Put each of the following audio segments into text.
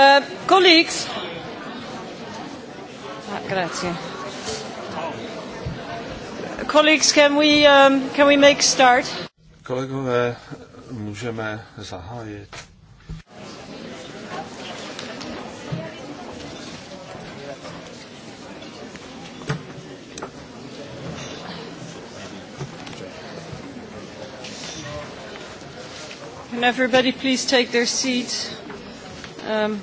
Eh, colleagues. Ah, grazie. Colleagues, can we, um, can we make start? Kolegové, můžeme zahájit. Can everybody please take their seats? Um, ehm.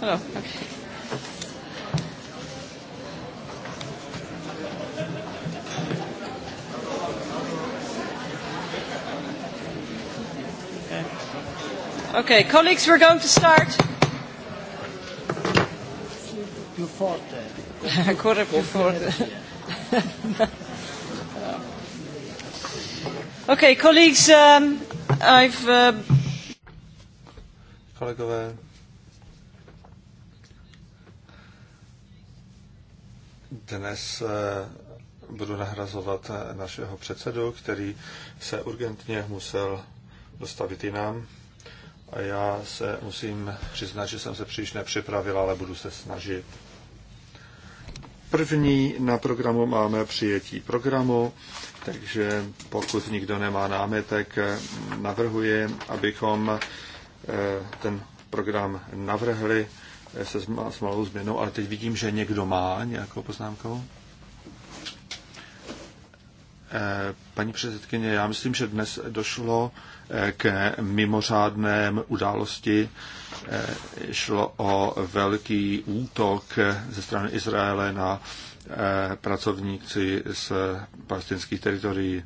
Hello. Okay. Okay, colleagues, we're going to start. Quarter before. Okay, colleagues, um, I've, uh... dnes uh, budu nahrazovat uh, našeho předsedu, který se urgentně musel dostavit jinam. A já se musím přiznat, že jsem se příliš nepřipravil, ale budu se snažit. První na programu máme přijetí programu, takže pokud nikdo nemá námitek, navrhuji, abychom eh, ten program navrhli eh, se s malou změnou, ale teď vidím, že někdo má nějakou poznámkou. Eh, paní předsedkyně, já myslím, že dnes došlo eh, k mimořádném události. Eh, šlo o velký útok ze strany Izraele na pracovníci z palestinských teritorií.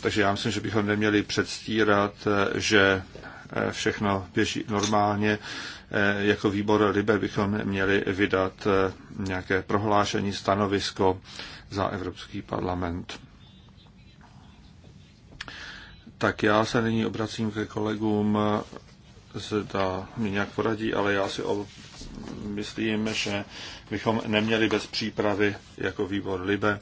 Takže já myslím, že bychom neměli předstírat, že všechno běží normálně. Jako výbor Libe bychom měli vydat nějaké prohlášení, stanovisko za Evropský parlament. Tak já se nyní obracím ke kolegům, zda mi nějak poradí, ale já si o, myslím, že bychom neměli bez přípravy jako výbor LIBE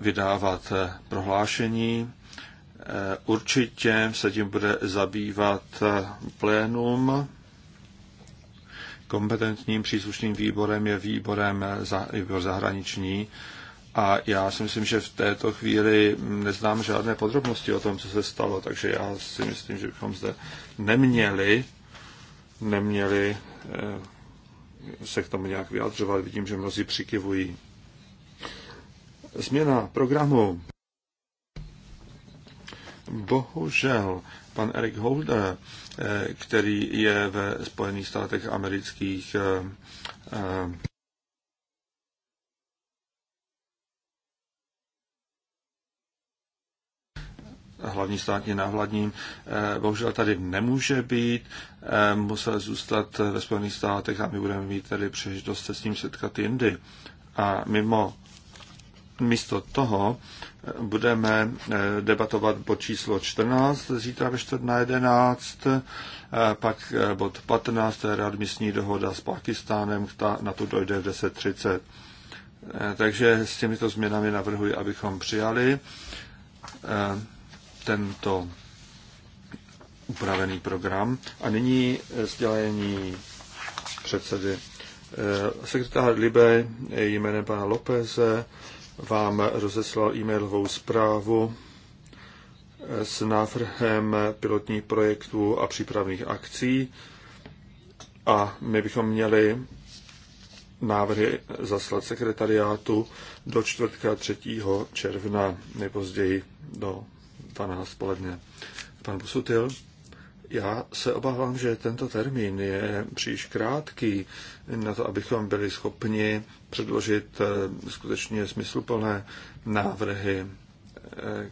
vydávat eh, prohlášení. Eh, určitě se tím bude zabývat eh, plénum. Kompetentním příslušným výborem je výborem za, výbor zahraniční, a já si myslím, že v této chvíli neznám žádné podrobnosti o tom, co se stalo, takže já si myslím, že bychom zde neměli, neměli eh, se k tomu nějak vyjadřovat. Vidím, že mnozí přikivují. Změna programu. Bohužel, pan Eric Holder, eh, který je ve Spojených státech amerických eh, hlavní státní návladním. Eh, bohužel tady nemůže být, eh, musel zůstat ve Spojených státech a my budeme mít tady příležitost se s ním setkat jindy. A mimo místo toho eh, budeme debatovat bod číslo 14 zítra ve čtvrt na 11, pak bod 15, to je readmisní dohoda s Pakistánem, na to dojde v 10.30. Takže s těmito změnami navrhuji, abychom přijali tento upravený program. A nyní eh, sdělení předsedy. Eh, sekretář Libe jménem pana Lopeze vám rozeslal e-mailovou zprávu eh, s návrhem pilotních projektů a přípravných akcí a my bychom měli návrhy zaslat sekretariátu do čtvrtka 3. června, nejpozději do pana poledne. Pan Busutil, já se obávám, že tento termín je příliš krátký na to, abychom byli schopni předložit eh, skutečně smysluplné návrhy eh,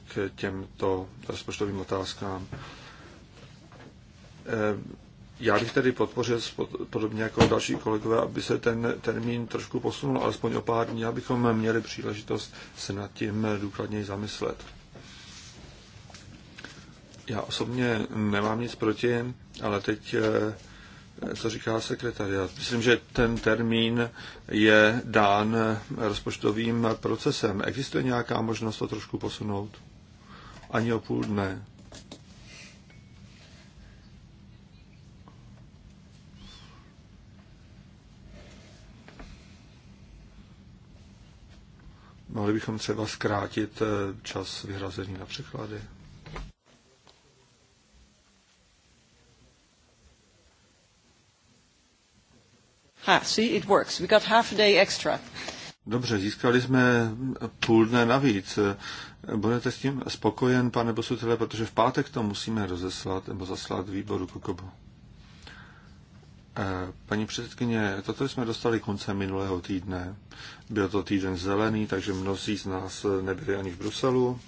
k těmto rozpočtovým otázkám. Eh, já bych tedy podpořil podobně jako další kolegové, aby se ten termín trošku posunul, alespoň o pár dní, abychom měli příležitost se nad tím důkladněji zamyslet. Já osobně nemám nic proti, ale teď, eh, co říká sekretariat, myslím, že ten termín je dán rozpočtovým procesem. Existuje nějaká možnost to trošku posunout? Ani o půl dne. Mohli bychom třeba zkrátit eh, čas vyhrazený na překlady. Ha, see, it works. We got half a day extra. Dobře, získali jsme půl dne navíc. Budete s tím spokojen, pane Bosutele, protože v pátek to musíme rozeslat nebo zaslat výboru Kokobu. Eh, paní předsedkyně, toto jsme dostali konce minulého týdne. Byl to týden zelený, takže mnozí z nás nebyli ani v Bruselu.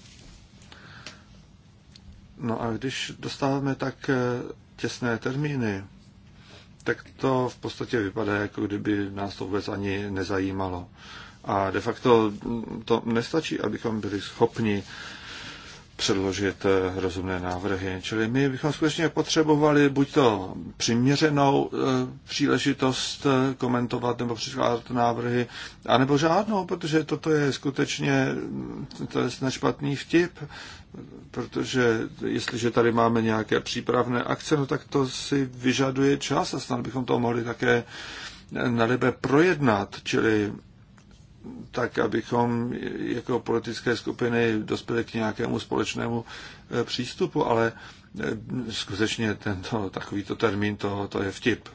No a když dostáváme tak eh, těsné termíny, tak to v podstatě vypadá, jako kdyby nás to vůbec ani nezajímalo. A de facto to nestačí, abychom byli schopni předložit eh, rozumné návrhy. Čili my bychom skutečně potřebovali buď to přiměřenou eh, příležitost eh, komentovat nebo předkládat návrhy, anebo žádnou, protože toto je skutečně mm, to je snad špatný vtip, protože jestliže tady máme nějaké přípravné akce, no tak to si vyžaduje čas a snad bychom to mohli také na nebe projednat, čili tak, abychom jako politické skupiny dospěli k nějakému společnému eh, přístupu, ale eh, skutečně tento takovýto termín, to, to je vtip.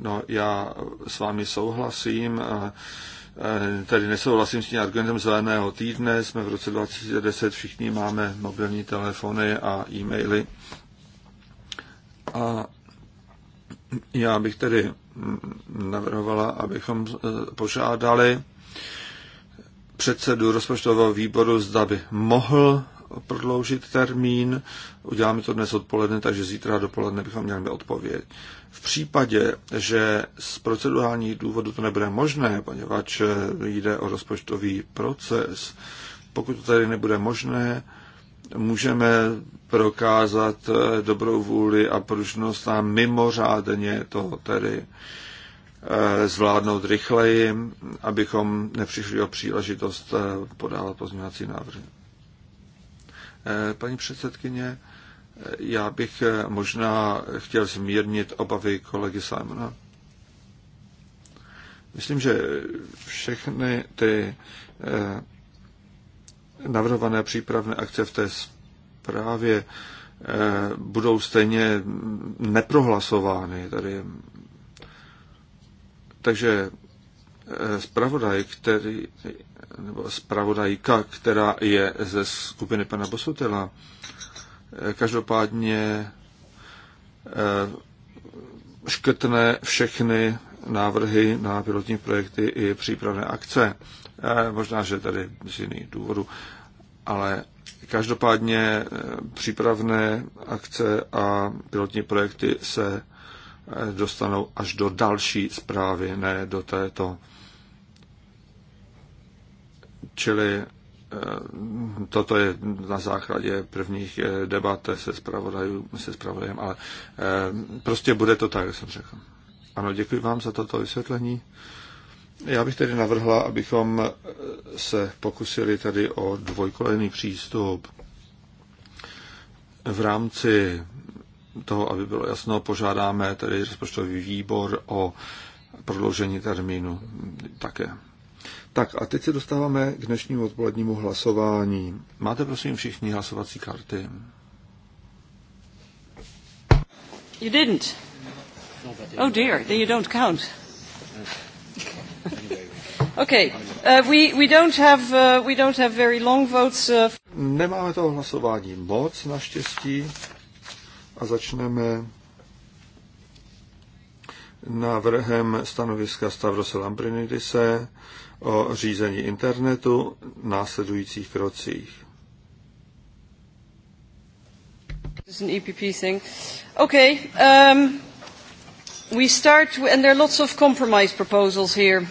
No, já s vámi souhlasím, eh, tedy nesouhlasím s tím argumentem zeleného týdne, jsme v roce 2010, všichni máme mobilní telefony a e-maily. A já bych tedy navrhovala, abychom eh, požádali předsedu rozpočtového výboru, zda by mohl prodloužit termín. Uděláme to dnes odpoledne, takže zítra dopoledne bychom měli odpověď. V případě, že z procedurálních důvodů to nebude možné, poněvadž jde o rozpočtový proces, pokud to tady nebude možné, můžeme prokázat eh, dobrou vůli a pružnost a mimořádně to tedy eh, zvládnout rychleji, abychom nepřišli o příležitost eh, podávat pozměňovací návrhy. Paní předsedkyně, já bych možná chtěl zmírnit obavy kolegy Simona. Myslím, že všechny ty navrhované přípravné akce v té zprávě eh, budou stejně neprohlasovány. Tady. Takže eh, zpravodaj, který, nebo zpravodajka, která je ze skupiny pana Bosutela, eh, každopádně škrtne všechny návrhy na pilotní projekty i přípravné akce možná, že tady z jiných důvodů, ale každopádně eh, přípravné akce a pilotní projekty se eh, dostanou až do další zprávy, ne do této. Čili eh, toto je na základě prvních debat se, se zpravodajem, ale prostě bude to tak, jak jsem řekl. Ano, děkuji vám za toto vysvětlení. Já bych tedy navrhla, abychom se pokusili tady o dvojkolejný přístup. V rámci toho, aby bylo jasno, požádáme tedy rozpočtový výbor o prodloužení termínu také. Tak a teď se dostáváme k dnešnímu odpolednímu hlasování. Máte prosím všichni hlasovací karty? You didn't. Oh dear, then you don't count okay. Uh, we, we, don't have, uh, we don't have very long votes. Uh... Nemáme toho hlasování moc, naštěstí. A začneme návrhem stanoviska Stavrose Lambrinidise o řízení internetu v následujících krocích. It's an EPP thing. Okay, um... We start, and there are lots of compromise proposals here.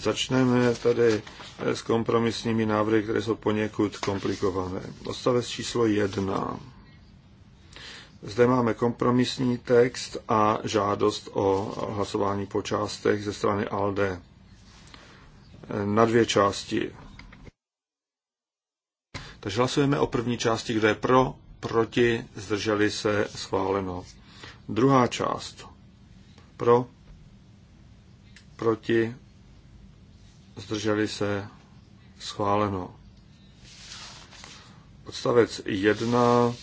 Začneme tady eh, s kompromisními návrhy, které jsou poněkud komplikované. Odstavec číslo jedna. Zde máme kompromisní text a žádost o hlasování po částech ze strany ALDE. Eh, na dvě části. Takže hlasujeme o první části, kde je pro, proti, zdrželi se, schváleno. Druhá část. Pro, proti, zdrželi se, schváleno. Odstavec 1,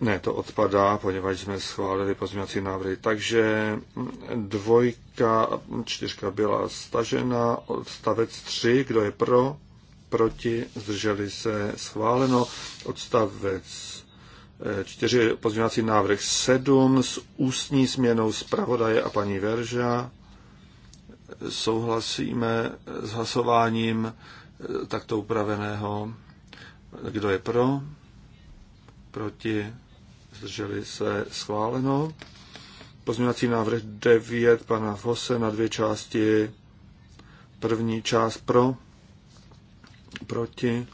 ne, to odpadá, poněvadž jsme schválili pozměňovací návrhy. Takže dvojka, čtyřka byla stažena, odstavec 3, kdo je pro, proti, zdrželi se, schváleno, odstavec čtyři pozměňovací návrh 7 s ústní změnou zpravodaje a paní Verža. Souhlasíme s hlasováním e, takto upraveného. Kdo je pro? Proti? Zdrželi se? Schváleno. Pozměňovací návrh 9 pana Fose na dvě části. První část pro, proti,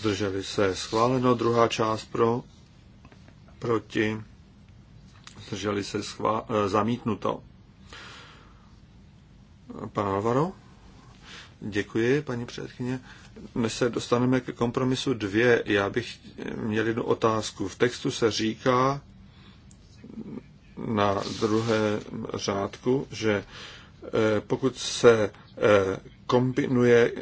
zdrželi se schváleno, druhá část pro, proti, zdrželi se schvá, eh, zamítnuto. Pan Alvaro? Děkuji, paní předsedkyně. My se dostaneme ke kompromisu dvě, já bych měl jednu otázku. V textu se říká na druhé řádku, že eh, pokud se eh, kombinuje,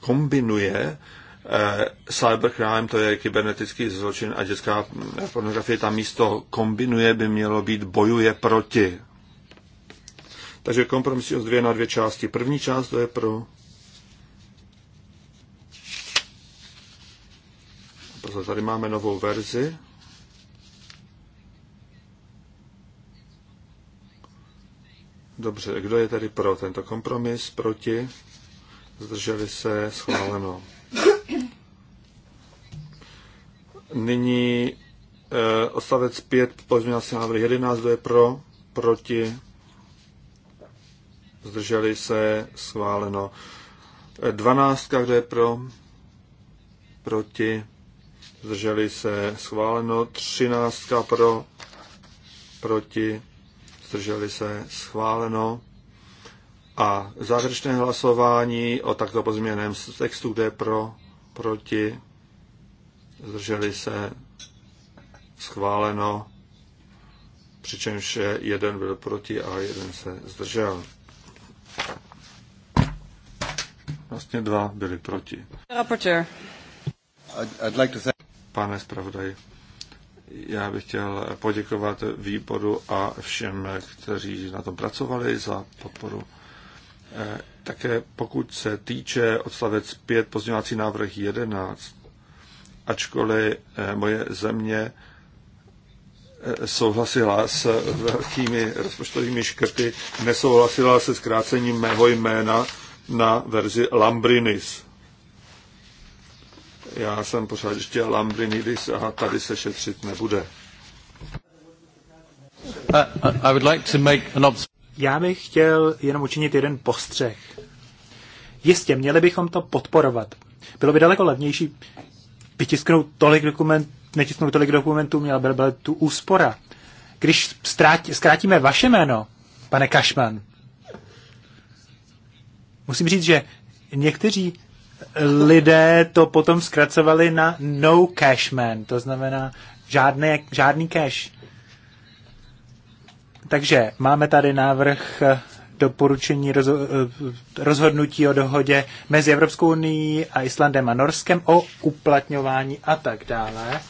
kombinuje Eh, cybercrime, to je kybernetický zločin a dětská pornografie, tam místo kombinuje by mělo být bojuje proti. Takže kompromisnost dvě na dvě části. První část to je pro Proto tady máme novou verzi. Dobře, kdo je tedy pro tento kompromis? Proti? Zdrželi se? Schváleno. Nyní eh, odstavec 5, pozměňovací návrh 11, kdo je pro, proti, zdrželi se, schváleno. 12, eh, kdo je pro, proti, zdrželi se, schváleno. 13 pro, proti, zdrželi se, schváleno. A závěrečné hlasování o takto pozměněném textu, kde je pro, proti, zdrželi se, schváleno, přičemž jeden byl proti a jeden se zdržel. Vlastně dva byli proti. Pane zpravodaj, já bych chtěl poděkovat výboru a všem, kteří na tom pracovali za podporu. Eh, také pokud se týče odstavec 5, pozměňovací návrh 11, ačkoliv eh, moje země eh, souhlasila s velkými rozpočtovými škrty, nesouhlasila se zkrácením mého jména na verzi Lambrinis. Já jsem pořád ještě Lambrinidis a tady se šetřit nebude. Uh, uh, I would like to make an Já bych chtěl jenom učinit jeden postřeh. Jistě, měli bychom to podporovat. Bylo by daleko levnější, vytisknou tolik dokument, netisknou tolik dokumentů, měla by být tu úspora. Když ztrátí, zkrátíme vaše jméno, pane Kašman, musím říct, že někteří lidé to potom zkracovali na no cashman, to znamená žádné, žádný cash. Takže máme tady návrh doporučení eh, rozhodnutí o dohodě mezi Evropskou unii a Islandem a Norskem o uplatňování a tak dále.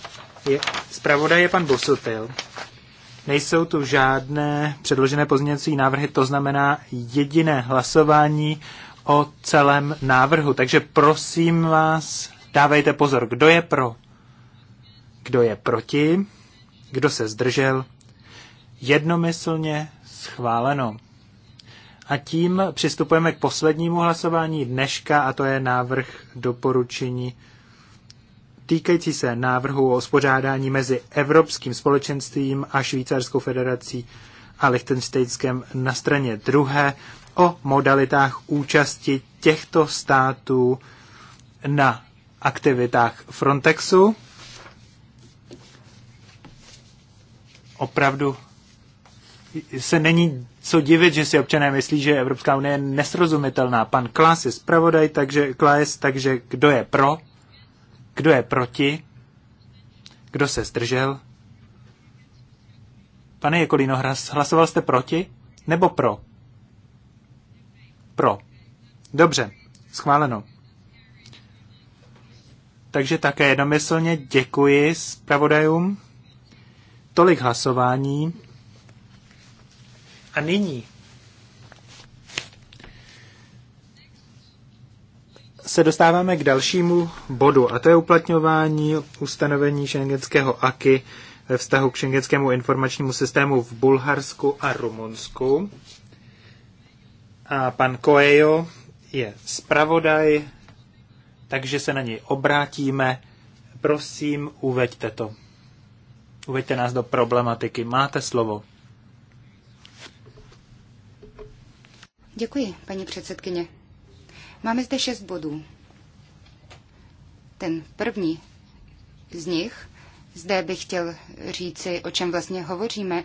Je, zpravodaj je pan Bosutil. Nejsou tu žádné předložené pozměňovací návrhy, to znamená jediné hlasování o celém návrhu. Takže prosím vás, dávejte pozor, kdo je pro, kdo je proti, kdo se zdržel. Jednomyslně schváleno. A tím přistupujeme k poslednímu hlasování dneška, a to je návrh doporučení týkající se návrhu o spořádání mezi Evropským společenstvím a Švýcarskou federací a Lichtensteinskem na straně druhé o modalitách účasti těchto států na aktivitách Frontexu. Opravdu se není co divit, že si občané myslí, že Evropská unie je nesrozumitelná. Pan Klas je zpravodaj, takže, Klas, takže kdo je pro, kdo je proti, kdo se zdržel. Pane Jekolino, hlasoval jste proti nebo pro? Pro. Dobře, schváleno. Takže také jednomyslně děkuji zpravodajům. Tolik hlasování. A nyní se dostáváme k dalšímu bodu, a to je uplatňování ustanovení šengenského AKY ve vztahu k šengenskému informačnímu systému v Bulharsku a Rumunsku. A pan Koejo je zpravodaj, takže se na něj obrátíme. Prosím, uveďte to. Uveďte nás do problematiky. Máte slovo. Děkuji, paní předsedkyně. Máme zde šest bodů. Ten první z nich, zde bych chtěl říci, o čem vlastně hovoříme.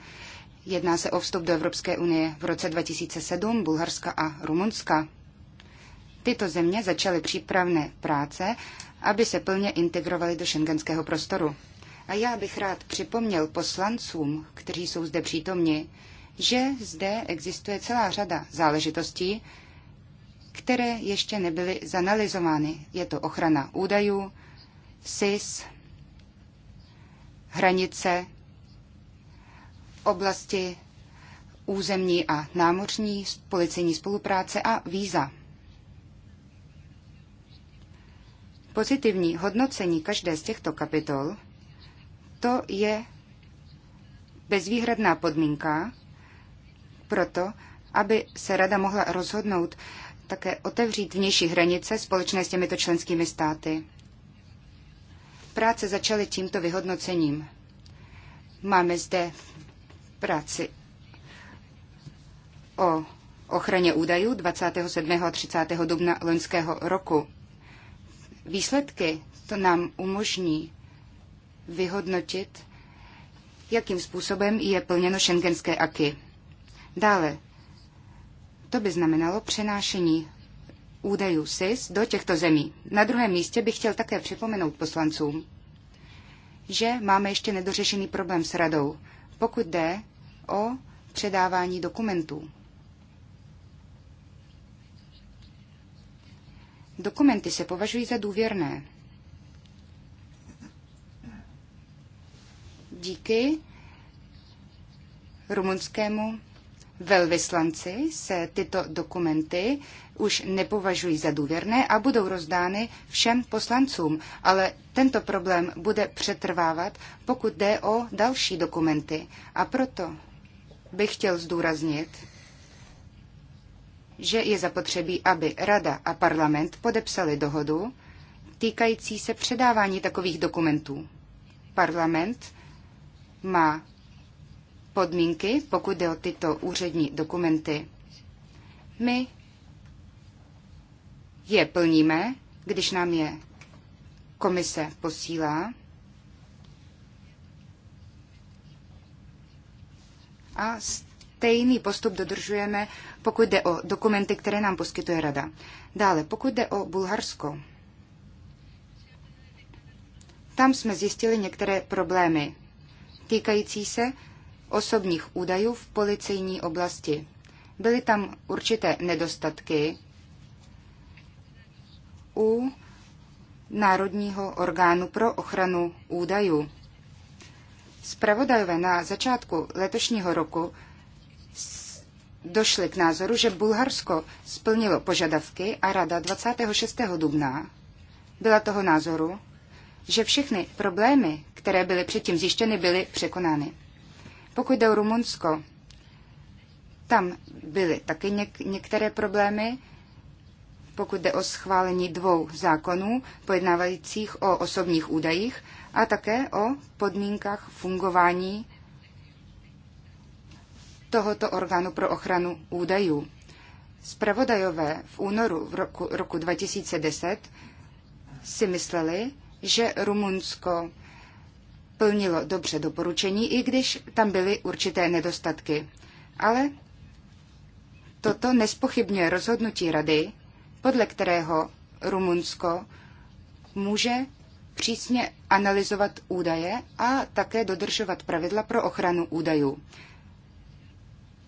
Jedná se o vstup do Evropské unie v roce 2007 Bulharska a Rumunska. Tyto země začaly přípravné práce, aby se plně integrovaly do šengenského prostoru. A já bych rád připomněl poslancům, kteří jsou zde přítomni, že zde existuje celá řada záležitostí, které ještě nebyly zanalizovány. Je to ochrana údajů, SIS, hranice, oblasti územní a námořní policejní spolupráce a víza. Pozitivní hodnocení každé z těchto kapitol to je bezvýhradná podmínka, proto, aby se Rada mohla rozhodnout také otevřít vnější hranice společné s těmito členskými státy. Práce začaly tímto vyhodnocením. Máme zde práci o ochraně údajů 27. a 30. dubna loňského roku. Výsledky to nám umožní vyhodnotit, jakým způsobem je plněno šengenské aky. Dále, to by znamenalo přenášení údajů SIS do těchto zemí. Na druhém místě bych chtěl také připomenout poslancům, že máme ještě nedořešený problém s radou, pokud jde o předávání dokumentů. Dokumenty se považují za důvěrné. Díky rumunskému Velvyslanci se tyto dokumenty už nepovažují za důvěrné a budou rozdány všem poslancům, ale tento problém bude přetrvávat, pokud jde o další dokumenty. A proto bych chtěl zdůraznit, že je zapotřebí, aby Rada a parlament podepsali dohodu týkající se předávání takových dokumentů. Parlament má podmínky, pokud jde o tyto úřední dokumenty. My je plníme, když nám je komise posílá. A stejný postup dodržujeme, pokud jde o dokumenty, které nám poskytuje Rada. Dále, pokud jde o Bulharsko, tam jsme zjistili některé problémy týkající se osobních údajů v policejní oblasti. Byly tam určité nedostatky u Národního orgánu pro ochranu údajů. Spravodajové na začátku letošního roku došli k názoru, že Bulharsko splnilo požadavky a Rada 26. dubna byla toho názoru, že všechny problémy, které byly předtím zjištěny, byly překonány. Pokud jde o Rumunsko, tam byly taky něk- některé problémy, pokud jde o schválení dvou zákonů pojednávajících o osobních údajích a také o podmínkách fungování tohoto orgánu pro ochranu údajů. Spravodajové v únoru v roku, roku 2010 si mysleli, že Rumunsko plnilo dobře doporučení, i když tam byly určité nedostatky. Ale toto nespochybňuje rozhodnutí rady, podle kterého Rumunsko může přísně analyzovat údaje a také dodržovat pravidla pro ochranu údajů.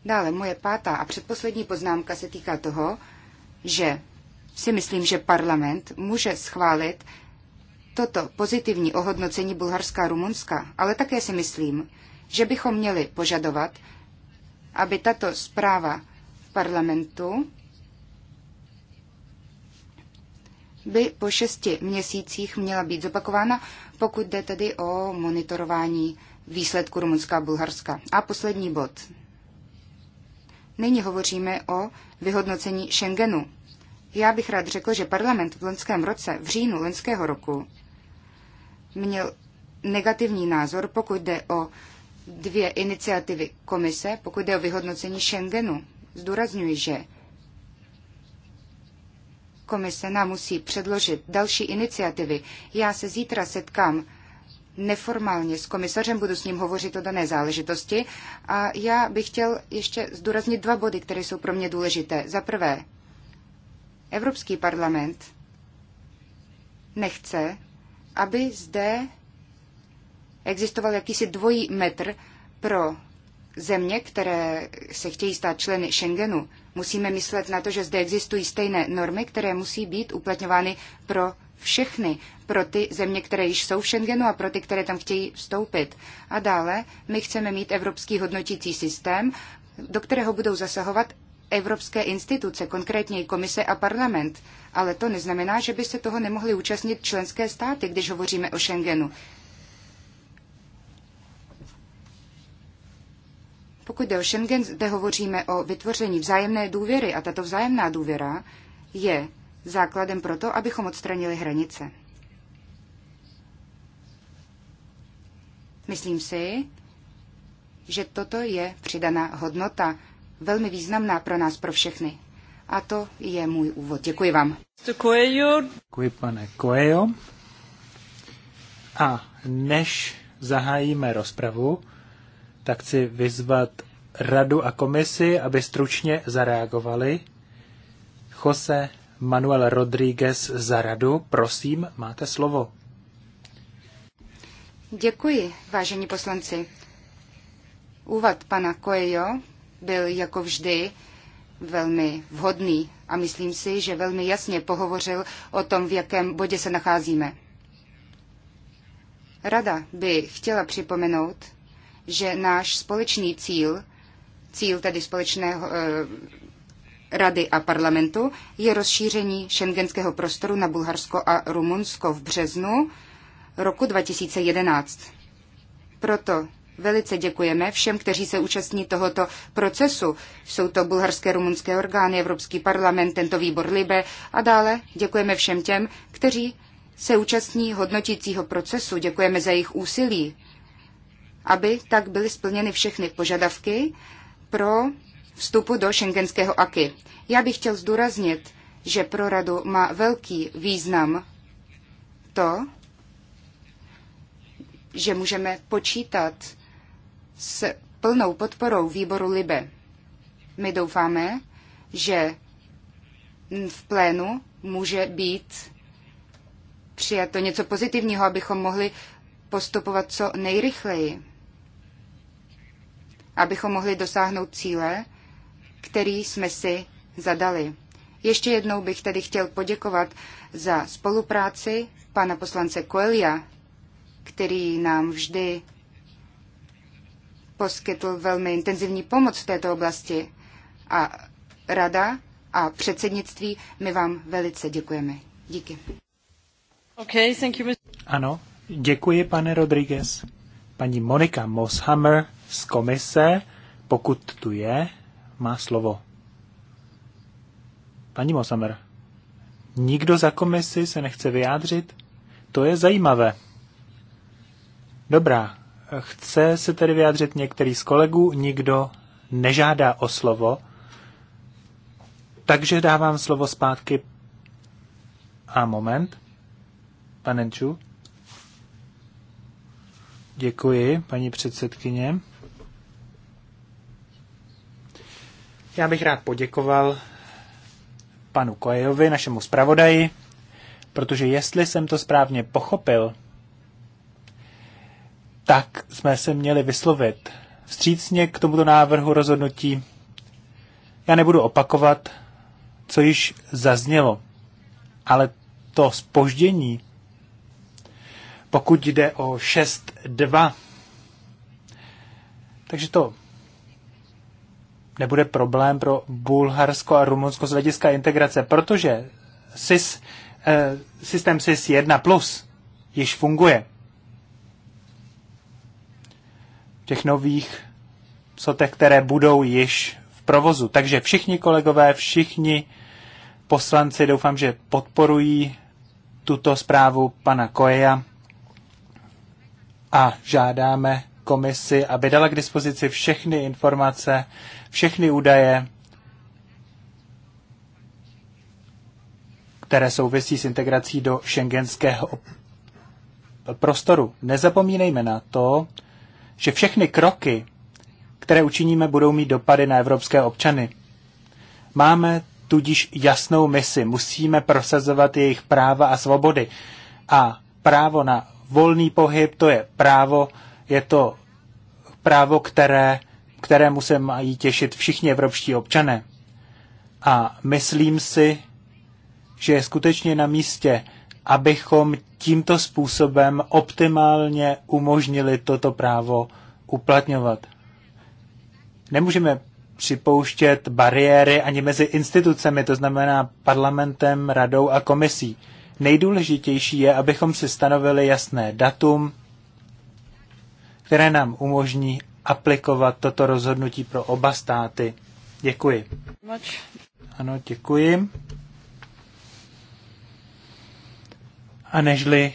Dále moje pátá a předposlední poznámka se týká toho, že si myslím, že parlament může schválit toto pozitivní ohodnocení Bulharska a Rumunska, ale také si myslím, že bychom měli požadovat, aby tato zpráva parlamentu by po šesti měsících měla být zopakována, pokud jde tedy o monitorování výsledku Rumunska a Bulharska. A poslední bod. Nyní hovoříme o vyhodnocení Schengenu. Já bych rád řekl, že parlament v loňském roce, v říjnu loňského roku, měl negativní názor, pokud jde o dvě iniciativy komise, pokud jde o vyhodnocení Schengenu. Zdůrazňuji, že komise nám musí předložit další iniciativy. Já se zítra setkám neformálně s komisařem, budu s ním hovořit o dané záležitosti a já bych chtěl ještě zdůraznit dva body, které jsou pro mě důležité. Za prvé, Evropský parlament nechce aby zde existoval jakýsi dvojí metr pro země, které se chtějí stát členy Schengenu. Musíme myslet na to, že zde existují stejné normy, které musí být uplatňovány pro všechny, pro ty země, které již jsou v Schengenu a pro ty, které tam chtějí vstoupit. A dále my chceme mít evropský hodnotící systém, do kterého budou zasahovat evropské instituce, konkrétně i komise a parlament. Ale to neznamená, že by se toho nemohly účastnit členské státy, když hovoříme o Schengenu. Pokud jde o Schengen, zde hovoříme o vytvoření vzájemné důvěry a tato vzájemná důvěra je základem pro to, abychom odstranili hranice. Myslím si, že toto je přidaná hodnota velmi významná pro nás, pro všechny. A to je můj úvod. Děkuji vám. Děkuji, pane Coelho. A než zahájíme rozpravu, tak chci vyzvat radu a komisi, aby stručně zareagovali. Jose Manuel Rodríguez za radu, prosím, máte slovo. Děkuji, vážení poslanci. Úvad pana Coelho byl jako vždy velmi vhodný a myslím si, že velmi jasně pohovořil o tom, v jakém bodě se nacházíme. Rada by chtěla připomenout, že náš společný cíl, cíl tedy společného e, Rady a parlamentu, je rozšíření šengenského prostoru na Bulharsko a Rumunsko v březnu roku 2011. Proto Velice děkujeme všem, kteří se účastní tohoto procesu. Jsou to bulharské rumunské orgány, Evropský parlament, tento výbor Libe a dále děkujeme všem těm, kteří se účastní hodnotícího procesu. Děkujeme za jejich úsilí, aby tak byly splněny všechny požadavky pro vstupu do šengenského AKY. Já bych chtěl zdůraznit, že pro radu má velký význam to, že můžeme počítat s plnou podporou výboru LIBE. My doufáme, že v plénu může být přijato něco pozitivního, abychom mohli postupovat co nejrychleji, abychom mohli dosáhnout cíle, který jsme si zadali. Ještě jednou bych tedy chtěl poděkovat za spolupráci pana poslance Coelia, který nám vždy poskytl velmi intenzivní pomoc v této oblasti. A rada a předsednictví, my vám velice děkujeme. Díky. Okay, thank you, ano, děkuji, pane Rodriguez. Paní Monika Moshammer z komise, pokud tu je, má slovo. Paní Moshammer, nikdo za komisi se nechce vyjádřit? To je zajímavé. Dobrá, Chce se tedy vyjádřit některý z kolegů, nikdo nežádá o slovo, takže dávám slovo zpátky. A moment. Panenču. Děkuji, paní předsedkyně. Já bych rád poděkoval panu Kojejovi, našemu zpravodaji, protože jestli jsem to správně pochopil, tak jsme se měli vyslovit vstřícně k tomuto návrhu rozhodnutí. Já nebudu opakovat, co již zaznělo, ale to spoždění, pokud jde o 6.2, takže to nebude problém pro Bulharsko a Rumunsko z hlediska integrace, protože SIS, eh, systém SIS 1 plus již funguje. těch nových sotech, které budou již v provozu. Takže všichni kolegové, všichni poslanci doufám, že podporují tuto zprávu pana Koeja a žádáme komisi, aby dala k dispozici všechny informace, všechny údaje, které souvisí s integrací do šengenského prostoru. Nezapomínejme na to, že všechny kroky, které učiníme, budou mít dopady na evropské občany. Máme tudíž jasnou misi. Musíme prosazovat jejich práva a svobody. A právo na volný pohyb, to je právo, je to právo, které, kterému se mají těšit všichni evropští občané. A myslím si, že je skutečně na místě abychom tímto způsobem optimálně umožnili toto právo uplatňovat. Nemůžeme připouštět bariéry ani mezi institucemi, to znamená parlamentem, radou a komisí. Nejdůležitější je, abychom si stanovili jasné datum, které nám umožní aplikovat toto rozhodnutí pro oba státy. Děkuji. Ano, děkuji. A nežli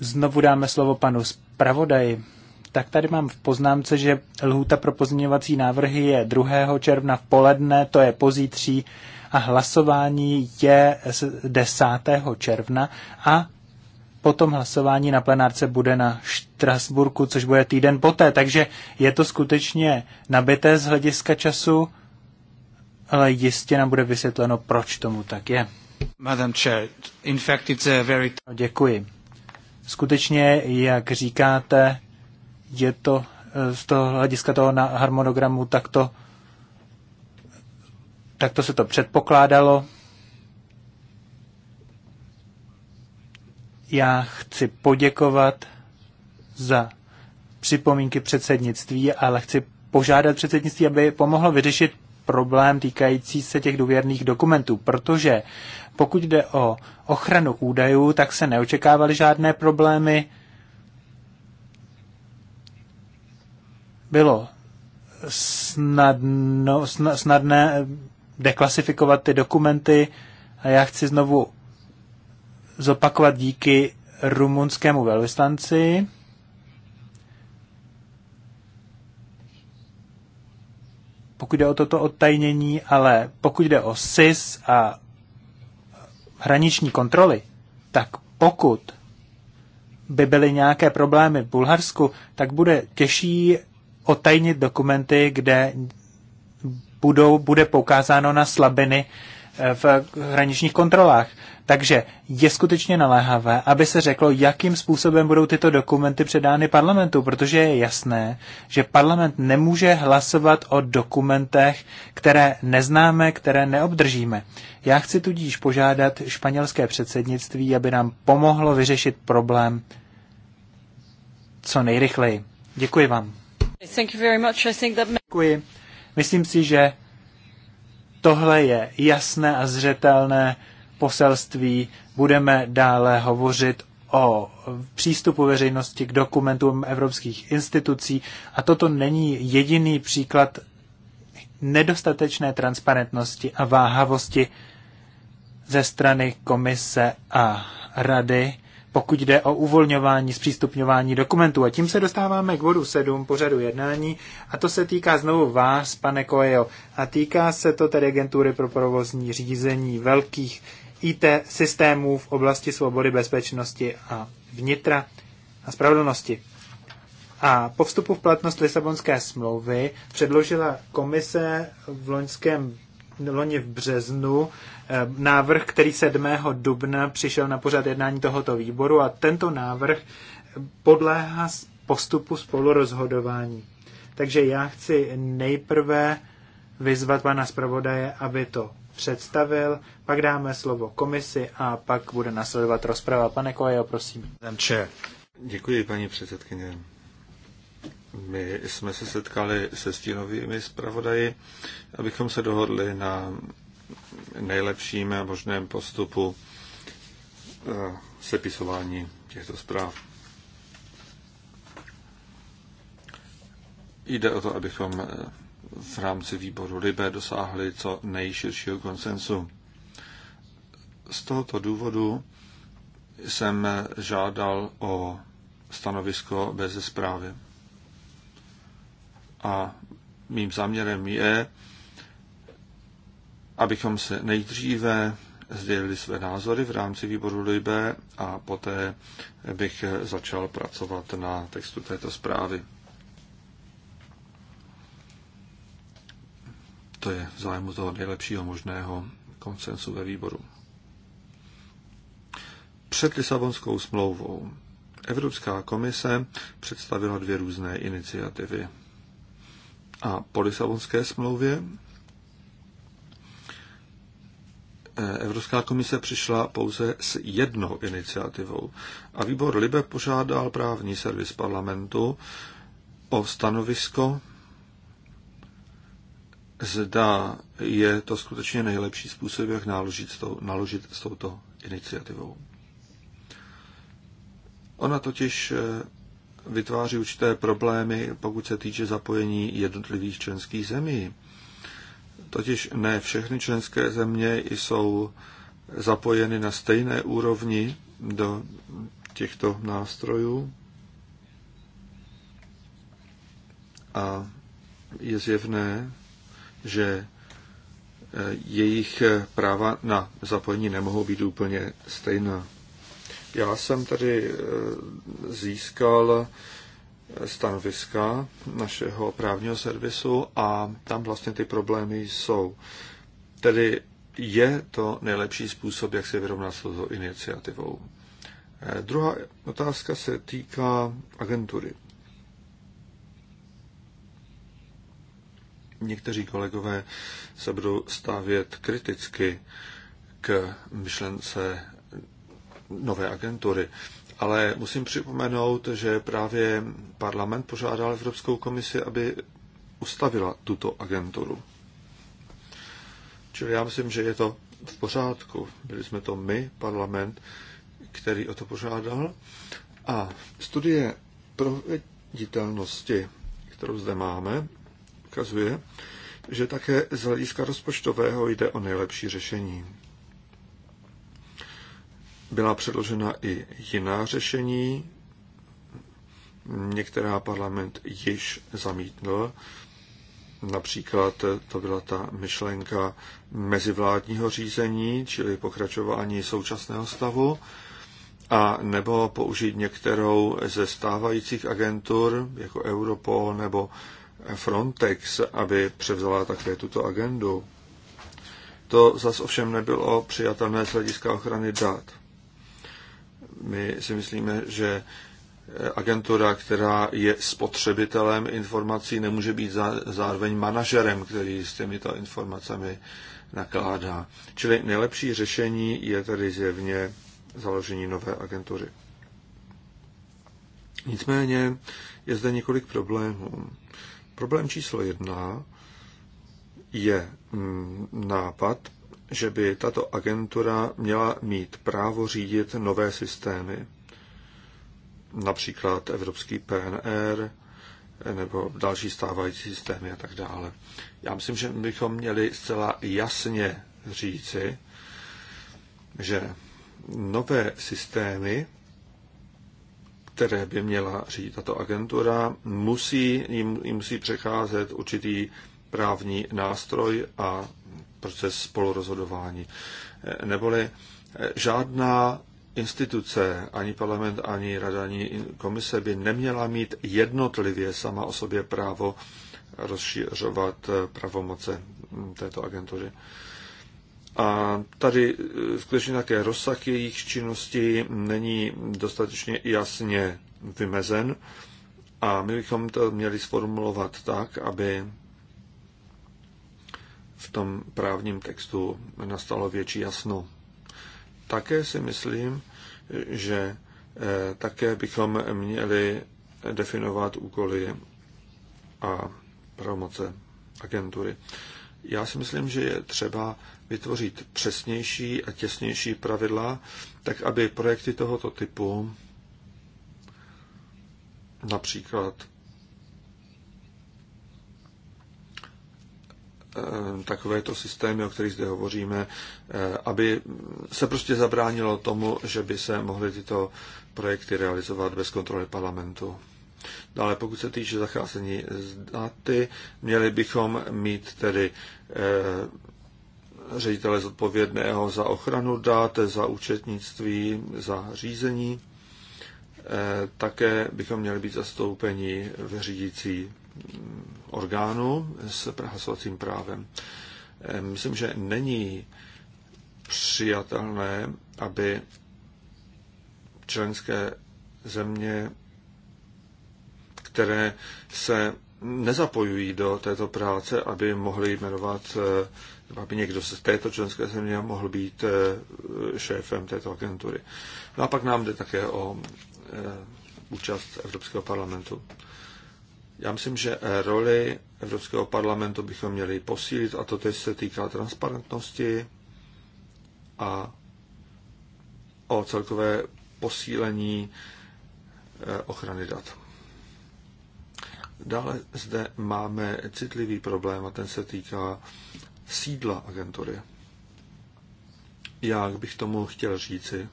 znovu dáme slovo panu zpravodaji, tak tady mám v poznámce, že lhůta pro pozměňovací návrhy je 2. června v poledne, to je pozítří, a hlasování je 10. června a potom hlasování na plenárce bude na Štrasburku, což bude týden poté. Takže je to skutečně nabité z hlediska času, ale jistě nám bude vysvětleno, proč tomu tak je. Madam Chair, in fact it's a very... No, děkuji. Skutečně, jak říkáte, je to eh, z toho hlediska toho na harmonogramu takto takto se to předpokládalo. Já chci poděkovat za připomínky předsednictví, ale chci požádat předsednictví, aby pomohlo vyřešit problém týkající se těch důvěrných dokumentů, protože pokud jde o ochranu údajů, tak se neočekávaly žádné problémy. Bylo snadno, snadné deklasifikovat ty dokumenty a já chci znovu zopakovat díky rumunskému velvyslanci. Pokud jde o toto odtajnění, ale pokud jde o SIS a hraniční kontroly, tak pokud by byly nějaké problémy v Bulharsku, tak bude těžší otajnit dokumenty, kde budou, bude poukázáno na slabiny eh, v hraničních kontrolách. Takže je skutečně naléhavé, aby se řeklo, jakým způsobem budou tyto dokumenty předány parlamentu, protože je jasné, že parlament nemůže hlasovat o dokumentech, které neznáme, které neobdržíme. Já chci tudíž požádat španělské předsednictví, aby nám pomohlo vyřešit problém co nejrychleji. Děkuji vám. Děkuji. Myslím si, že tohle je jasné a zřetelné poselství budeme dále hovořit o přístupu veřejnosti k dokumentům evropských institucí a toto není jediný příklad nedostatečné transparentnosti a váhavosti ze strany komise a rady, pokud jde o uvolňování, zpřístupňování dokumentů. A tím se dostáváme k bodu 7 pořadu jednání a to se týká znovu vás, pane Kojo, a týká se to tedy agentury pro provozní řízení velkých IT systémů v oblasti svobody, bezpečnosti a vnitra a spravedlnosti. A po vstupu v platnost Lisabonské smlouvy předložila komise v loňském loni v březnu eh, návrh, který 7. dubna přišel na pořad jednání tohoto výboru a tento návrh podléhá postupu spolurozhodování. Takže já chci nejprve vyzvat pana zpravodaje, aby to představil, pak dáme slovo komisi a pak bude nasledovat rozprava. Pane Kojo, prosím. Děkuji, paní předsedkyně. My jsme se setkali se stínovými zpravodaji, abychom se dohodli na nejlepším a možném postupu eh, sepisování těchto zpráv. Jde o to, abychom eh, v rámci výboru Libe dosáhli co nejširšího konsensu. Z tohoto důvodu jsem žádal o stanovisko bez zprávy. A mým záměrem je, abychom se nejdříve sdělili své názory v rámci výboru Libe a poté bych začal pracovat na textu této zprávy. to je v zájmu toho nejlepšího možného koncensu ve výboru. Před Lisabonskou smlouvou Evropská komise představila dvě různé iniciativy. A po Lisabonské smlouvě eh, Evropská komise přišla pouze s jednou iniciativou a výbor Libe požádal právní servis parlamentu o stanovisko zda je to skutečně nejlepší způsob, jak naložit s, tou, naložit s touto iniciativou. Ona totiž eh, vytváří určité problémy, pokud se týče zapojení jednotlivých členských zemí. Totiž ne všechny členské země jsou zapojeny na stejné úrovni do těchto nástrojů. A je zjevné, že eh, jejich eh, práva na zapojení nemohou být úplně stejná. Já jsem tady eh, získal stanoviska našeho právního servisu a tam vlastně ty problémy jsou. Tedy je to nejlepší způsob, jak se vyrovnat s touto iniciativou. Druhá otázka se týká agentury. někteří kolegové se budou stavět kriticky k myšlence nové agentury. Ale musím připomenout, že právě parlament požádal Evropskou komisi, aby ustavila tuto agenturu. Čili já myslím, že je to v pořádku. Byli jsme to my, parlament, který o to požádal. A studie proveditelnosti, kterou zde máme, ukazuje, že také z hlediska rozpočtového jde o nejlepší řešení. Byla předložena i jiná řešení, některá parlament již zamítl. Například to byla ta myšlenka mezivládního řízení, čili pokračování současného stavu, a nebo použít některou ze stávajících agentur, jako Europol nebo Frontex, aby převzala také tuto agendu. To zas ovšem nebylo přijatelné z hlediska ochrany dat. My si myslíme, že agentura, která je spotřebitelem informací, nemůže být zároveň manažerem, který s těmito informacemi nakládá. Čili nejlepší řešení je tedy zjevně založení nové agentury. Nicméně je zde několik problémů. Problém číslo jedna je mm, nápad, že by tato agentura měla mít právo řídit nové systémy, například evropský PNR nebo další stávající systémy a tak dále. Já myslím, že bychom měli zcela jasně říci, že nové systémy které by měla řídit tato agentura, musí, jim, jim musí přecházet určitý právní nástroj a proces spolurozhodování. Neboli eh, žádná instituce, ani parlament, ani rada, ani komise by neměla mít jednotlivě sama o sobě právo rozšiřovat eh, pravomoce mm, této agentury. A tady e, skutečně také rozsah jejich činnosti není dostatečně jasně vymezen. A my bychom to měli sformulovat tak, aby v tom právním textu nastalo větší jasno. Také si myslím, že e, také bychom měli definovat úkoly a pravomoce agentury. Já si myslím, že je třeba vytvořit přesnější a těsnější pravidla, tak aby projekty tohoto typu, například eh, takovéto systémy, o kterých zde hovoříme, eh, aby se prostě zabránilo tomu, že by se mohly tyto projekty realizovat bez kontroly parlamentu dále pokud se týče zacházení s daty, měli bychom mít tedy e, ředitele zodpovědného za ochranu dat, za účetnictví, za řízení. E, také bychom měli být zastoupeni v řídící mm, orgánu s hlasovacím právem. E, myslím, že není přijatelné, aby členské země které se nezapojují do této práce, aby mohli jmenovat, eh, aby někdo z této členské země mohl být eh, šéfem této agentury. No a pak nám jde také o eh, účast Evropského parlamentu. Já myslím, že roli Evropského parlamentu bychom měli posílit a to teď se týká transparentnosti a o celkové posílení ochrany dat. Dále zde máme citlivý problém a ten se týká sídla agentury. Jak bych tomu chtěl říci,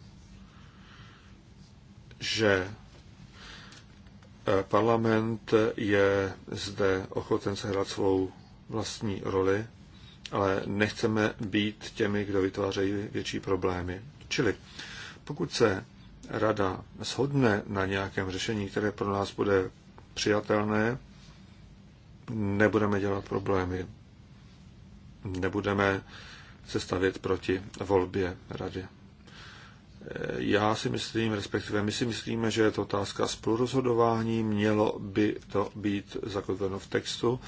že eh, parlament je zde ochoten sehrát svou vlastní roli, ale nechceme být těmi, kdo vytvářejí větší problémy. Čili pokud se rada shodne na nějakém řešení, které pro nás bude přijatelné, nebudeme dělat problémy, nebudeme se stavět proti volbě rady. Já si myslím, respektive my si myslíme, že je to otázka spolurozhodování, mělo by to být zakotveno v textu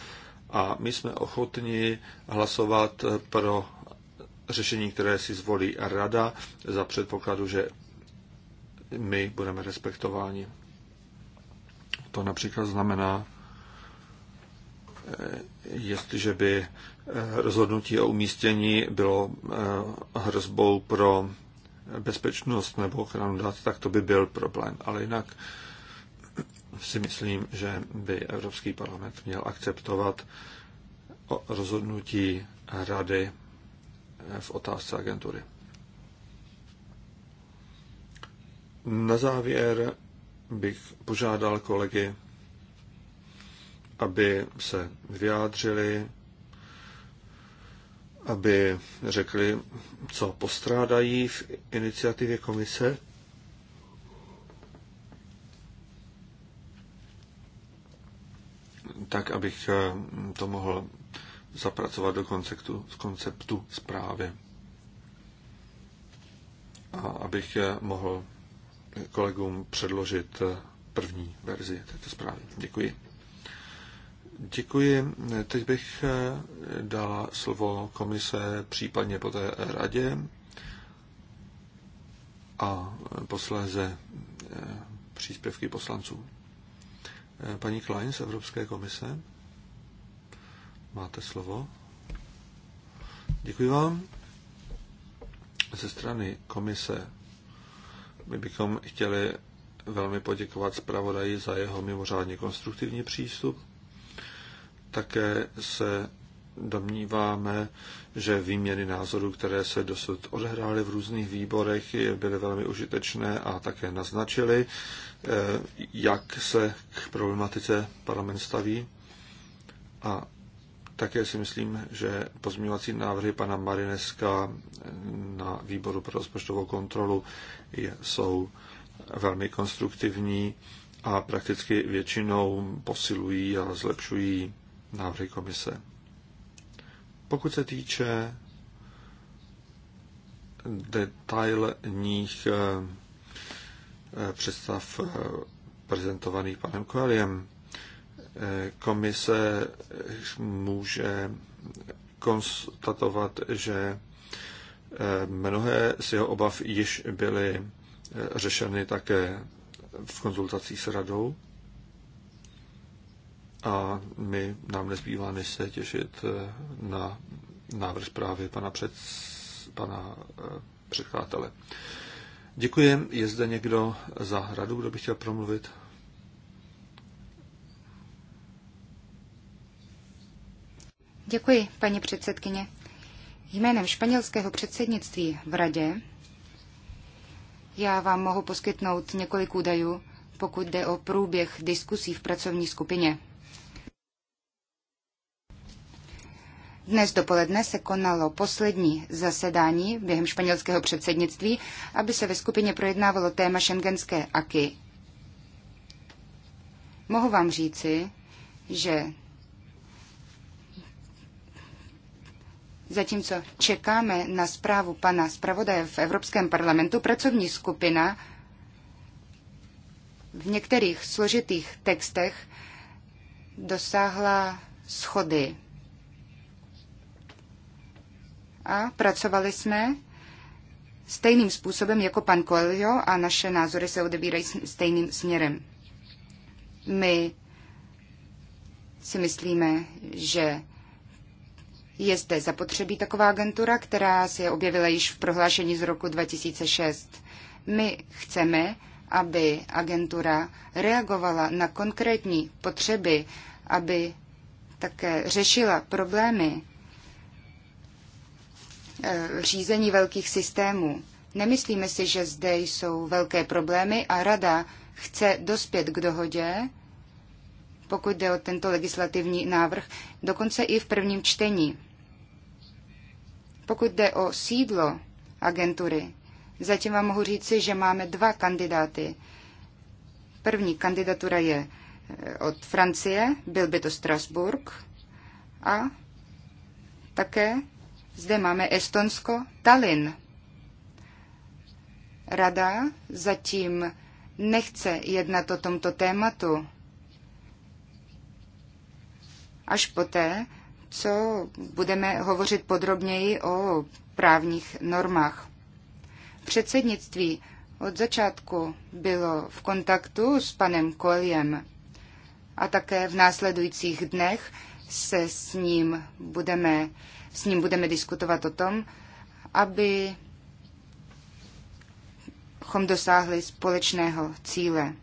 a my jsme ochotni hlasovat pro řešení, které si zvolí rada za předpokladu, že my budeme respektováni. To například znamená, eh, jestliže by eh, rozhodnutí o umístění bylo eh, hrozbou pro bezpečnost nebo ochranu dat, tak to by byl problém. Ale jinak si myslím, že by Evropský parlament měl akceptovat rozhodnutí rady v otázce agentury. Na závěr bych požádal kolegy, aby se vyjádřili, aby řekli, co postrádají v iniciativě komise. tak, abych eh, to mohl zapracovat do konceptu, konceptu zprávy. A abych eh, mohl kolegům předložit eh, první verzi této zprávy. Děkuji. Děkuji. Teď bych eh, dala slovo komise, případně poté radě a posléze eh, příspěvky poslanců. Paní Klein z Evropské komise, máte slovo. Děkuji vám. Ze strany komise my bychom chtěli velmi poděkovat zpravodaji za jeho mimořádně konstruktivní přístup. Také se domníváme, že výměny názorů, které se dosud odehrály v různých výborech, byly velmi užitečné a také naznačily, eh, jak se k problematice parlament staví. A také si myslím, že pozměňovací návrhy pana Marineska na výboru pro rozpočtovou kontrolu jsou velmi konstruktivní a prakticky většinou posilují a zlepšují návrhy komise. Pokud se týče detailních eh, představ eh, prezentovaných panem Koeliem, komise může konstatovat, že eh, mnohé z jeho obav již byly eh, řešeny také v konzultací s radou a my nám nezbývá, než se těšit eh, na návrh zprávy pana, před, pana předkladatele. Děkuji. Je zde někdo za radu, kdo by chtěl promluvit? Děkuji, paní předsedkyně. Jménem španělského předsednictví v Radě já vám mohu poskytnout několik údajů, pokud jde o průběh diskusí v pracovní skupině. Dnes dopoledne se konalo poslední zasedání během španělského předsednictví, aby se ve skupině projednávalo téma šengenské aky. Mohu vám říci, že Zatímco čekáme na zprávu pana zpravodaje v Evropském parlamentu, pracovní skupina v některých složitých textech dosáhla schody. A pracovali jsme stejným způsobem jako pan Coelho a naše názory se odebírají stejným směrem. My si myslíme, že je zde zapotřebí taková agentura, která se objevila již v prohlášení z roku 2006. My chceme, aby agentura reagovala na konkrétní potřeby, aby také řešila problémy eh, řízení velkých systémů. Nemyslíme si, že zde jsou velké problémy a rada chce dospět k dohodě, pokud jde o tento legislativní návrh, dokonce i v prvním čtení. Pokud jde o sídlo agentury, zatím vám mohu říci, že máme dva kandidáty. První kandidatura je eh, od Francie, byl by to Strasburg a také zde máme Estonsko, Tallinn. Rada zatím nechce jednat o tomto tématu. Až poté, co budeme hovořit podrobněji o právních normách. Předsednictví od začátku bylo v kontaktu s panem Koliem a také v následujících dnech se s ním budeme, s ním budeme diskutovat o tom, aby chom dosáhli společného cíle.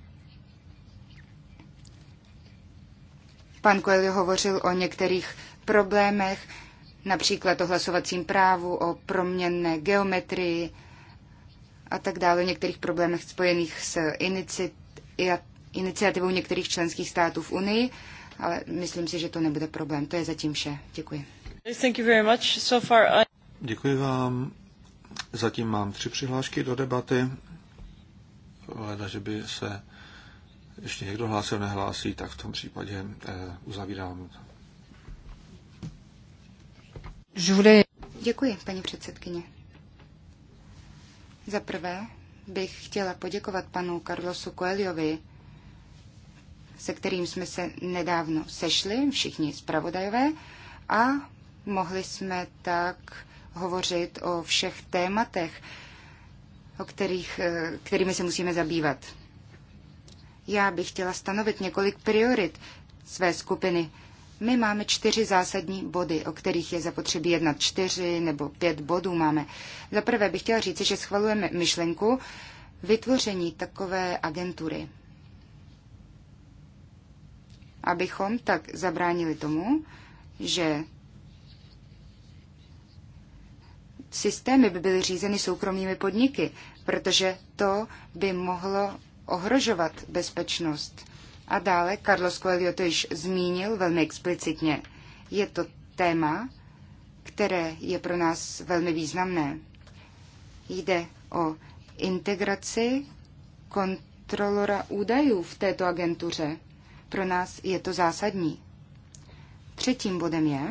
Pan Coelho hovořil o některých problémech, například o hlasovacím právu, o proměnné geometrii a tak dále, některých problémech spojených s iniciativou některých členských států v Unii, ale myslím si, že to nebude problém. To je zatím vše. Děkuji. Thank you very much. So far I... Děkuji vám. Zatím mám tři přihlášky do debaty. Hleda, že by se ještě někdo hlásil, nehlásí, tak v tom případě eh, uzavírám Děkuji, paní předsedkyně. Za prvé bych chtěla poděkovat panu Carlosu Coeliovi, se kterým jsme se nedávno sešli, všichni zpravodajové, a mohli jsme tak hovořit o všech tématech, o kterých, eh, kterými se musíme zabývat. Já bych chtěla stanovit několik priorit své skupiny my máme čtyři zásadní body, o kterých je zapotřebí jednat čtyři nebo pět bodů máme. Za prvé bych chtěla říci, že schvalujeme myšlenku vytvoření takové agentury. Abychom tak zabránili tomu, že systémy by byly řízeny soukromými podniky, protože to by mohlo ohrožovat bezpečnost. A dále Carlos Coelho to již zmínil velmi explicitně. Je to téma, které je pro nás velmi významné. Jde o integraci kontrolora údajů v této agentuře. Pro nás je to zásadní. Třetím bodem je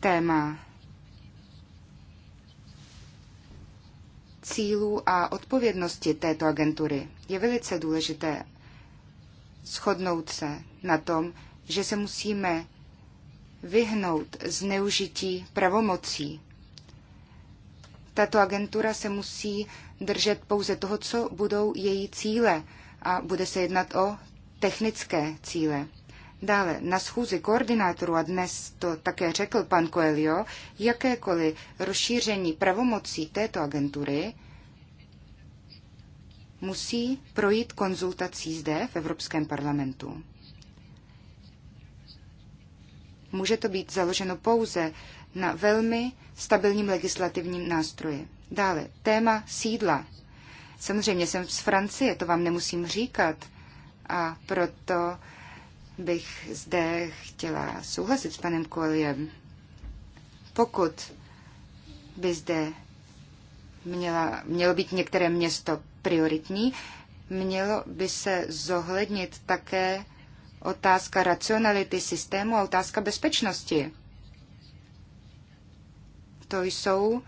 téma cílů a odpovědnosti této agentury, je velice důležité shodnout se na tom, že se musíme vyhnout zneužití pravomocí. Tato agentura se musí držet pouze toho, co budou její cíle a bude se jednat o technické cíle. Dále, na schůzi koordinátorů, a dnes to také řekl pan Coelho, jakékoliv rozšíření pravomocí této agentury musí projít konzultací zde v Evropském parlamentu. Může to být založeno pouze na velmi stabilním legislativním nástroji. Dále, téma sídla. Samozřejmě jsem z Francie, to vám nemusím říkat. A proto bych zde chtěla souhlasit s panem Koliem. Pokud by zde měla, mělo být některé město prioritní, mělo by se zohlednit také otázka racionality systému a otázka bezpečnosti. To jsou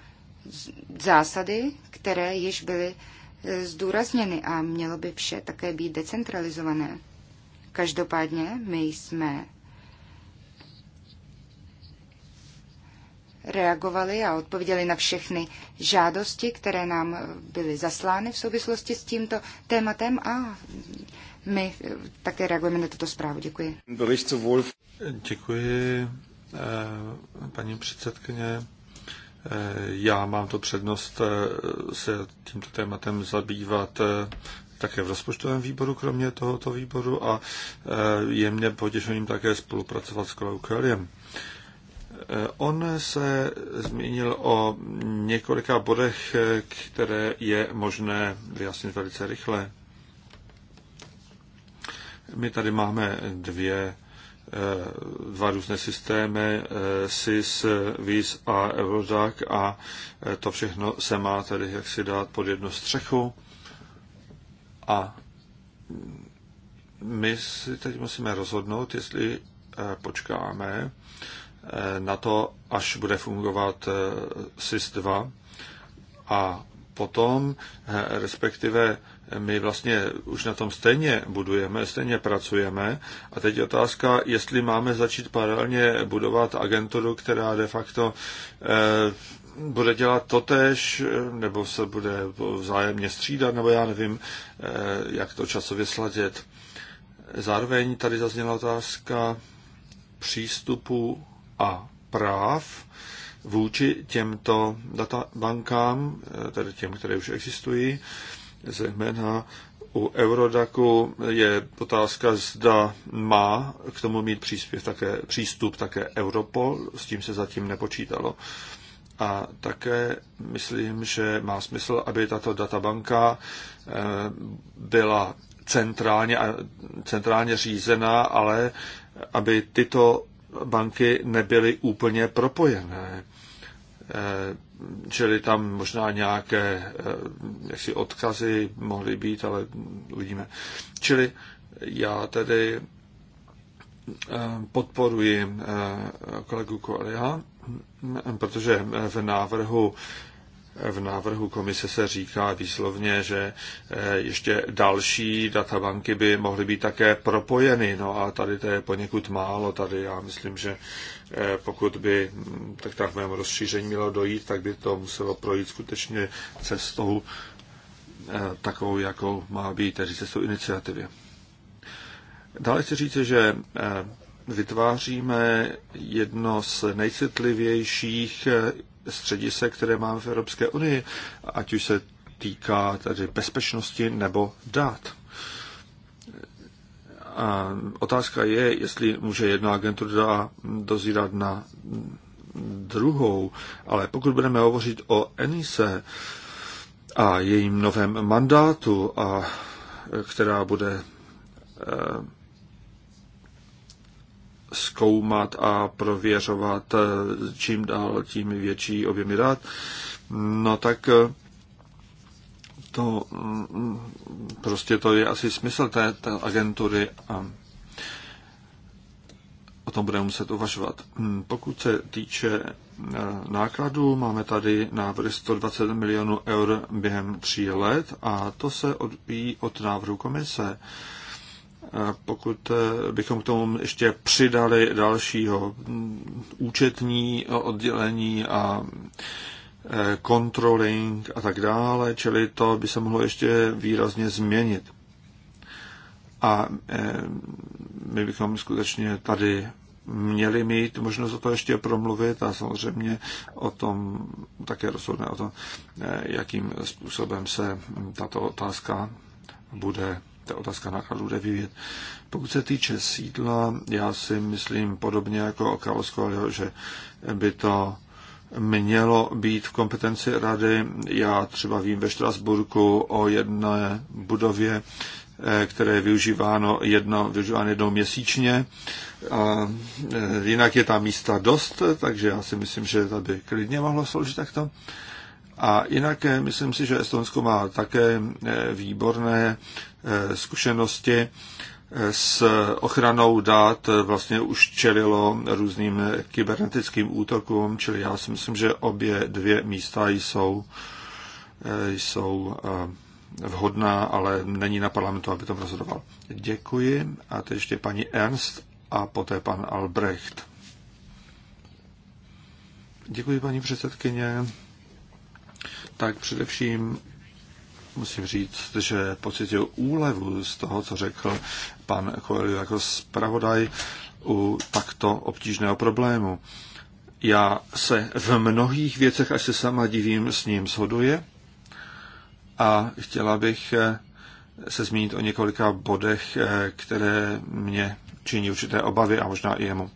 zásady, které již byly e, zdůrazněny a mělo by vše také být decentralizované. Každopádně my jsme reagovali a odpověděli na všechny žádosti, které nám byly zaslány v souvislosti s tímto tématem a my také reagujeme na tuto zprávu. Děkuji. Děkuji, eh, paní předsedkyně. Eh, já mám tu přednost eh, se tímto tématem zabývat také v rozpočtovém výboru, kromě tohoto výboru a eh, je mě potěšením také spolupracovat s kolegou Kellym. Eh, on se zmínil o několika bodech, eh, které je možné vyjasnit velice rychle. My tady máme dvě, dva různé systémy, SIS, VIS a Eurodac a to všechno se má tedy jaksi dát pod jednu střechu. A my si teď musíme rozhodnout, jestli eh, počkáme eh, na to, až bude fungovat eh, SIS-2 a potom, respektive my vlastně už na tom stejně budujeme, stejně pracujeme a teď je otázka, jestli máme začít paralelně budovat agenturu, která de facto bude dělat totež, eh, nebo se bude vzájemně střídat, nebo já nevím, eh, jak to časově sladit. Zároveň tady zazněla otázka přístupu a práv vůči těmto databankám, eh, tedy těm, které už existují, zejména u Eurodaku je otázka, zda má k tomu mít příspěv také, přístup také Europol, s tím se zatím nepočítalo. A také myslím, že má smysl, aby tato databanka eh, byla centrálně, centrálně řízená, ale aby tyto banky nebyly úplně propojené. Eh, čili tam možná nějaké eh, jaksi odkazy mohly být, ale uvidíme. Čili já tedy podporuji kolegu Koaliha protože v návrhu v návrhu komise se říká výslovně, že eh, ještě další databanky by mohly být také propojeny. No a tady to je poněkud málo. Tady já myslím, že eh, pokud by mm, tak mému rozšíření mělo dojít, tak by to muselo projít skutečně cestou eh, takovou, jakou má být, tedy cestou iniciativy. Dále chci říct, že vytváříme jedno z nejcitlivějších eh, středisek, které máme v Evropské unii, ať už se týká tedy bezpečnosti nebo dát. A otázka je, jestli může jedna agentura dozírat na druhou, ale pokud budeme hovořit o Enise a jejím novém mandátu, a která bude eh, zkoumat a prověřovat eh, čím dál tím větší objemy dat, no tak eh, to mm, prostě to je asi smysl té, té agentury a o tom budeme muset uvažovat. Hm, pokud se týče eh, nákladů, máme tady návrh 120 milionů eur během tří let a to se odvíjí od návrhu komise pokud eh, bychom k tomu ještě přidali dalšího mm, účetní oddělení a eh, controlling a tak dále, čili to by se mohlo ještě výrazně změnit. A eh, my bychom skutečně tady měli mít možnost o to ještě promluvit a samozřejmě o tom také rozhodne o tom, jakým způsobem se tato otázka bude ta otázka nákladů vyvíjet. Pokud se týče sídla, já si myslím podobně jako o Kaloskovalio, že by to mělo být v kompetenci rady. Já třeba vím ve Štrasburku o jedné budově, eh, které je využíváno jedno, využíváno jednou měsíčně. A eh, jinak je tam místa dost, takže já si myslím, že to by klidně mohlo sloužit takto. A jinak eh, myslím si, že Estonsko má také eh, výborné eh, zkušenosti s ochranou dát vlastně už čelilo různým kybernetickým útokům, čili já si myslím, že obě dvě místa jsou, jsou vhodná, ale není na parlamentu, aby tom rozhodoval. Děkuji. A teď ještě paní Ernst a poté pan Albrecht. Děkuji, paní předsedkyně tak především musím říct, že pocitil úlevu z toho, co řekl pan Coelho jako zpravodaj u takto obtížného problému. Já se v mnohých věcech, až se sama divím, s ním shoduje a chtěla bych eh, se zmínit o několika bodech, eh, které mě činí určité obavy a možná i jemu.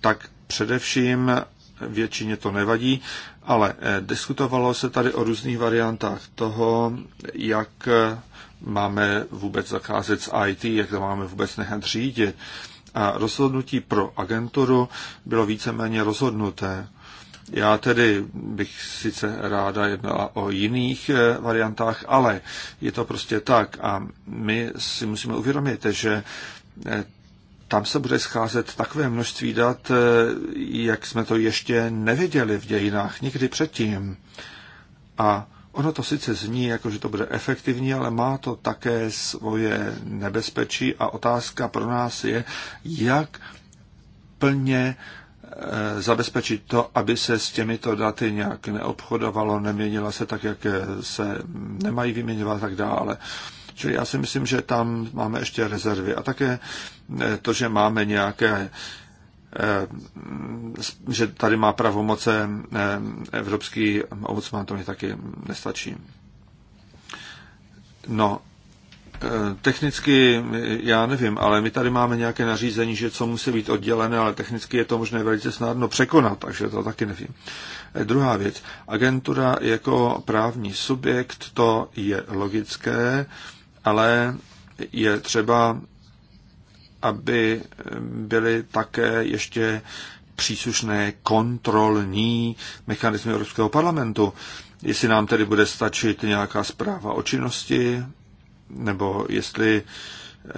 Tak především většině to nevadí. Ale eh, diskutovalo se tady o různých variantách toho, jak eh, máme vůbec zakázet s IT, jak to máme vůbec nechat řídit. A rozhodnutí pro agenturu bylo víceméně rozhodnuté. Já tedy bych sice ráda jednala o jiných eh, variantách, ale je to prostě tak. A my si musíme uvědomit, že tam se bude scházet takové množství dat, eh, jak jsme to ještě neviděli v dějinách nikdy předtím. A ono to sice zní, jako že to bude efektivní, ale má to také svoje nebezpečí a otázka pro nás je, jak plně eh, zabezpečit to, aby se s těmito daty nějak neobchodovalo, neměnila se tak, jak se nemají vyměňovat a tak dále. Čili já si myslím, že tam máme ještě rezervy. A také eh, to, že máme nějaké eh, že tady má pravomoce eh, evropský ombudsman, to mi taky nestačí. No, technicky já nevím, ale my tady máme nějaké nařízení, že co musí být oddělené, ale technicky je to možné velice snadno překonat, takže to taky nevím. Druhá věc. Agentura jako právní subjekt, to je logické ale je třeba, aby byly také ještě příslušné kontrolní mechanismy Evropského parlamentu. Jestli nám tedy bude stačit nějaká zpráva o činnosti, nebo jestli eh,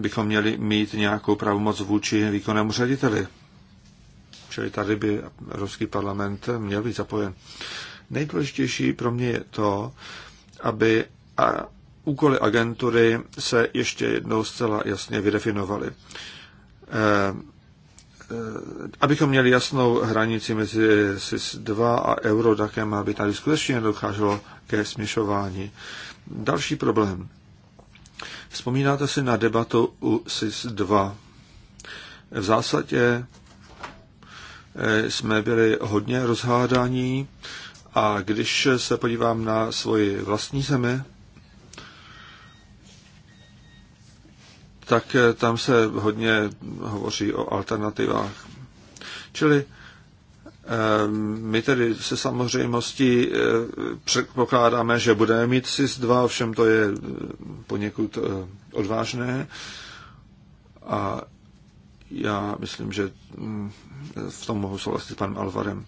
bychom měli mít nějakou pravomoc vůči výkonnému řediteli. Čili tady by Evropský parlament měl být zapojen. Nejdůležitější pro mě je to, aby úkoly agentury se ještě jednou zcela jasně vydefinovaly. Eh, eh, abychom měli jasnou hranici mezi SIS-2 a Eurodakem, aby tady skutečně nedocházelo ke směšování. Další problém. Vzpomínáte si na debatu u SIS-2. V zásadě eh, jsme byli hodně rozhádání a když se podívám na svoji vlastní zemi, tak eh, tam se hodně hovoří o alternativách. Čili eh, my tedy se samozřejmostí eh, předpokládáme, že budeme mít SIS-2, všem to je poněkud odvážné. A já myslím, že mm, v tom mohu souhlasit s panem Alvarem.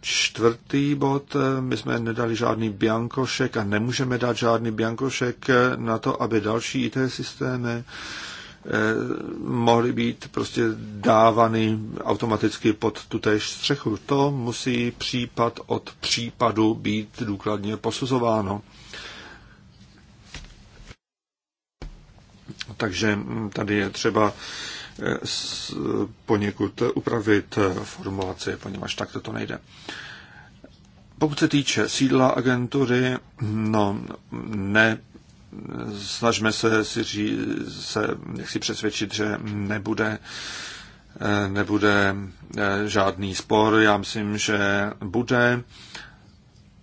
Čtvrtý bod, my jsme nedali žádný biankošek a nemůžeme dát žádný biankošek na to, aby další IT systémy Eh, mohly být prostě dávany automaticky pod tutéž střechu. To musí případ od případu být důkladně posuzováno. Takže hm, tady je třeba eh, poněkud upravit eh, formulaci, poněvadž takto to nejde. Pokud se týče sídla agentury, no ne snažme se si ří, se jak si přesvědčit, že nebude nebude eh, žádný spor. Já myslím, že bude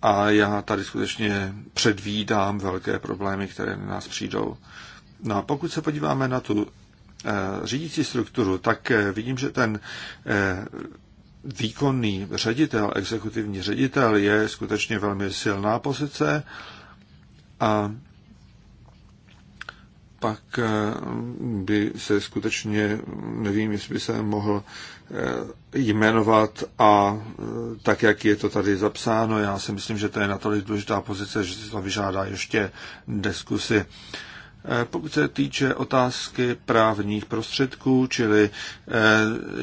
a já tady skutečně předvídám velké problémy, které na nás přijdou. No a pokud se podíváme na tu eh, řídící strukturu, tak eh, vidím, že ten výkonný ředitel, exekutivní ředitel je skutečně velmi silná pozice a pak eh, by se skutečně, nevím, jestli by se mohl eh, jmenovat a eh, tak, jak je to tady zapsáno, já si myslím, že to je natolik důležitá pozice, že se to vyžádá ještě diskusy. Pokud se týče otázky právních prostředků, čili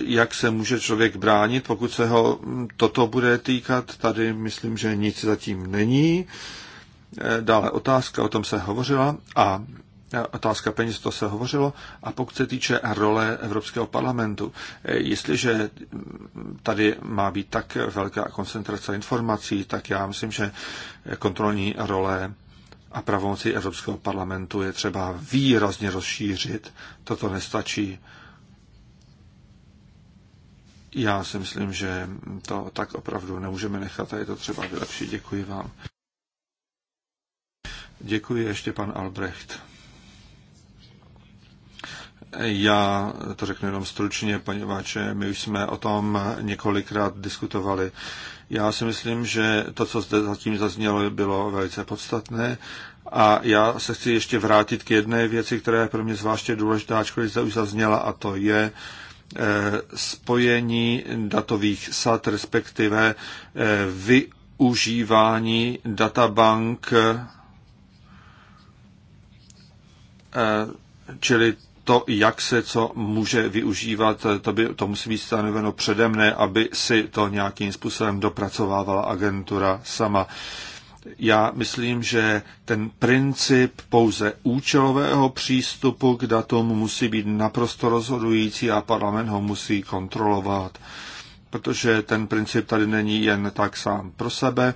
jak se může člověk bránit, pokud se ho hm, toto bude týkat, tady myslím, že nic zatím není. Dále otázka, o tom se hovořila. A otázka peněz, to se hovořilo. A pokud se týče role Evropského parlamentu, eh, jestliže mm, tady má být tak velká koncentrace informací, tak já myslím, že eh, kontrolní role a pravomoci Evropského parlamentu je třeba výrazně rozšířit. Toto nestačí. Já si myslím, že to tak opravdu nemůžeme nechat a je to třeba vylepšit. Děkuji vám. Děkuji ještě pan Albrecht. Já to řeknu jenom stručně, poněvadž my už jsme o tom několikrát diskutovali. Já si myslím, že to, co zde zatím zaznělo, bylo velice podstatné. A já se chci ještě vrátit k jedné věci, která je pro mě zvláště důležitá, ačkoliv zde už zazněla, a to je eh, spojení datových sat, respektive eh, využívání databank, eh, čili to, jak se co může využívat, to, by, to musí být stanoveno přede mne, aby si to nějakým způsobem dopracovávala agentura sama. Já myslím, že ten princip pouze účelového přístupu k datům musí být naprosto rozhodující a parlament ho musí kontrolovat, protože ten princip tady není jen tak sám pro sebe,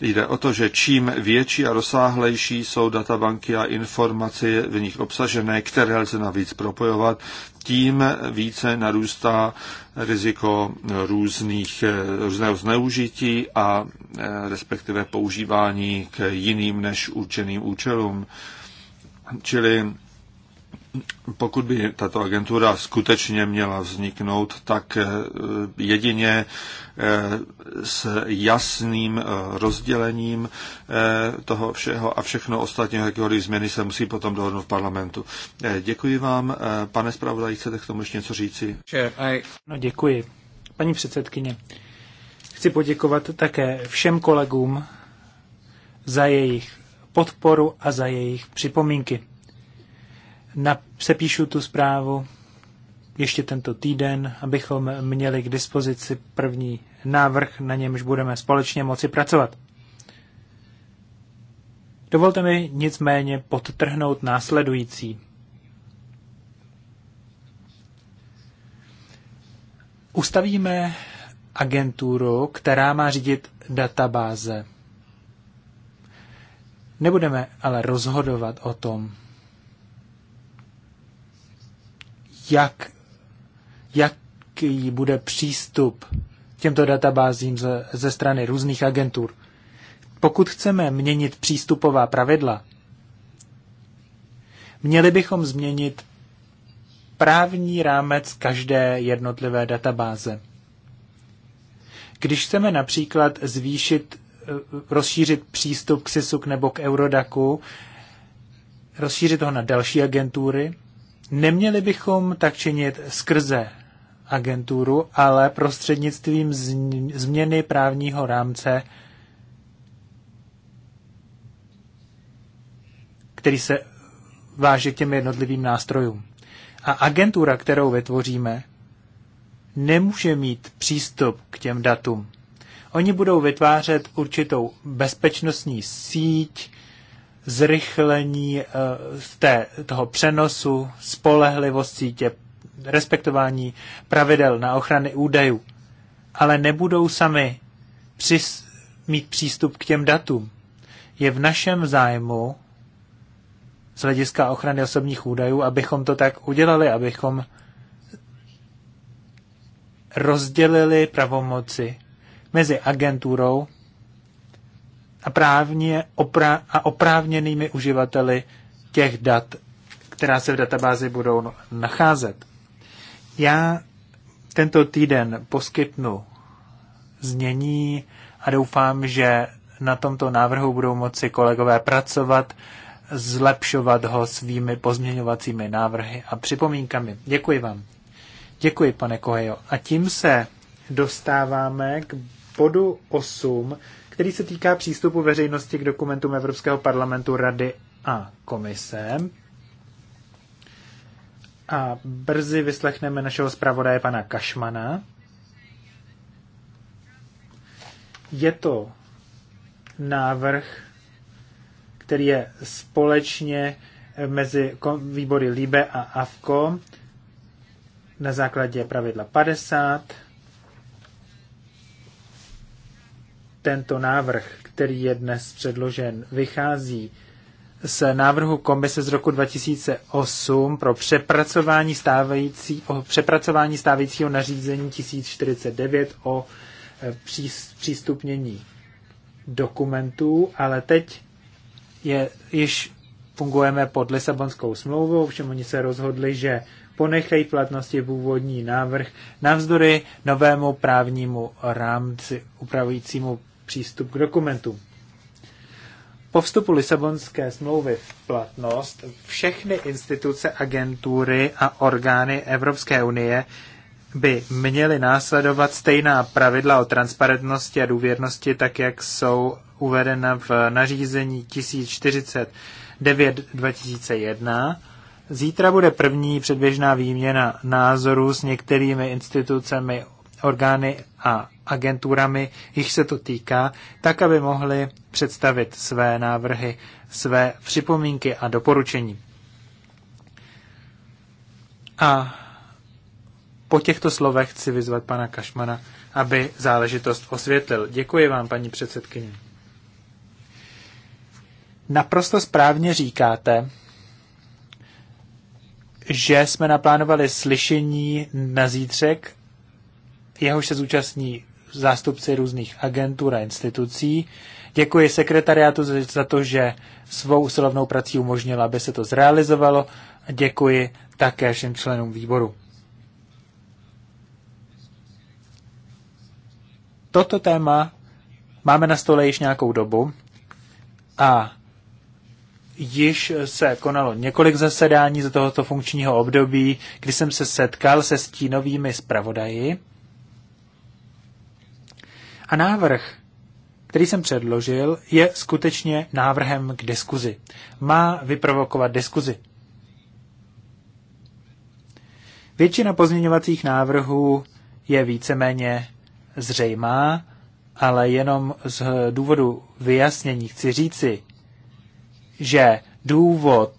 Jde o to, že čím větší a rozsáhlejší jsou databanky a informace v nich obsažené, které lze navíc propojovat, tím více narůstá riziko různých, různého zneužití a e, respektive používání k jiným než určeným účelům. Čili pokud by tato agentura skutečně měla vzniknout, tak eh, jedině eh, s jasným eh, rozdělením toho všeho a všechno ostatního, jakéhokoliv změny se musí potom dohodnout v parlamentu. Děkuji vám. Pane zpravodaj, chcete k tomu ještě něco říci? No děkuji. Paní předsedkyně, chci poděkovat také všem kolegům za jejich podporu a za jejich připomínky sepíšu tu zprávu ještě tento týden, abychom měli k dispozici první návrh, na němž budeme společně moci pracovat. Dovolte mi nicméně podtrhnout následující. Ustavíme agenturu, která má řídit databáze. Nebudeme ale rozhodovat o tom, jak, jaký bude přístup těmto databázím ze, ze strany různých agentur. Pokud chceme měnit přístupová pravidla, měli bychom změnit právní rámec každé jednotlivé databáze. Když chceme například zvýšit, eh, rozšířit přístup k SISUK nebo k Eurodaku, rozšířit ho na další agentury, Neměli bychom tak činit skrze agenturu, ale prostřednictvím změny právního rámce, který se váže k těm jednotlivým nástrojům. A agentura, kterou vytvoříme, nemůže mít přístup k těm datům. Oni budou vytvářet určitou bezpečnostní síť, zrychlení eh, té, toho přenosu, spolehlivost sítě, respektování pravidel na ochrany údajů, ale nebudou sami přis, mít přístup k těm datům. Je v našem zájmu z hlediska ochrany osobních údajů, abychom to tak udělali, abychom rozdělili pravomoci mezi agenturou a, právně opra- a oprávněnými uživateli těch dat, která se v databázi budou no, nacházet. Já tento týden poskytnu znění a doufám, že na tomto návrhu budou moci kolegové pracovat, zlepšovat ho svými pozměňovacími návrhy a připomínkami. Děkuji vám. Děkuji, pane Kohejo. A tím se dostáváme k bodu 8, který se týká přístupu veřejnosti k dokumentům Evropského parlamentu, Rady a Komise. A brzy vyslechneme našeho zpravodaje pana Kašmana. Je to návrh, který je společně mezi výbory Libe a AFKO na základě pravidla 50 tento návrh, který je dnes předložen, vychází z návrhu komise z roku 2008 pro přepracování, stávající, o přepracování stávajícího nařízení 1049 o e, přístupnění dokumentů, ale teď je, již fungujeme pod Lisabonskou smlouvou, všem oni se rozhodli, že ponechají platnosti původní návrh navzdory novému právnímu rámci upravujícímu přístup k dokumentům. Po vstupu Lisabonské smlouvy v platnost všechny instituce, agentury a orgány Evropské unie by měly následovat stejná pravidla o transparentnosti a důvěrnosti, tak jak jsou uvedena v nařízení 1049 2001 Zítra bude první předběžná výměna názorů s některými institucemi orgány a agenturami, jich se to týká, tak, aby mohli představit své návrhy, své připomínky a doporučení. A po těchto slovech chci vyzvat pana Kašmana, aby záležitost osvětlil. Děkuji vám, paní předsedkyně. Naprosto správně říkáte, že jsme naplánovali slyšení na zítřek jehož se zúčastní zástupci různých agentur a institucí. Děkuji sekretariátu za to, že svou usilovnou prací umožnila, aby se to zrealizovalo. A děkuji také všem členům výboru. Toto téma máme na stole již nějakou dobu a již se konalo několik zasedání z tohoto funkčního období, kdy jsem se setkal se stínovými zpravodaji a návrh, který jsem předložil, je skutečně návrhem k diskuzi. Má vyprovokovat diskuzi. Většina pozměňovacích návrhů je víceméně zřejmá, ale jenom z důvodu vyjasnění chci říci, že důvod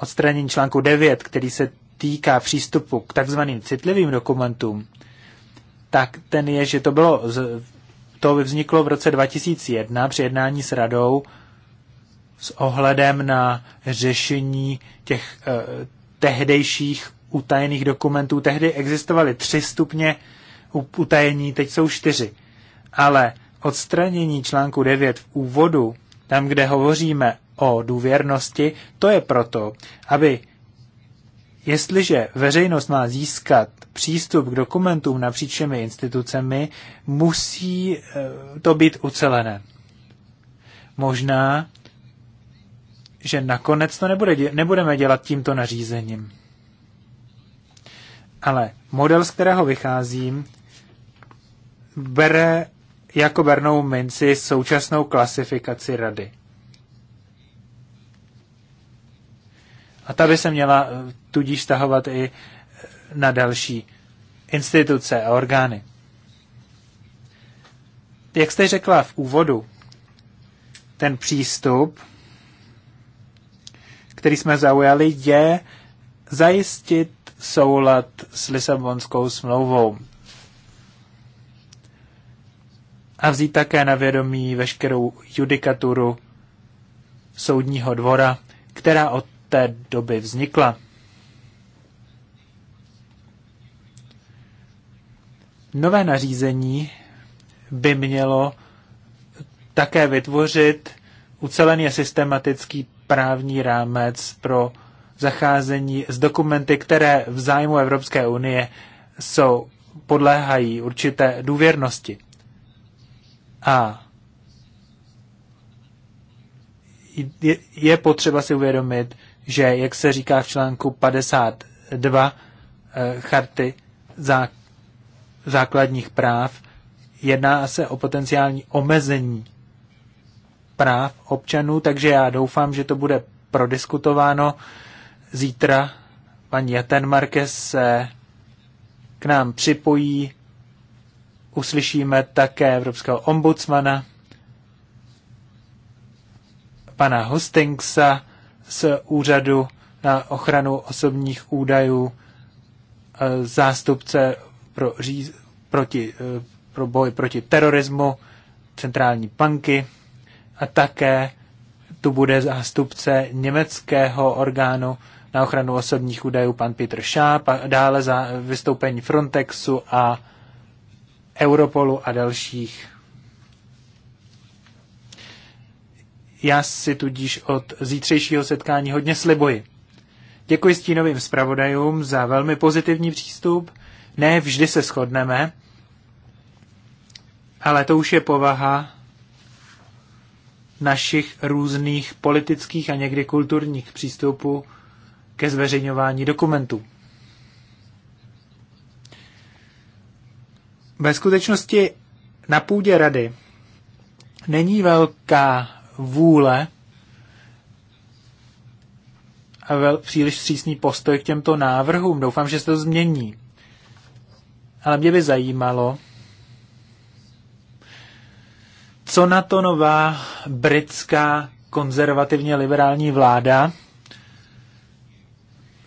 odstranění článku 9, který se týká přístupu k takzvaným citlivým dokumentům, tak ten je, že to bylo, to vzniklo v roce 2001 při jednání s radou s ohledem na řešení těch eh, tehdejších utajených dokumentů. Tehdy existovaly tři stupně utajení, teď jsou čtyři. Ale odstranění článku 9 v úvodu, tam, kde hovoříme o důvěrnosti, to je proto, aby Jestliže veřejnost má získat přístup k dokumentům napříč všemi institucemi, musí eh, to být ucelené. Možná, že nakonec to nebude, nebudeme dělat tímto nařízením. Ale model, z kterého vycházím, bere jako bernou minci současnou klasifikaci rady. A ta by se měla eh, tudíž stahovat i eh, na další instituce a orgány. Jak jste řekla v úvodu, ten přístup, který jsme zaujali, je zajistit soulad s Lisabonskou smlouvou a vzít také na vědomí veškerou judikaturu soudního dvora, která o té doby vznikla. Nové nařízení by mělo také vytvořit ucelený a systematický právní rámec pro zacházení s dokumenty, které v zájmu Evropské unie jsou, podléhají určité důvěrnosti. A je potřeba si uvědomit, že, jak se říká v článku 52 eh, charty základních práv, jedná se o potenciální omezení práv občanů, takže já doufám, že to bude prodiskutováno zítra. Pan Jaten Marquez se k nám připojí. Uslyšíme také evropského ombudsmana, pana Hostingsa, z úřadu na ochranu osobních údajů e, zástupce pro, říz, proti, e, pro boj proti terorismu centrální banky a také tu bude zástupce německého orgánu na ochranu osobních údajů pan Peter Schaap a dále za vystoupení Frontexu a Europolu a dalších Já si tudíž od zítřejšího setkání hodně slibuji. Děkuji stínovým zpravodajům za velmi pozitivní přístup. Ne vždy se shodneme, ale to už je povaha našich různých politických a někdy kulturních přístupů ke zveřejňování dokumentů. Ve skutečnosti na půdě rady není velká vůle a vel, příliš přísný postoj k těmto návrhům. Doufám, že se to změní. Ale mě by zajímalo, co na to nová britská konzervativně liberální vláda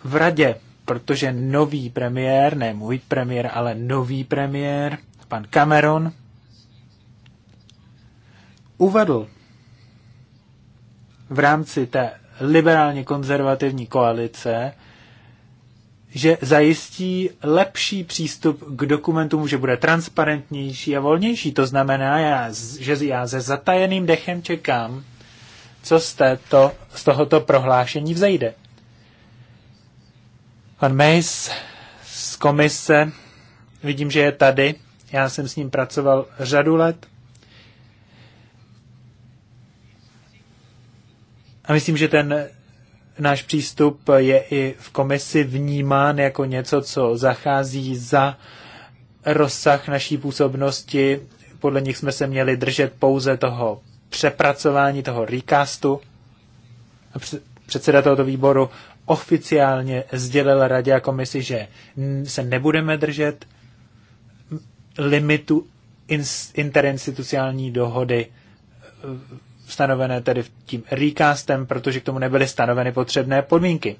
v radě, protože nový premiér, ne můj premiér, ale nový premiér, pan Cameron, uvedl v rámci té liberálně konzervativní koalice, že zajistí lepší přístup k dokumentům, že bude transparentnější a volnější. To znamená, já, že já se zatajeným dechem čekám, co z, této, z tohoto prohlášení vzejde. Pan Mays z komise, vidím, že je tady. Já jsem s ním pracoval řadu let A myslím, že ten náš přístup je i v komisi vnímán jako něco, co zachází za rozsah naší působnosti. Podle nich jsme se měli držet pouze toho přepracování, toho recastu. Předseda tohoto výboru oficiálně sdělil radě a komisi, že se nebudeme držet limitu interinstitucionální dohody stanovené tedy tím recastem, protože k tomu nebyly stanoveny potřebné podmínky.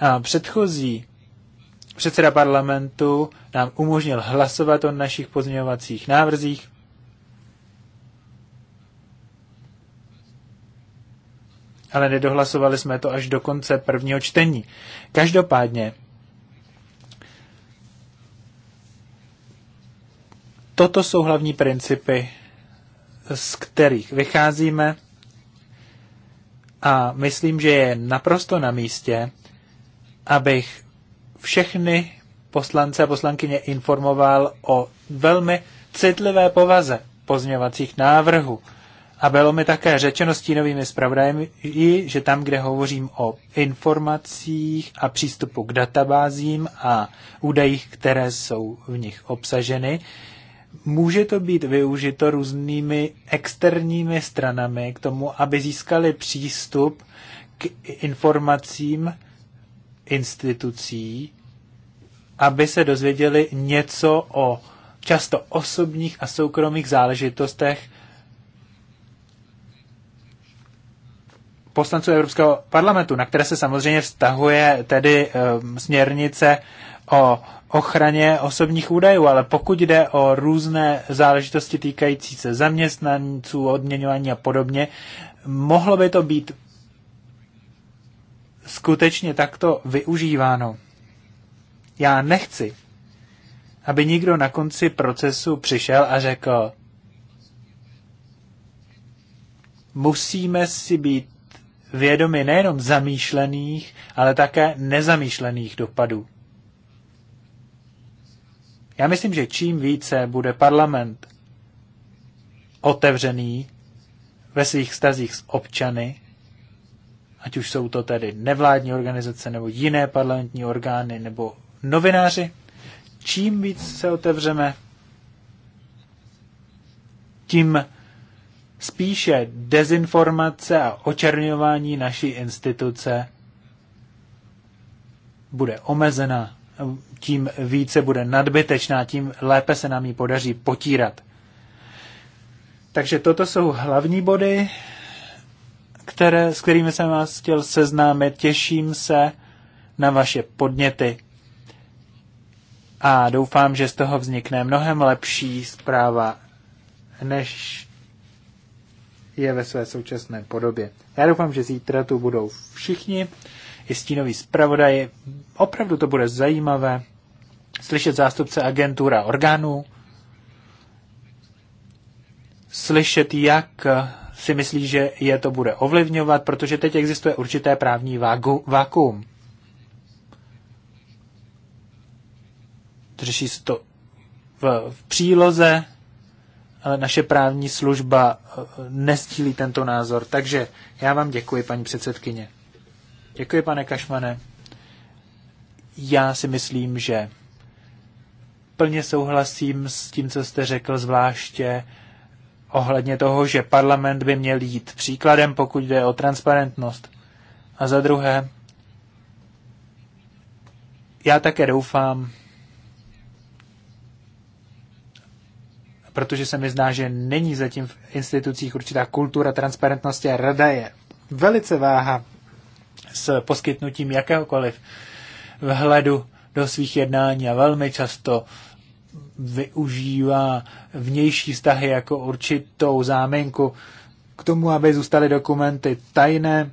A předchozí předseda parlamentu nám umožnil hlasovat o našich pozměňovacích návrzích. Ale nedohlasovali jsme to až do konce prvního čtení. Každopádně toto jsou hlavní principy z kterých vycházíme a myslím, že je naprosto na místě, abych všechny poslance a poslankyně informoval o velmi citlivé povaze pozměvacích návrhů. A bylo mi také řečeno stínovými zpravodaji, že tam, kde hovořím o informacích a přístupu k databázím a údajích, které jsou v nich obsaženy, může to být využito různými externími stranami k tomu, aby získali přístup k informacím institucí, aby se dozvěděli něco o často osobních a soukromých záležitostech poslanců Evropského parlamentu, na které se samozřejmě vztahuje tedy um, směrnice o ochraně osobních údajů, ale pokud jde o různé záležitosti týkající se zaměstnanců, odměňování a podobně, mohlo by to být skutečně takto využíváno. Já nechci, aby nikdo na konci procesu přišel a řekl, musíme si být vědomi nejenom zamýšlených, ale také nezamýšlených dopadů. Já myslím, že čím více bude parlament otevřený ve svých stazích s občany, ať už jsou to tedy nevládní organizace nebo jiné parlamentní orgány nebo novináři, čím víc se otevřeme, tím spíše dezinformace a očerňování naší instituce bude omezena tím více bude nadbytečná, tím lépe se nám ji podaří potírat. Takže toto jsou hlavní body, které, s kterými jsem vás chtěl seznámit. Těším se na vaše podněty a doufám, že z toho vznikne mnohem lepší zpráva, než je ve své současné podobě. Já doufám, že zítra tu budou všichni i stínový zpravodaj. Opravdu to bude zajímavé slyšet zástupce a orgánů, slyšet, jak eh, si myslí, že je to bude ovlivňovat, protože teď existuje určité právní vágu, vákuum. Řeší se to v, v příloze, ale naše právní služba eh, nestílí tento názor. Takže já vám děkuji, paní předsedkyně. Děkuji, pane Kašmane. Já si myslím, že plně souhlasím s tím, co jste řekl, zvláště ohledně toho, že parlament by měl jít příkladem, pokud jde o transparentnost. A za druhé, já také doufám, protože se mi zdá, že není zatím v institucích určitá kultura transparentnosti a rada je velice váha s poskytnutím jakéhokoliv vhledu do svých jednání a velmi často využívá vnější vztahy jako určitou záminku k tomu, aby zůstaly dokumenty tajné.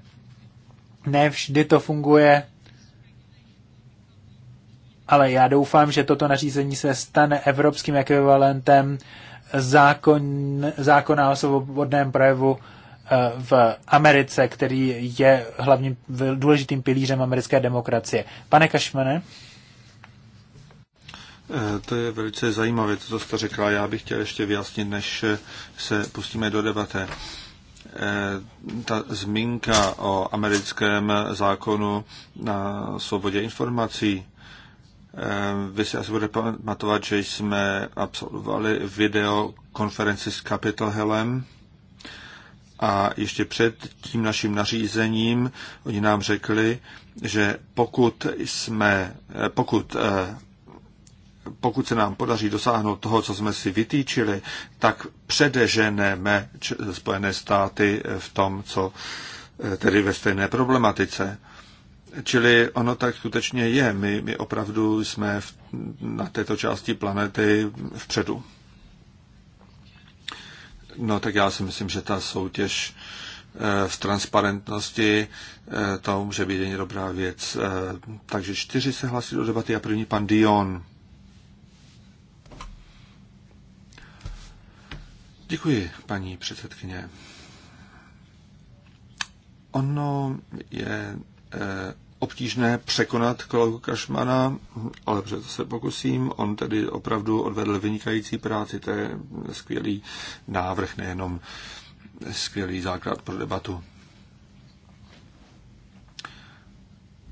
Ne vždy to funguje, ale já doufám, že toto nařízení se stane evropským ekvivalentem zákon, zákona o svobodném projevu Eh, v Americe, který je hlavním důležitým pilířem americké demokracie. Pane Kašmene? Eh, to je velice zajímavé, to, co jste řekla. Já bych chtěl ještě vyjasnit, než eh, se pustíme do debaty. Ta zmínka o americkém zákonu na svobodě informací, vy si asi budete pamatovat, že jsme absolvovali videokonferenci s Capitol Hillem a ještě před tím naším nařízením oni nám řekli, že pokud jsme, eh, pokud eh, pokud se nám podaří dosáhnout toho, co jsme si vytýčili, tak předeženeme Spojené státy v tom, co eh, tedy ve stejné problematice. Čili ono tak skutečně je. My, my opravdu jsme v, na této části planety vpředu. No tak já si myslím, že ta soutěž eh, v transparentnosti, eh, to může být jen dobrá věc. Eh, takže čtyři se hlásí do debaty a první pan Dion. Děkuji, paní předsedkyně. Ono je obtížné překonat kolegu Kašmana, ale přesto se pokusím. On tedy opravdu odvedl vynikající práci, to je skvělý návrh, nejenom skvělý základ pro debatu.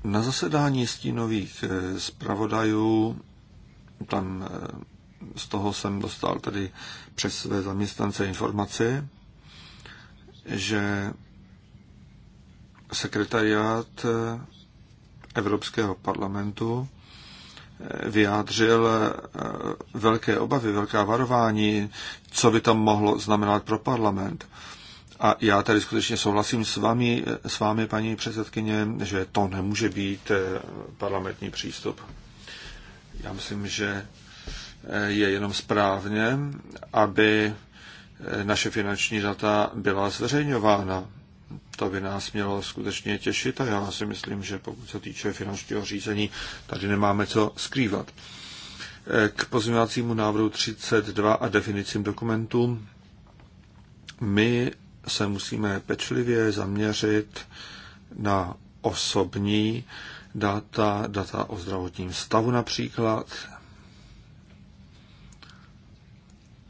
Na zasedání stínových eh, zpravodajů, tam eh, z toho jsem dostal tedy přes své zaměstnance informaci, že sekretariát eh, Evropského parlamentu eh, vyjádřil eh, velké obavy, velká varování, co by tam mohlo znamenat pro parlament. A já tady skutečně souhlasím s vámi, eh, s vámi paní předsedkyně, že to nemůže být parlamentní přístup. Já myslím, že je jenom správně, aby naše finanční data byla zveřejňována to by nás mělo skutečně těšit a já si myslím, že pokud se týče finančního řízení, tady nemáme co skrývat. E, k pozměňovacímu návrhu 32 a definicím dokumentů my se musíme pečlivě zaměřit na osobní data, data o zdravotním stavu například,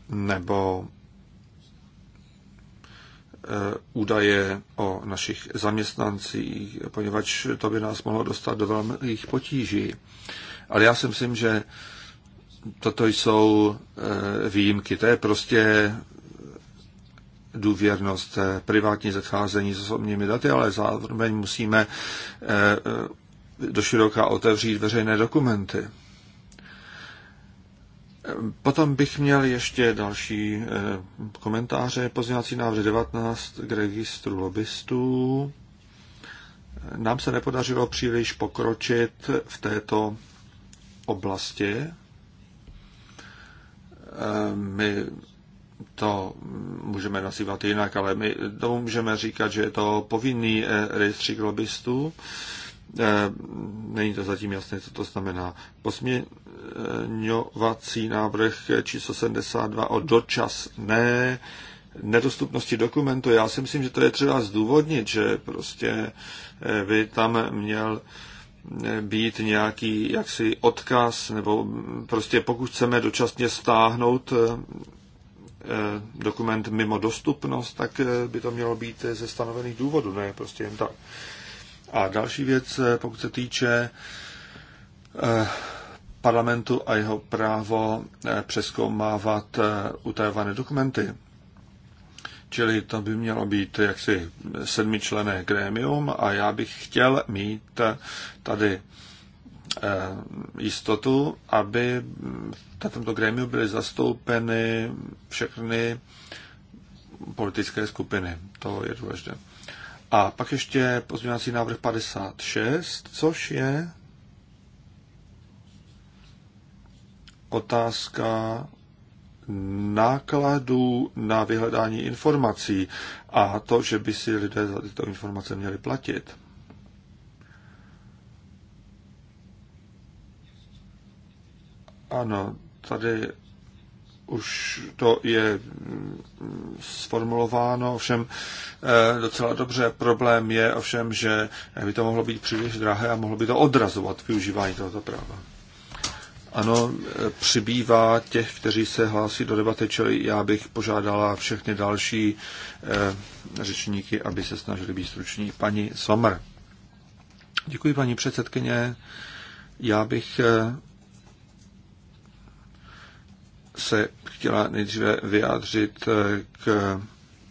nebo Eh, údaje o našich zaměstnancích, poněvadž to by nás mohlo dostat do velkých potíží. Ale já si myslím, že toto jsou eh, výjimky. To je prostě důvěrnost, eh, privátní zacházení s osobními daty, ale zároveň musíme doširoka otevřít veřejné dokumenty. Potom bych měl ještě další eh, komentáře. Pozměňovací návrh 19 k registru lobbystů. Nám se nepodařilo příliš pokročit v této oblasti. Eh, my to můžeme nazývat jinak, ale my to můžeme říkat, že je to povinný eh, rejstřík lobbystů. Eh, není to zatím jasné, co to znamená. Posměňovací návrh číslo 72 o dočasné nedostupnosti dokumentu. Já si myslím, že to je třeba zdůvodnit, že prostě eh, by tam měl eh, být nějaký jaksi odkaz, nebo prostě pokud chceme dočasně stáhnout dokument mimo dostupnost, tak by to mělo být ze stanovených důvodů, ne prostě jen tak. A další věc, eh, pokud se týče eh, parlamentu a jeho právo eh, přeskoumávat utajované dokumenty. Čili to by mělo být jaksi sedmičlené grémium a já bych chtěl mít tady jistotu, aby na tomto grémiu byly zastoupeny všechny politické skupiny. To je důležité. A pak ještě pozměňovací návrh 56, což je otázka nákladů na vyhledání informací a to, že by si lidé za tyto informace měli platit. Ano, tady už to je mm, sformulováno, ovšem eh, docela dobře. Problém je ovšem, že by to mohlo být příliš drahé a mohlo by to odrazovat využívání tohoto práva. Ano, eh, přibývá těch, kteří se hlásí do debaty, čili já bych požádala všechny další eh, řečníky, aby se snažili být struční. Paní Somr. Děkuji, paní předsedkyně. Já bych se chtěla nejdříve vyjádřit eh, k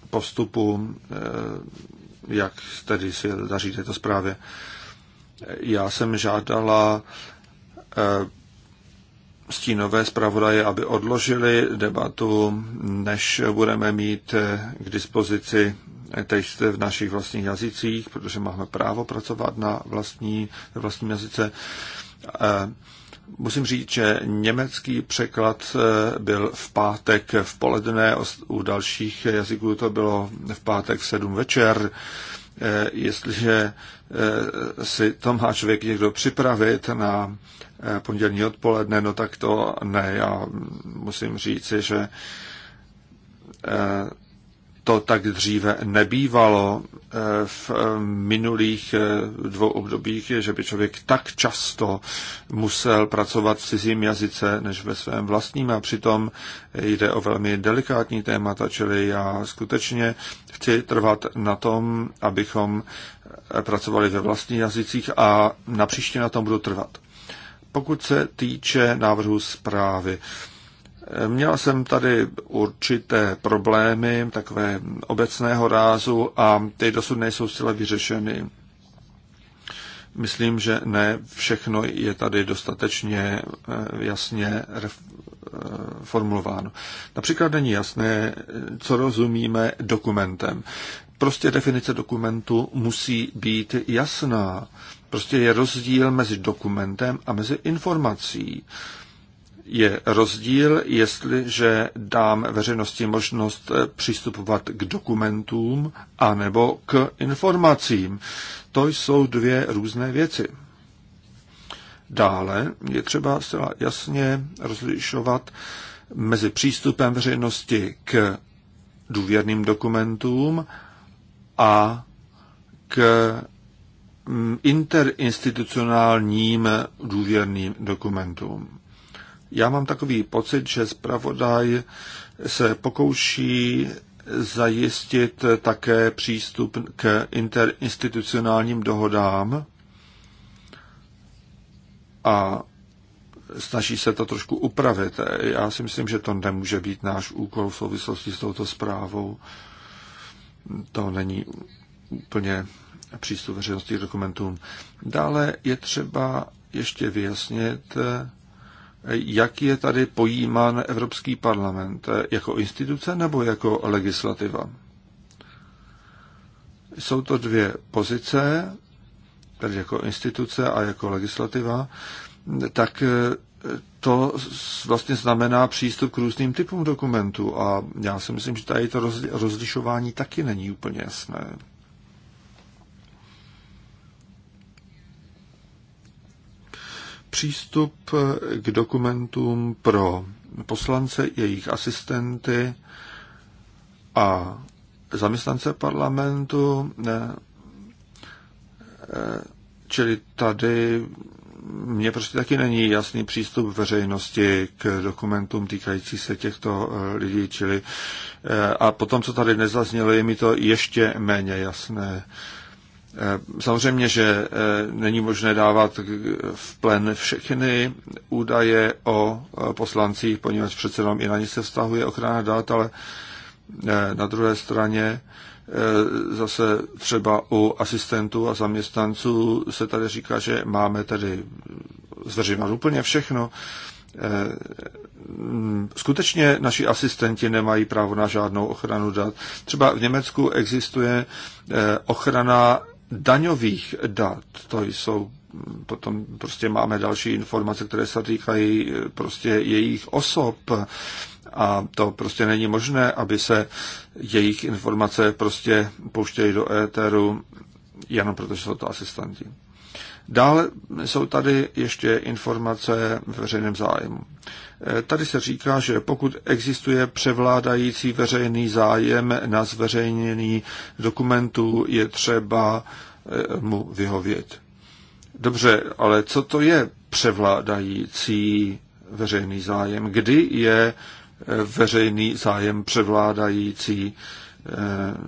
postupu, eh, jak tedy si daří této zprávě. Já jsem žádala eh, stínové zpravodaje, aby odložili debatu, než budeme mít k dispozici texty v našich vlastních jazycích, protože máme právo pracovat na vlastní, vlastním jazyce. Musím říct, že německý překlad eh, byl v pátek v poledne, u dalších jazyků to bylo v pátek v sedm večer. Eh, jestliže eh, si to má člověk někdo připravit na pondělní odpoledne, no tak to ne. Já musím říci, že to tak dříve nebývalo eh, v eh, minulých eh, dvou obdobích, že by člověk tak často musel pracovat v cizím jazyce než ve svém vlastním a přitom jde o velmi delikátní témata, čili já skutečně chci trvat na tom, abychom pracovali ve vlastních jazycích a na příště na tom budu trvat. Pokud se týče návrhu zprávy, Měl jsem tady určité problémy, takové obecného rázu a ty dosud nejsou zcela vyřešeny. Myslím, že ne všechno je tady dostatečně eh, jasně eh, formulováno. Například není jasné, co rozumíme dokumentem. Prostě definice dokumentu musí být jasná. Prostě je rozdíl mezi dokumentem a mezi informací. Uh, je rozdíl, jestliže dám veřejnosti možnost eh, přistupovat k dokumentům anebo k informacím. To jsou dvě různé věci. Dále je třeba zcela jasně rozlišovat mezi přístupem veřejnosti k důvěrným dokumentům a k mm, interinstitucionálním důvěrným dokumentům. Já mám takový pocit, že zpravodaj se pokouší zajistit také přístup k interinstitucionálním dohodám a snaží se to trošku upravit. Já si myslím, že to nemůže být náš úkol v souvislosti s touto zprávou. To není úplně přístup veřejnosti k dokumentům. Dále je třeba ještě vyjasnit, jak je tady pojímán Evropský parlament jako instituce nebo jako legislativa. Jsou to dvě pozice, tedy jako instituce a jako legislativa, tak eh, to vlastně znamená přístup k různým typům dokumentů a já si myslím, že tady to rozlišování taky není úplně jasné. Přístup k dokumentům pro poslance, jejich asistenty a zaměstnance parlamentu, eh, čili tady mně prostě taky není jasný přístup veřejnosti k dokumentům týkající se těchto eh, lidí, čili eh, a potom, co tady nezaznělo, je mi to ještě méně jasné. Eh, samozřejmě, že eh, není možné dávat v plen všechny údaje o eh, poslancích, poněvadž přece jenom i na ně se vztahuje ochrana dát, ale na druhé straně zase třeba u asistentů a zaměstnanců se tady říká, že máme tady zveřejnout úplně všechno. Skutečně naši asistenti nemají právo na žádnou ochranu dat. Třeba v Německu existuje ochrana daňových dat, to jsou potom prostě máme další informace, které se týkají eh, prostě jejich osob a to prostě není možné, aby se jejich informace prostě pouštěly do éteru jenom protože jsou to asistenti. Dále jsou tady ještě informace v veřejném zájmu. E, tady se říká, že pokud existuje převládající veřejný zájem na zveřejnění dokumentů, je třeba e, mu vyhovět. Dobře, ale co to je převládající veřejný zájem? Kdy je e, veřejný zájem převládající?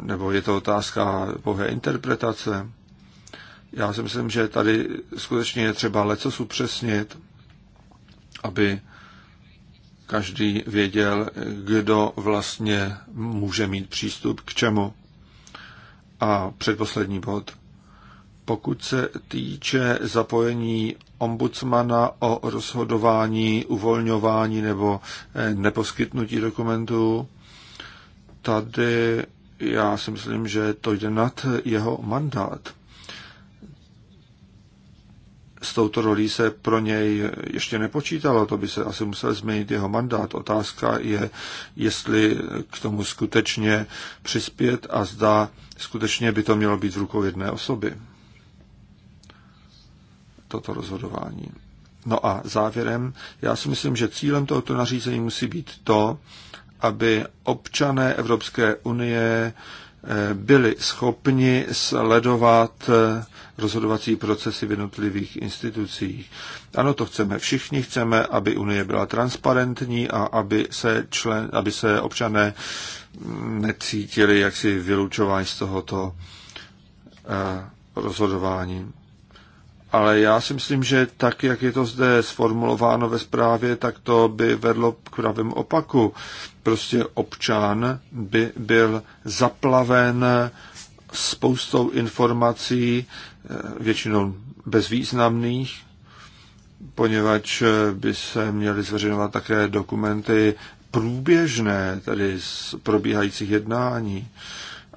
Nebo je to otázka pouhé interpretace? Já si myslím, že tady skutečně je třeba leco upřesnit, aby každý věděl, kdo vlastně může mít přístup k čemu. A předposlední bod. Pokud se týče zapojení ombudsmana o rozhodování, uvolňování nebo eh, neposkytnutí dokumentů, tady já si myslím, že to jde nad jeho mandát s touto rolí se pro něj ještě nepočítalo, to by se asi musel změnit jeho mandát. Otázka je, jestli k tomu skutečně přispět a zda skutečně by to mělo být v rukou jedné osoby. Toto rozhodování. No a závěrem, já si myslím, že cílem tohoto nařízení musí být to, aby občané Evropské unie byli schopni sledovat eh, rozhodovací procesy v jednotlivých institucích. Ano, to chceme všichni, chceme, aby Unie byla transparentní a aby se, člen, aby se občané necítili jaksi vylučování z tohoto eh, rozhodování ale já si myslím, že tak, jak je to zde sformulováno ve zprávě, tak to by vedlo k pravému opaku. Prostě občan by byl zaplaven spoustou informací, eh, většinou bezvýznamných, poněvadž eh, by se měly zveřejňovat také dokumenty průběžné, tedy z probíhajících jednání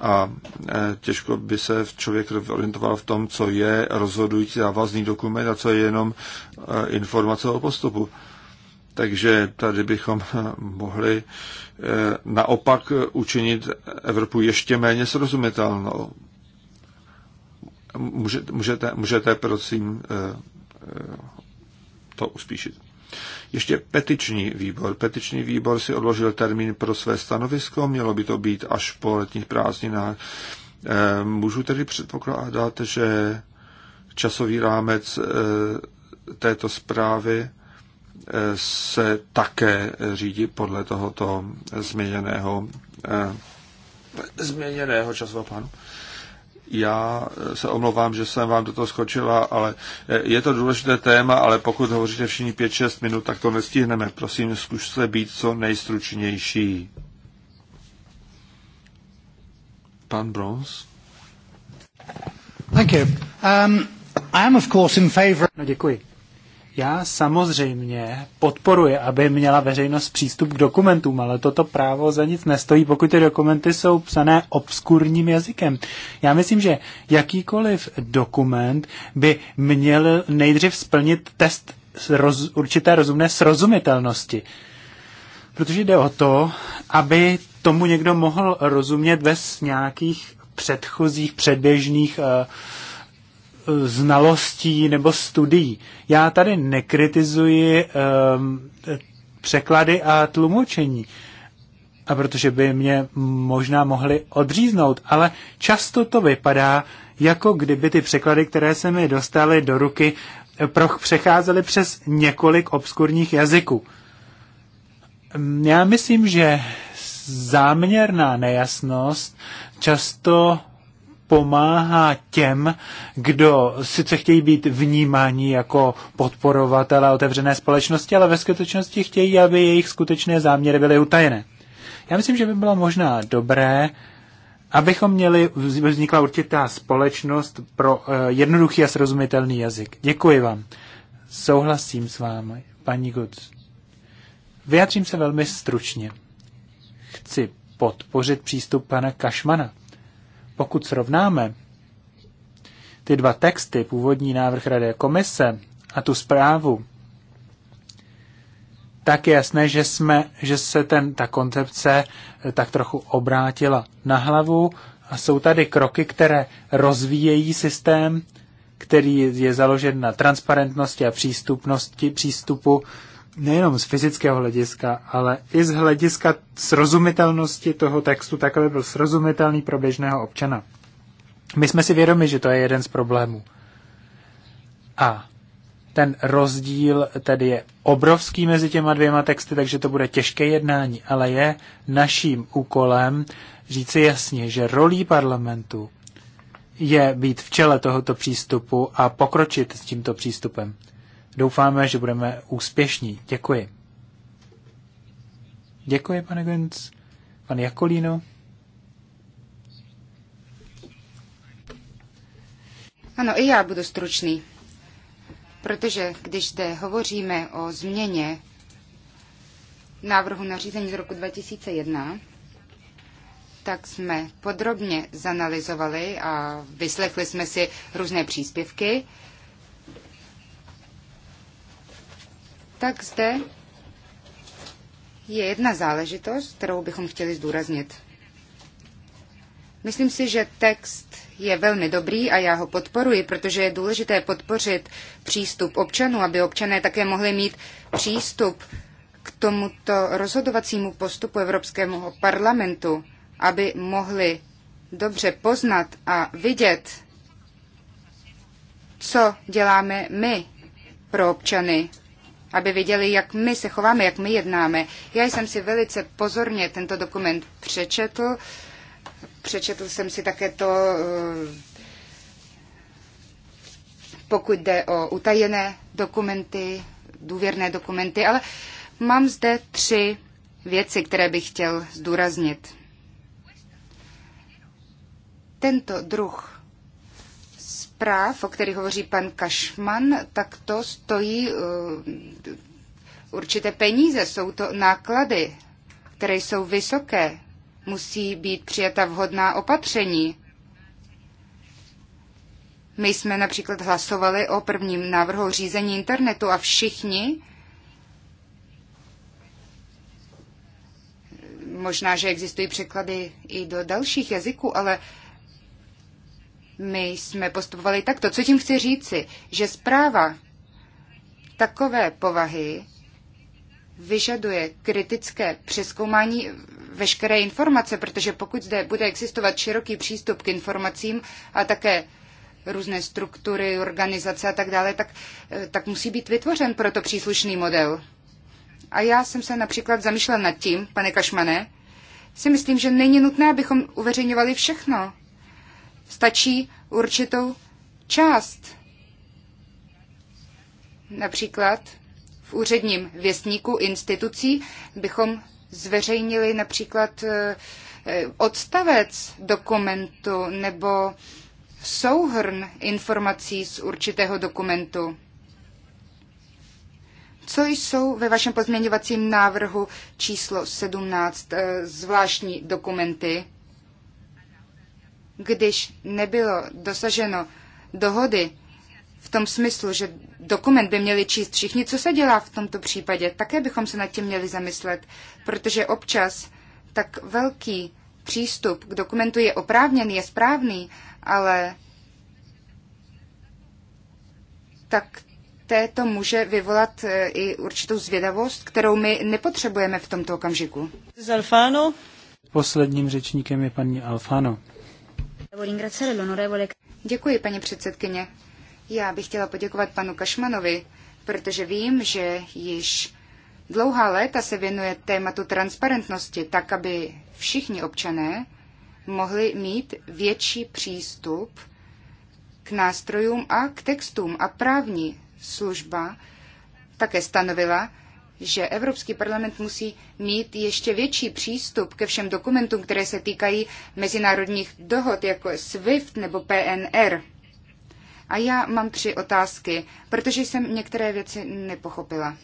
a e, těžko by se člověk orientoval v tom, co je rozhodující závazný dokument a co je jenom e, informace o postupu. Takže tady bychom e, mohli naopak učinit Evropu ještě méně srozumitelnou. Můžete, můžete prosím to uspíšit. Ještě petiční výbor. Petiční výbor si odložil termín pro své stanovisko, mělo by to být až po letních prázdninách. Eh, můžu tedy předpokládat, že časový rámec eh, této zprávy eh, se také řídí podle tohoto změněného, změněného časového plánu. Já se omlouvám, že jsem vám do toho skočila, ale eh, je to důležité téma, ale pokud hovoříte všichni 5-6 minut, tak to nestihneme. Prosím, zkuste být co nejstručnější. Pan Brons. Thank you. Um, I am of course in favor... No, děkuji. Já samozřejmě podporuji, aby měla veřejnost přístup k dokumentům, ale toto právo za nic nestojí, pokud ty dokumenty jsou psané obskurním jazykem. Já myslím, že jakýkoliv dokument by měl nejdřív splnit test roz, určité rozumné srozumitelnosti. Protože jde o to, aby tomu někdo mohl rozumět bez nějakých předchozích, předběžných uh, znalostí nebo studií. Já tady nekritizuji um, překlady a tlumočení, a protože by mě možná mohli odříznout, ale často to vypadá, jako kdyby ty překlady, které se mi dostaly do ruky, proch přecházely přes několik obskurních jazyků. Já myslím, že záměrná nejasnost často pomáhá těm, kdo sice chtějí být vnímáni jako podporovatele otevřené společnosti, ale ve skutečnosti chtějí, aby jejich skutečné záměry byly utajené. Já myslím, že by bylo možná dobré, abychom měli, vznikla určitá společnost pro eh, jednoduchý a srozumitelný jazyk. Děkuji vám. Souhlasím s vámi, paní Guc. Vyjadřím se velmi stručně. Chci podpořit přístup pana Kašmana pokud srovnáme ty dva texty, původní návrh Rady komise a tu zprávu, tak je jasné, že, jsme, že se ten, ta koncepce eh, tak trochu obrátila na hlavu a jsou tady kroky, které rozvíjejí systém, který je založen na transparentnosti a přístupnosti přístupu nejenom z fyzického hlediska, ale i z hlediska srozumitelnosti toho textu, tak aby byl srozumitelný pro běžného občana. My jsme si vědomi, že to je jeden z problémů. A ten rozdíl tedy je obrovský mezi těma dvěma texty, takže to bude těžké jednání, ale je naším úkolem říci jasně, že rolí parlamentu je být v čele tohoto přístupu a pokročit s tímto přístupem. Doufáme, že budeme úspěšní. Děkuji. Děkuji, pane Gönc. Pan Jakolíno. Ano, i já budu stručný, protože když zde hovoříme o změně návrhu nařízení z roku 2001, tak jsme podrobně zanalizovali a vyslechli jsme si různé příspěvky tak zde je jedna záležitost, kterou bychom chtěli zdůraznit. Myslím si, že text je velmi dobrý a já ho podporuji, protože je důležité podpořit přístup občanů, aby občané také mohli mít přístup k tomuto rozhodovacímu postupu Evropskému parlamentu, aby mohli dobře poznat a vidět, co děláme my pro občany aby viděli, jak my se chováme, jak my jednáme. Já jsem si velice pozorně tento dokument přečetl. Přečetl jsem si také to, eh, pokud jde o utajené dokumenty, důvěrné dokumenty, ale mám zde tři věci, které bych chtěl zdůraznit. Tento druh práv, o kterých hovoří pan Kašman, tak to stojí eh, určité peníze, jsou to náklady, které jsou vysoké. Musí být přijata vhodná opatření. My jsme například hlasovali o prvním návrhu řízení internetu a všichni, možná, že existují překlady i do dalších jazyků, ale my jsme postupovali takto. Co tím chci říci? Že zpráva takové povahy vyžaduje kritické přeskoumání veškeré informace, protože pokud zde bude existovat široký přístup k informacím a také různé struktury, organizace a tak dále, tak, eh, tak musí být vytvořen proto příslušný model. A já jsem se například zamýšlel nad tím, pane Kašmane, si myslím, že není nutné, abychom uveřejňovali všechno stačí určitou část. Například v úředním věstníku institucí bychom zveřejnili například eh, eh, odstavec dokumentu nebo souhrn informací z určitého dokumentu. Co jsou ve vašem pozměňovacím návrhu číslo 17 eh, zvláštní dokumenty? když nebylo dosaženo dohody v tom smyslu, že dokument by měli číst všichni, co se dělá v tomto případě, také bychom se nad tím měli zamyslet, protože občas tak velký přístup k dokumentu je oprávněný, je správný, ale tak této může vyvolat e, i určitou zvědavost, kterou my nepotřebujeme v tomto okamžiku. Posledním řečníkem je paní Alfano. Děkuji, paní předsedkyně. Já bych chtěla poděkovat panu Kašmanovi, protože vím, že již dlouhá léta se věnuje tématu transparentnosti, tak aby všichni občané mohli mít větší přístup k nástrojům a k textům. A právní služba také stanovila, že Evropský parlament musí mít ještě větší přístup ke všem dokumentům, které se týkají mezinárodních dohod, jako SWIFT nebo PNR. A já mám tři otázky, protože jsem některé věci nepochopila.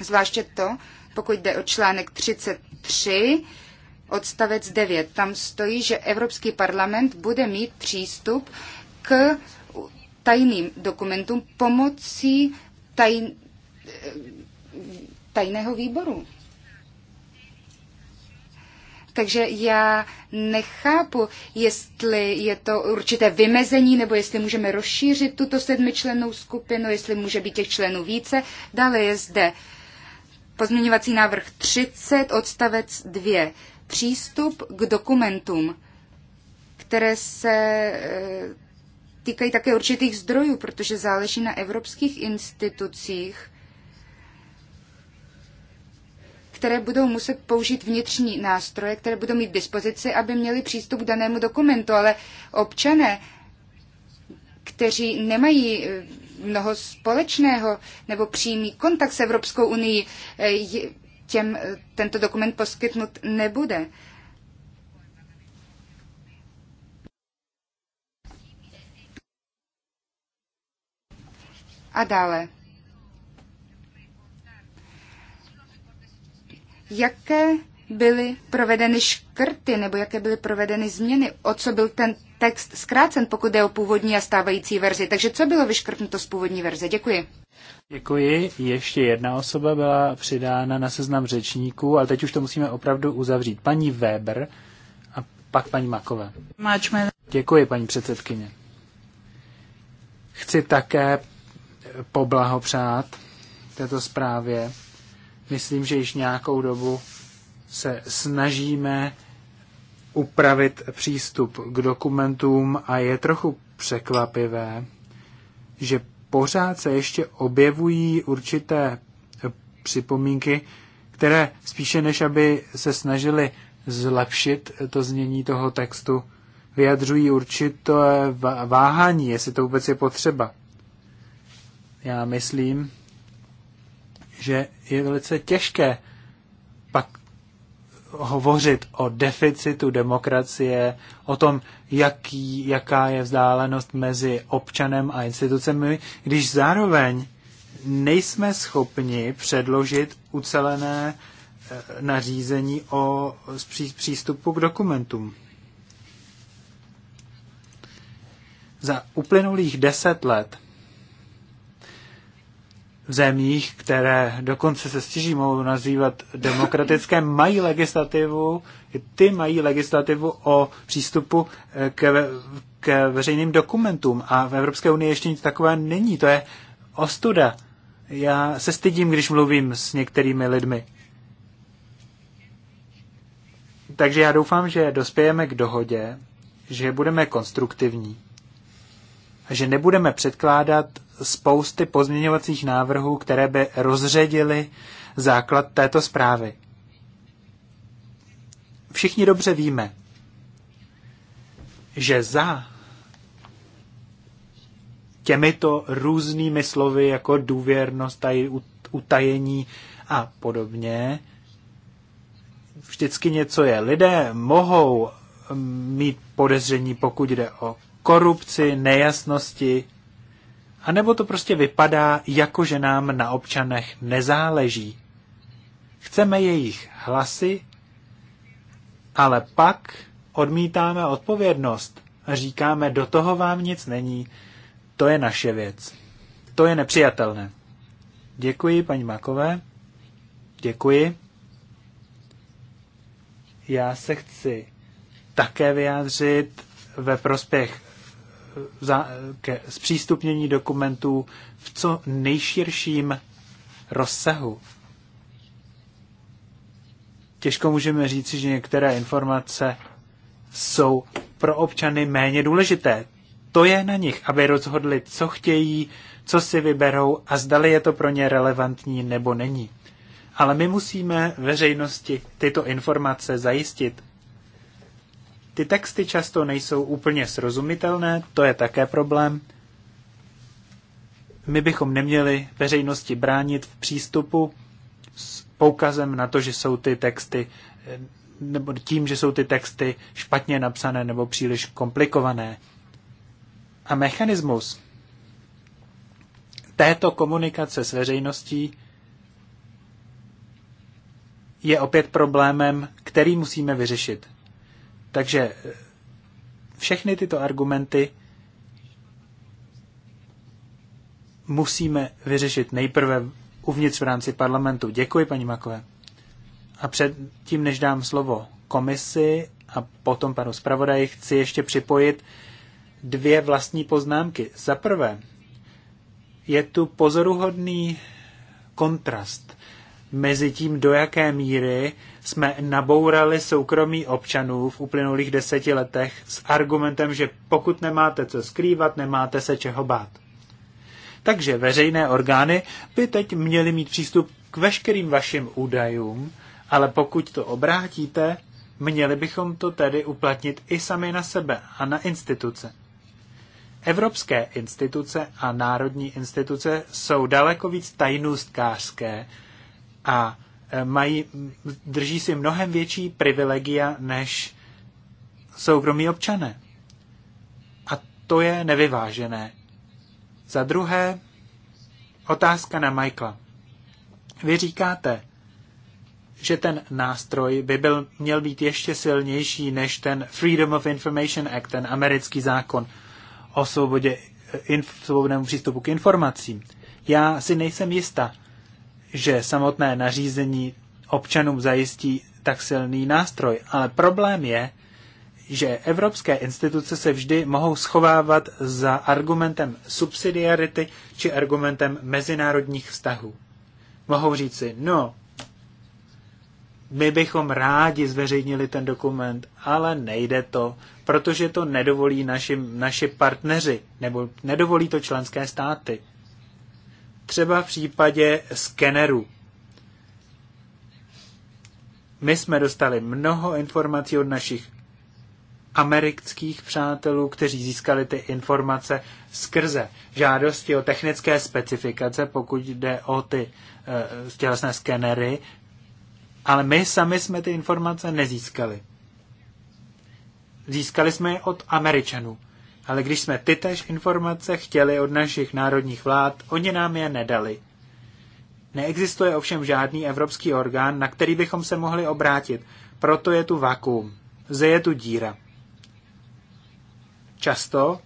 Zvláště to, pokud jde o článek 33, odstavec 9. Tam stojí, že Evropský parlament bude mít přístup k tajným dokumentům pomocí tajn, tajného výboru. Takže já nechápu, jestli je to určité vymezení, nebo jestli můžeme rozšířit tuto sedmičlennou skupinu, jestli může být těch členů více. Dále je zde pozměňovací návrh 30, odstavec 2. Přístup k dokumentům, které se e, týkají také určitých zdrojů, protože záleží na evropských institucích, které budou muset použít vnitřní nástroje, které budou mít dispozici, aby měli přístup k danému dokumentu, ale občané, kteří nemají eh, mnoho společného nebo přímý kontakt s Evropskou unii, eh, těm eh, tento dokument poskytnut nebude. A dále. jaké byly provedeny škrty nebo jaké byly provedeny změny, o co byl ten text zkrácen, pokud jde o původní a stávající verzi. Takže co bylo vyškrtnuto z původní verze? Děkuji. Děkuji. Ještě jedna osoba byla přidána na seznam řečníků, ale teď už to musíme opravdu uzavřít. Paní Weber a pak paní Makové. Děkuji, paní předsedkyně. Chci také poblahopřát této zprávě Myslím, že již nějakou dobu se snažíme upravit přístup k dokumentům a je trochu překvapivé, že pořád se ještě objevují určité připomínky, které spíše než aby se snažili zlepšit to znění toho textu, vyjadřují určité váhání, jestli to vůbec je potřeba. Já myslím, že je velice těžké pak hovořit o deficitu demokracie, o tom, jaký, jaká je vzdálenost mezi občanem a institucemi, když zároveň nejsme schopni předložit ucelené eh, nařízení o přístupu k dokumentům. Za uplynulých deset let v zemích, které dokonce se stěží mohou nazývat demokratické, mají legislativu, ty mají legislativu o přístupu eh, k, k veřejným dokumentům a v Evropské unii ještě nic takové není. To je ostuda. Já se stydím, když mluvím s některými lidmi. Takže já doufám, že dospějeme k dohodě, že budeme konstruktivní že nebudeme předkládat spousty pozměňovacích návrhů, které by rozředily základ této zprávy. Všichni dobře víme, že za těmito různými slovy jako důvěrnost, utajení a podobně, vždycky něco je. Lidé mohou mm, mít podezření, pokud jde o korupci, nejasnosti, anebo to prostě vypadá, jako že nám na občanech nezáleží. Chceme jejich hlasy, ale pak odmítáme odpovědnost a říkáme, do toho vám nic není, to je naše věc. To je nepřijatelné. Děkuji, paní Makové. Děkuji. Já se chci také vyjádřit ve prospěch za, ke zpřístupnění dokumentů v co nejširším rozsahu. Těžko můžeme říci, že některé informace jsou pro občany méně důležité. To je na nich, aby rozhodli, co chtějí, co si vyberou a zdali je to pro ně relevantní nebo není. Ale my musíme veřejnosti tyto informace zajistit ty texty často nejsou úplně srozumitelné, to je také problém. My bychom neměli veřejnosti bránit v přístupu s poukazem na to, že jsou ty texty eh, nebo tím, že jsou ty texty špatně napsané nebo příliš komplikované. A mechanismus této komunikace s veřejností je opět problémem, který musíme vyřešit. Takže eh, všechny tyto argumenty musíme vyřešit nejprve uvnitř v rámci parlamentu. Děkuji, paní Makové. A předtím, než dám slovo komisi a potom panu zpravodaji, chci ještě připojit dvě vlastní poznámky. Za prvé, je tu pozoruhodný kontrast mezi tím, do jaké míry jsme nabourali soukromí občanů v uplynulých deseti letech s argumentem, že pokud nemáte co skrývat, nemáte se čeho bát. Takže veřejné orgány by teď měly mít přístup k veškerým vašim údajům, ale pokud to obrátíte, měli bychom to tedy uplatnit i sami na sebe a na instituce. Evropské instituce a národní instituce jsou daleko víc tajnůstkářské a mají, drží si mnohem větší privilegia než soukromí občané. A to je nevyvážené. Za druhé, otázka na Michaela. Vy říkáte, že ten nástroj by byl, měl být ještě silnější než ten Freedom of Information Act, ten americký zákon o svobodě, eh, inf, svobodnému přístupu k informacím. Já si nejsem jistá, že samotné nařízení občanům zajistí tak silný nástroj, ale problém je, že evropské instituce se vždy mohou schovávat za argumentem subsidiarity či argumentem mezinárodních vztahů. Mohou říci, no, my bychom rádi zveřejnili ten dokument, ale nejde to, protože to nedovolí naši, naši partneři, nebo nedovolí to členské státy třeba v případě skenerů. My jsme dostali mnoho informací od našich amerických přátelů, kteří získali ty informace skrze žádosti o technické specifikace, pokud jde o ty e, tělesné skenery, ale my sami jsme ty informace nezískali. Získali jsme je od Američanů. Ale když jsme tytež informace chtěli od našich národních vlád, oni nám je nedali. Neexistuje ovšem žádný evropský orgán, na který bychom se mohli obrátit. Proto je tu vakuum. Zde je tu díra. Často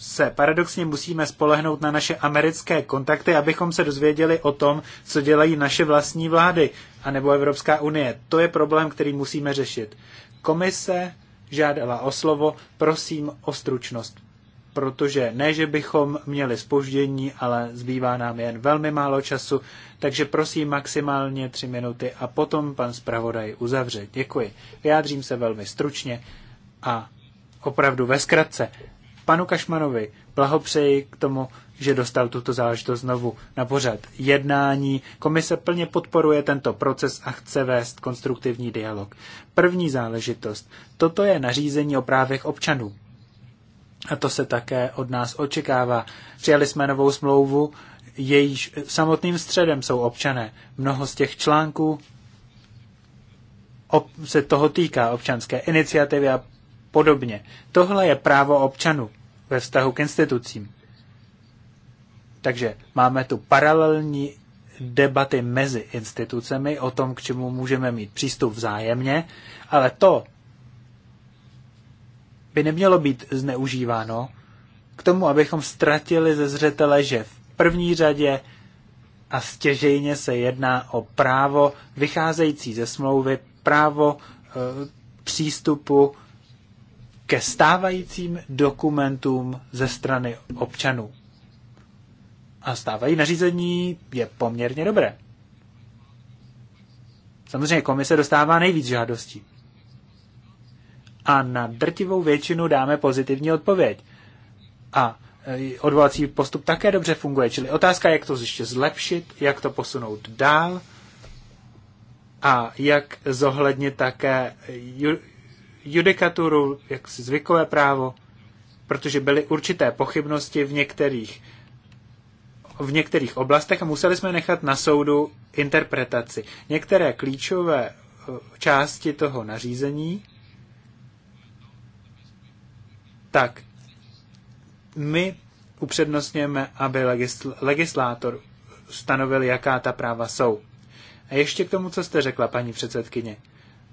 se paradoxně musíme spolehnout na naše americké kontakty, abychom se dozvěděli o tom, co dělají naše vlastní vlády, anebo Evropská unie. To je problém, který musíme řešit. Komise žádala o slovo, prosím o stručnost. Protože ne, že bychom měli spoždění, ale zbývá nám jen velmi málo času, takže prosím maximálně tři minuty a potom pan zpravodaj uzavře. Děkuji. Vyjádřím se velmi stručně a opravdu ve zkratce. Panu Kašmanovi blahopřeji k tomu že dostal tuto záležitost znovu na pořad jednání. Komise plně podporuje tento proces a chce vést konstruktivní dialog. První záležitost. Toto je nařízení o právech občanů. A to se také od nás očekává. Přijali jsme novou smlouvu, jejíž samotným středem jsou občané. Mnoho z těch článků se toho týká občanské iniciativy a podobně. Tohle je právo občanů ve vztahu k institucím. Takže máme tu paralelní debaty mezi institucemi o tom, k čemu můžeme mít přístup vzájemně, ale to by nemělo být zneužíváno k tomu, abychom ztratili ze zřetele, že v první řadě a stěžejně se jedná o právo vycházející ze smlouvy, právo e, přístupu ke stávajícím dokumentům ze strany občanů. A stávají nařízení je poměrně dobré. Samozřejmě komise dostává nejvíc žádostí. A na drtivou většinu dáme pozitivní odpověď. A e, odvolací postup také dobře funguje. Čili otázka, jak to ještě zlepšit, jak to posunout dál a jak zohlednit také judikaturu, jak si zvykové právo, protože byly určité pochybnosti v některých v některých oblastech a museli jsme nechat na soudu interpretaci. Některé klíčové eh, části toho nařízení, tak my upřednostňujeme, aby legisl- legislátor stanovil, jaká ta práva jsou. A ještě k tomu, co jste řekla, paní předsedkyně.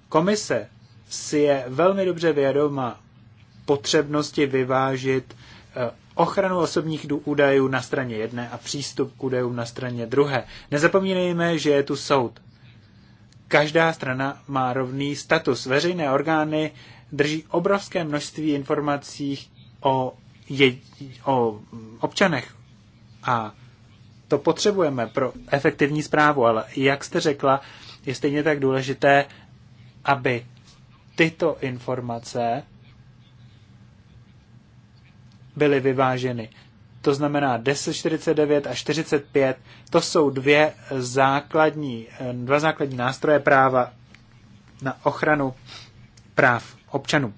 Komise si je velmi dobře vědoma potřebnosti vyvážit eh, ochranu osobních údajů na straně jedné a přístup k údajům na straně druhé. Nezapomínejme, že je tu soud. Každá strana má rovný status. Veřejné orgány drží obrovské množství informací o, o občanech a to potřebujeme pro efektivní zprávu, ale jak jste řekla, je stejně tak důležité, aby tyto informace byly vyváženy. To znamená 1049 a 45, to jsou dvě základní, eh, dva základní nástroje práva na ochranu práv občanů.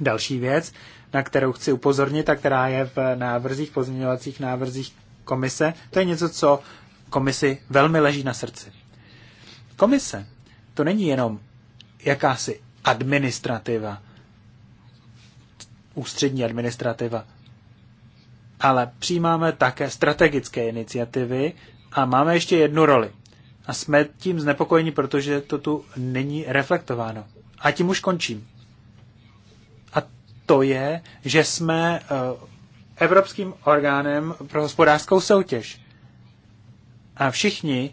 Další věc, na kterou chci upozornit a která je v návrzích, pozměňovacích návrzích komise, to je něco, co komisi velmi leží na srdci. Komise to není jenom jakási administrativa, ústřední administrativa. Ale přijímáme také strategické iniciativy a máme ještě jednu roli. A jsme tím znepokojeni, protože to tu není reflektováno. A tím už končím. A to je, že jsme eh, Evropským orgánem pro hospodářskou soutěž. A všichni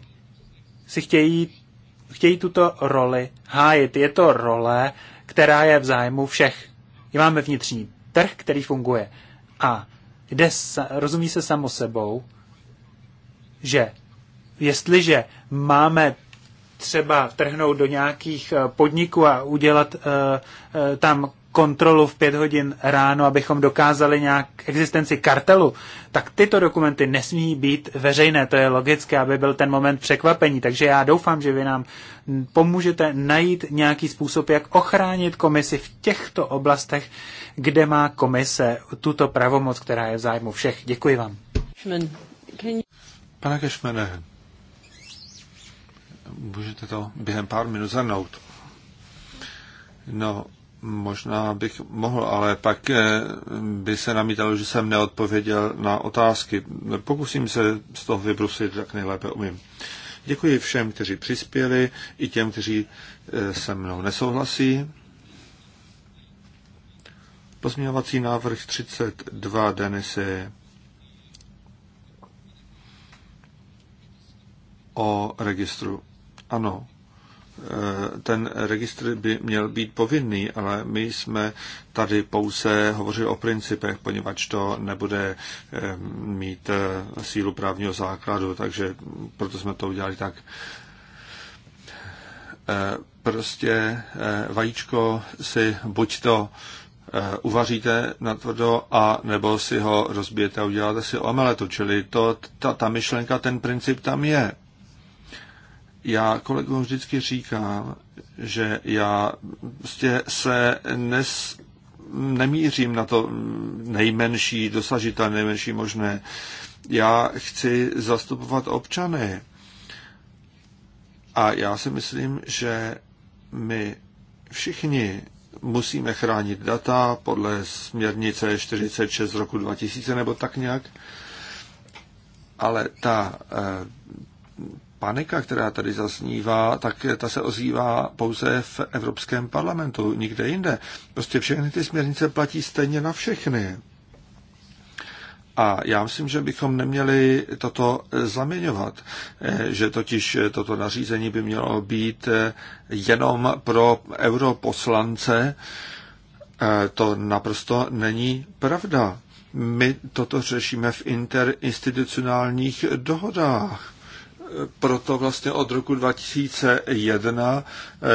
si chtějí, chtějí tuto roli hájit. Je to role, která je v zájmu všech. Máme vnitřní trh, který funguje a jde, rozumí se samo sebou, že jestliže máme třeba vtrhnout do nějakých eh, podniků a udělat uh, tam kontrolu v pět hodin ráno, abychom dokázali nějak existenci kartelu, tak tyto dokumenty nesmí být veřejné. To je logické, aby byl ten moment překvapení. Takže já doufám, že vy nám pomůžete najít nějaký způsob, jak ochránit komisi v těchto oblastech, kde má komise tuto pravomoc, která je v zájmu všech. Děkuji vám. Pane Kešmene, můžete to během pár minut zhrnout. No, Možná bych mohl, ale pak eh, by se namítalo, že jsem neodpověděl na otázky. Pokusím se z toho vybrusit, jak nejlépe umím. Děkuji všem, kteří přispěli, i těm, kteří eh, se mnou nesouhlasí. Pozměňovací návrh 32 Denise o registru. Ano, Eh, ten registr by měl být povinný, ale my jsme tady pouze hovořili o principech, poněvadž to nebude eh, mít eh, sílu právního základu, takže proto jsme to udělali tak. Prostě vajíčko si buď to uvaříte na tvrdo a nebo si ho rozbijete a uděláte si omeletu. Čili to, ta, ta myšlenka, ten princip tam je já kolegům vždycky říkám, že já prostě se nes, nemířím na to nejmenší dosažitelné, nejmenší možné. Já chci zastupovat občany. A já si myslím, že my všichni musíme chránit data podle směrnice 46 z roku 2000 nebo tak nějak, ale ta eh, panika, která tady zasnívá, tak ta se ozývá pouze v Evropském parlamentu, nikde jinde. Prostě všechny ty směrnice platí stejně na všechny. A já myslím, že bychom neměli toto zaměňovat, že totiž toto nařízení by mělo být jenom pro europoslance. To naprosto není pravda. My toto řešíme v interinstitucionálních dohodách proto vlastně od roku 2001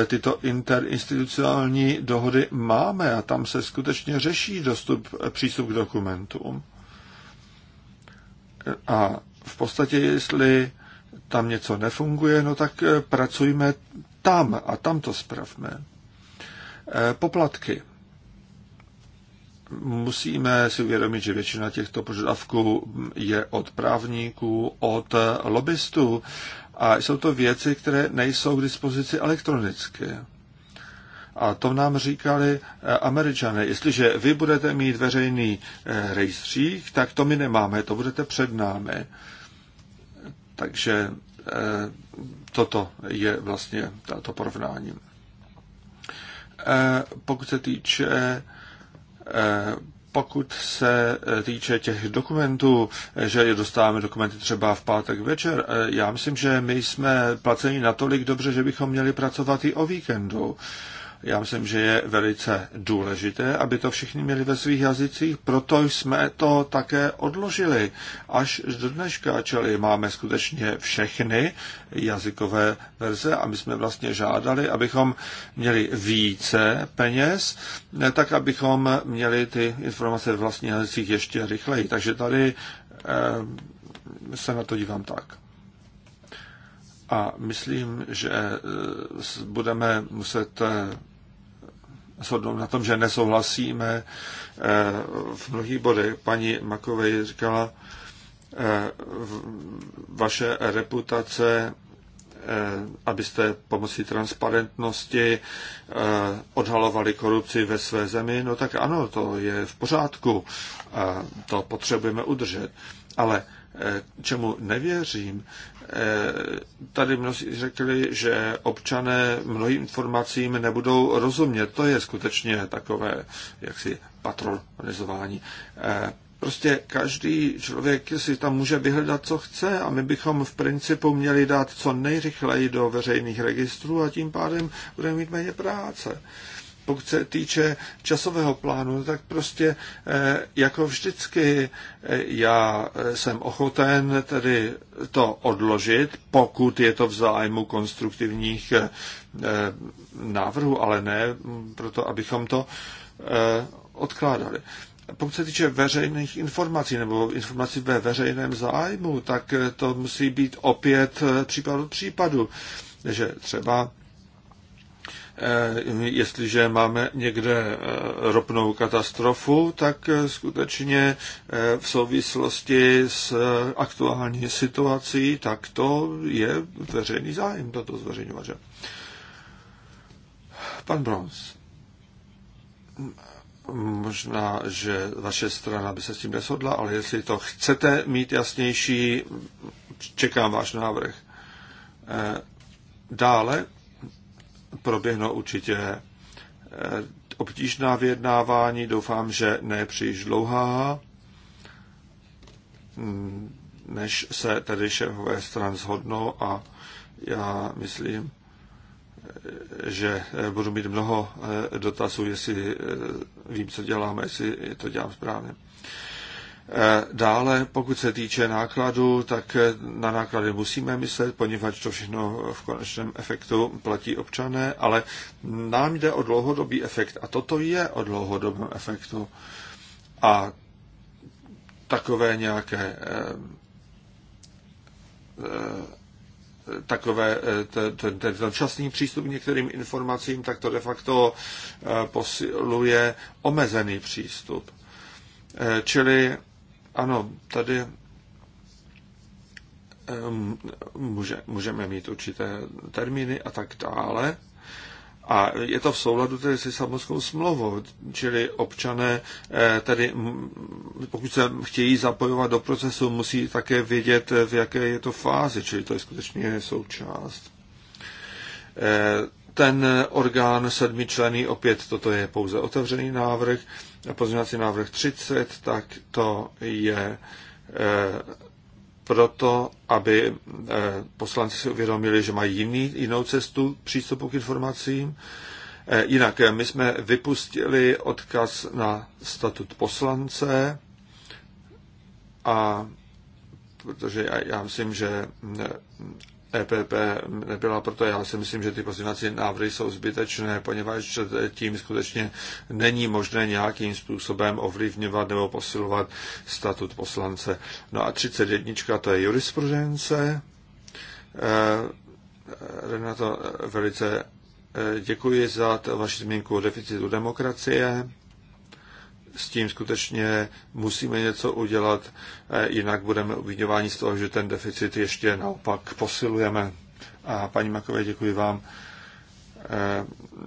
eh, tyto interinstitucionální dohody máme a tam se skutečně řeší dostup, eh, přístup k dokumentům. Eh, a v podstatě, jestli tam něco nefunguje, no tak pracujme tam a tam to spravme. Poplatky musíme si uvědomit, že většina těchto požadavků je od právníků, od lobbystů a jsou to věci, které nejsou k dispozici elektronicky. A to nám říkali eh, američané. Jestliže vy budete mít veřejný eh, rejstřík, tak to my nemáme, to budete před námi. Takže eh, toto je vlastně to porovnání. Pokud se týče Eh, pokud se eh, týče těch dokumentů, eh, že je dostáváme dokumenty třeba v pátek večer, já myslím, že my jsme placeni natolik dobře, že bychom měli pracovat i o víkendu. Já myslím, že je velice důležité, aby to všichni měli ve svých jazycích, proto jsme to také odložili až do dneška, čili máme skutečně všechny jazykové verze a my jsme vlastně žádali, abychom měli více peněz, tak abychom měli ty informace v vlastních jazycích ještě rychleji. Takže tady eh, se na to dívám tak. A myslím, že eh, budeme muset eh, shodnout na tom, že nesouhlasíme eh, v mnohých bodech. Paní Makovej říkala, eh, vaše reputace, eh, abyste pomocí transparentnosti odhalovali korupci ve své zemi, no tak ano, to je v pořádku, to potřebujeme udržet. Ale čemu nevěřím, eh, tady mnozí řekli, že občané mnohým informacím nebudou rozumět. To je skutečně takové jaksi patronizování. Eh, prostě každý člověk si tam může vyhledat, co chce a my bychom v principu měli dát co nejrychleji do veřejných registrů a tím pádem budeme mít méně práce. Pokud se týče časového plánu, tak prostě eh, jako vždycky eh, já eh, jsem ochoten tedy to odložit, pokud je to v zájmu konstruktivních návrhů, ale ne proto, abychom to odkládali. Pokud se týče veřejných informací nebo informací ve veřejném zájmu, tak to musí být opět případ od případu, že třeba Eh, jestliže máme někde eh, ropnou katastrofu, tak eh, skutečně v souvislosti s aktuální situací, tak to je veřejný zájem toto zveřejňovat. Že? Pan Bronz, možná, že vaše strana by se s tím neshodla, ale jestli to chcete mít jasnější, čekám váš návrh. Dále proběhnou určitě eh, obtížná vyjednávání, doufám, že ne příliš dlouhá, mm, než se tedy šéfové stran zhodnou a já myslím, eh, že eh, budu mít mnoho dotazů, jestli vím, co děláme, jestli to dělám správně. Eh, dále, pokud se týče nákladu, tak eh, na náklady musíme myslet, poněvadž to všechno v konečném efektu platí občané, ale nám jde o dlouhodobý efekt a toto je o dlouhodobém efektu. A takové nějaké eh, takové ten, ten, ten časný přístup k některým informacím, tak to de facto posiluje omezený přístup. Čili ano, tady může, můžeme mít určité termíny a tak dále. A je to v souladu tedy se samotnou smlouvou, čili občané eh, tedy, pokud se chtějí zapojovat do procesu, musí také vědět, v jaké je to fázi, čili to je skutečně součást. Eh, ten orgán sedmičlený, opět toto je pouze otevřený návrh, pozměňovací návrh 30, tak to je eh, proto, aby eh, poslanci si uvědomili, že mají jiný, jinou cestu přístupu k informacím. Eh, jinak my jsme vypustili odkaz na statut poslance a protože já, já myslím, že EPP nebyla, proto já si myslím, že ty pozměňovací návrhy jsou zbytečné, poněvadž tím skutečně není možné nějakým způsobem ovlivňovat nebo posilovat statut poslance. No a 31. to je jurisprudence. E, Renato, velice e, děkuji za vaši zmínku o deficitu demokracie s tím skutečně musíme něco udělat, eh, jinak budeme obvinováni z toho, že ten deficit ještě naopak posilujeme. A paní Makové, děkuji vám eh,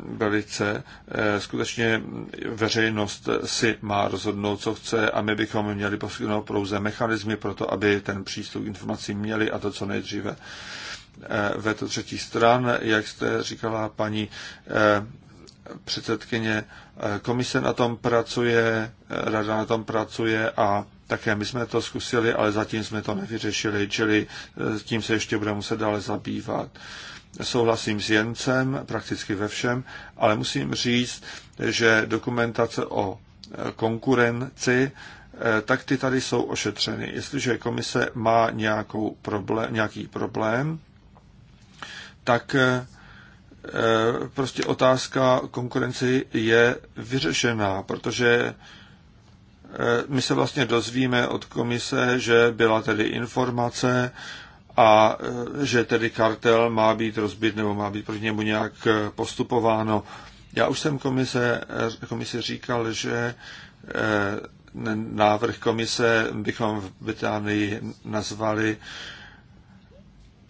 velice. Eh, skutečně veřejnost si má rozhodnout, co chce a my bychom měli poskytnout pouze mechanizmy pro to, aby ten přístup k informacím měli a to co nejdříve. Ve to třetí stran, jak jste říkala paní předsedkyně. Eh, komise na tom pracuje, eh, rada na tom pracuje a také my jsme to zkusili, ale zatím jsme to nevyřešili, čili eh, tím se ještě budeme muset dále zabývat. Souhlasím s Jencem prakticky ve všem, ale musím říct, že dokumentace o konkurenci, tak ty tady jsou ošetřeny. Jestliže komise má nějakou problém, nějaký problém, tak Eh, prostě otázka konkurenci je vyřešená, protože eh, my se vlastně dozvíme od komise, že byla tedy informace a eh, že tedy kartel má být rozbit nebo má být proti němu nějak postupováno. Já už jsem komise, komise říkal, že návrh komise bychom v Británii nazvali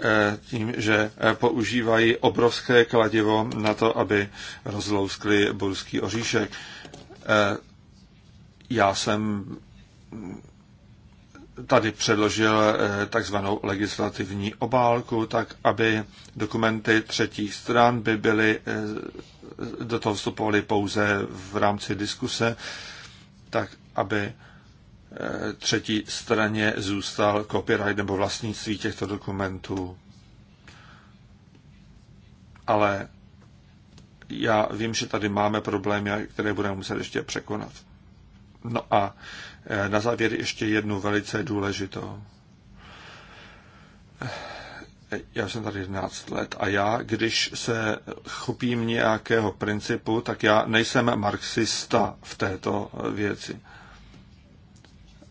Eh, tím, že eh, používají obrovské kladivo na to, aby rozlouskli burský oříšek. Eh, já jsem tady předložil takzvanou legislativní obálku, tak aby dokumenty třetích stran by byly, do toho vstupovaly pouze v rámci diskuse, tak aby třetí straně zůstal copyright nebo vlastnictví těchto dokumentů. Ale já vím, že tady máme problémy, které budeme muset ještě překonat. No a eh, na závěr ještě jednu velice důležitou. Eh, já jsem tady 11 let a já, když se chopím nějakého principu, tak já nejsem marxista v této eh, věci.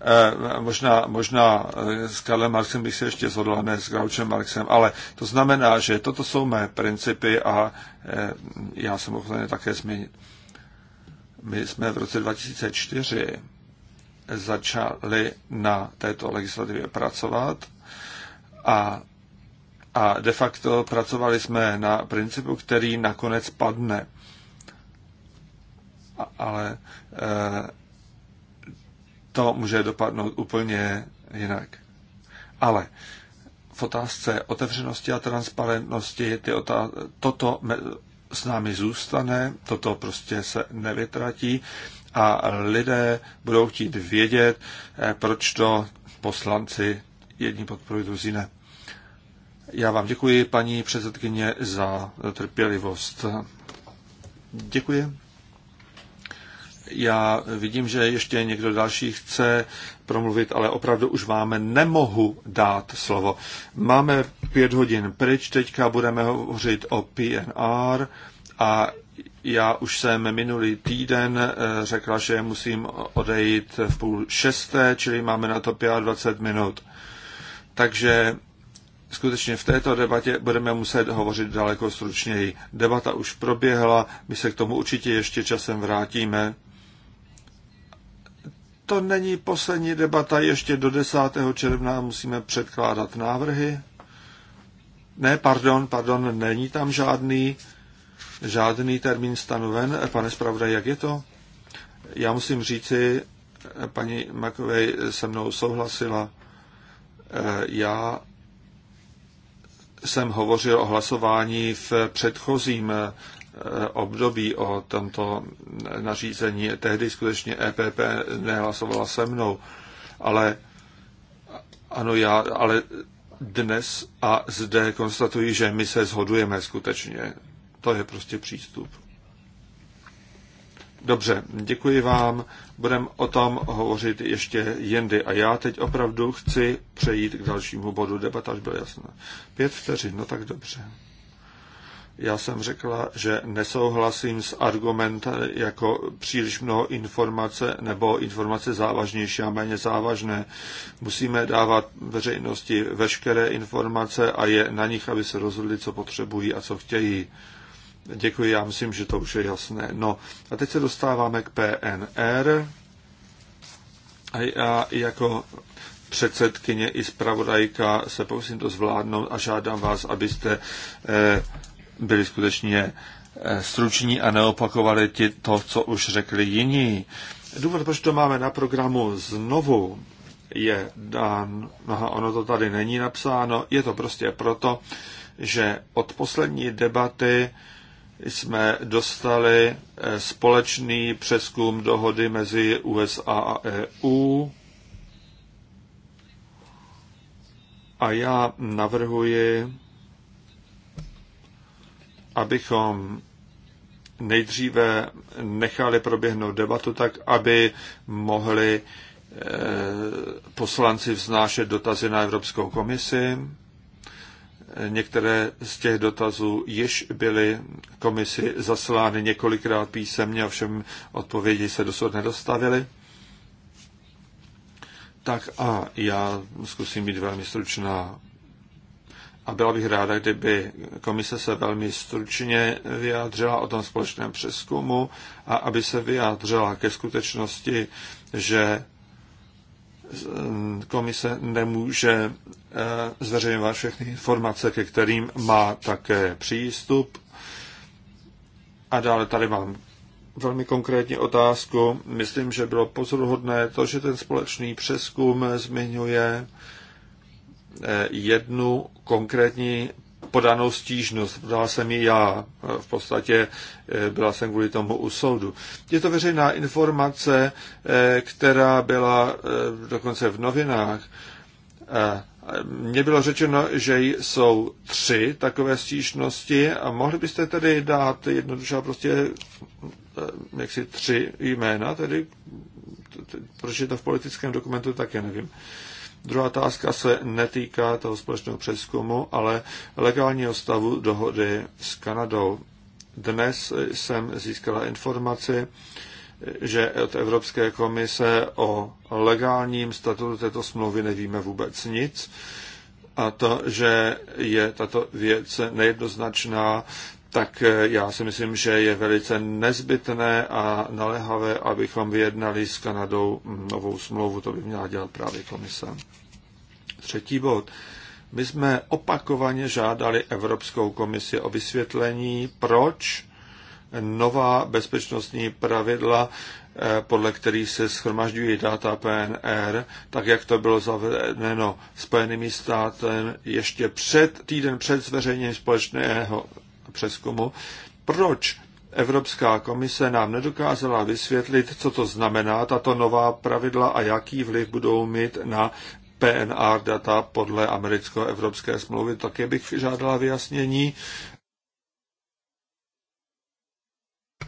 Eh, možná, možná eh, s Karlem Marxem bych se ještě zhodl, ne s Gaučem Marxem, ale to znamená, že toto jsou mé principy a eh, já jsem ochoten také změnit. My jsme v roce 2004 začali na této legislativě pracovat a, a de facto pracovali jsme na principu, který nakonec padne. A, ale e, to může dopadnout úplně jinak. Ale v otázce otevřenosti a transparentnosti ty otá- toto s námi zůstane, toto prostě se nevytratí a lidé budou chtít vědět, eh, proč to poslanci jedni podporují, druzí ne. Já vám děkuji, paní předsedkyně, za trpělivost. Děkuji. Já vidím, že ještě někdo další chce promluvit, ale opravdu už máme, nemohu dát slovo. Máme pět hodin pryč, teďka budeme hovořit o PNR a já už jsem minulý týden eh, řekla, že musím odejít v půl šesté, čili máme na to 25 minut. Takže skutečně v této debatě budeme muset hovořit daleko stručněji. Debata už proběhla, my se k tomu určitě ještě časem vrátíme to není poslední debata, ještě do 10. června musíme předkládat návrhy. Ne, pardon, pardon, není tam žádný, žádný termín stanoven. Pane zpravodaj, jak je to? Já musím říci, paní Makovej se mnou souhlasila. Eh, já jsem hovořil o hlasování v předchozím období o tomto nařízení. Tehdy skutečně EPP nehlasovala se mnou, ale ano, já, ale dnes a zde konstatuji, že my se shodujeme skutečně. To je prostě přístup. Dobře, děkuji vám. Budeme o tom hovořit ještě jindy. A já teď opravdu chci přejít k dalšímu bodu. Debata až byla jasná. Pět vteřin, no tak dobře. Já jsem řekla, že nesouhlasím s argumentem jako příliš mnoho informace nebo informace závažnější a méně závažné. Musíme dávat veřejnosti veškeré informace a je na nich, aby se rozhodli, co potřebují a co chtějí. Děkuji, já myslím, že to už je jasné. No a teď se dostáváme k PNR. A já jako předsedkyně i zpravodajka se pokusím to zvládnout a žádám vás, abyste eh, byli skutečně eh, struční a neopakovali ti to, co už řekli jiní. Důvod, proč to máme na programu znovu, je dán, no ono to tady není napsáno, je to prostě proto, že od poslední debaty jsme dostali eh, společný přeskum dohody mezi USA a EU. A já navrhuji, abychom nejdříve nechali proběhnout debatu tak, aby mohli eh, poslanci vznášet dotazy na Evropskou komisi. Některé z těch dotazů již byly komisi zaslány několikrát písemně, ovšem odpovědi se dosud nedostavily. Tak a já zkusím být velmi stručná a byla bych ráda, kdyby komise se velmi stručně vyjádřila o tom společném přeskumu a aby se vyjádřila ke skutečnosti, že mm, komise nemůže e, zveřejňovat všechny informace, ke kterým má také přístup. A dále tady mám velmi konkrétní otázku. Myslím, že bylo pozoruhodné to, že ten společný přeskum zmiňuje Eh, jednu konkrétní podanou stížnost. Podal jsem ji já. Eh, v podstatě eh, byla jsem kvůli tomu u soudu. Je to veřejná informace, která byla dokonce v novinách. Mně bylo řečeno, že jsou tři takové stížnosti a mohli byste tedy dát jednoduše prostě jaksi tři jména, tedy proč je to v politickém dokumentu, já nevím. Uh, Druhá otázka se netýká toho společného přeskumu, ale legálního stavu dohody s Kanadou. Dnes jsem získala informaci, že od Evropské komise o legálním statutu této smlouvy nevíme vůbec nic a to, že je tato věc nejednoznačná, tak eh, já si myslím, že je velice nezbytné a naléhavé, abychom vyjednali s Kanadou mm, novou smlouvu. To by měla dělat právě komise. Třetí bod. My jsme opakovaně žádali Evropskou komisi o vysvětlení, proč nová bezpečnostní pravidla, eh, podle kterých se schromažďují data PNR, tak jak to bylo zavedeno Spojenými státem ještě před týden před zveřejněním společného přeskumu, proč Evropská komise nám nedokázala vysvětlit, co to znamená tato nová pravidla a jaký vliv budou mít na PNR data podle americko-evropské smlouvy. Také bych žádala vyjasnění.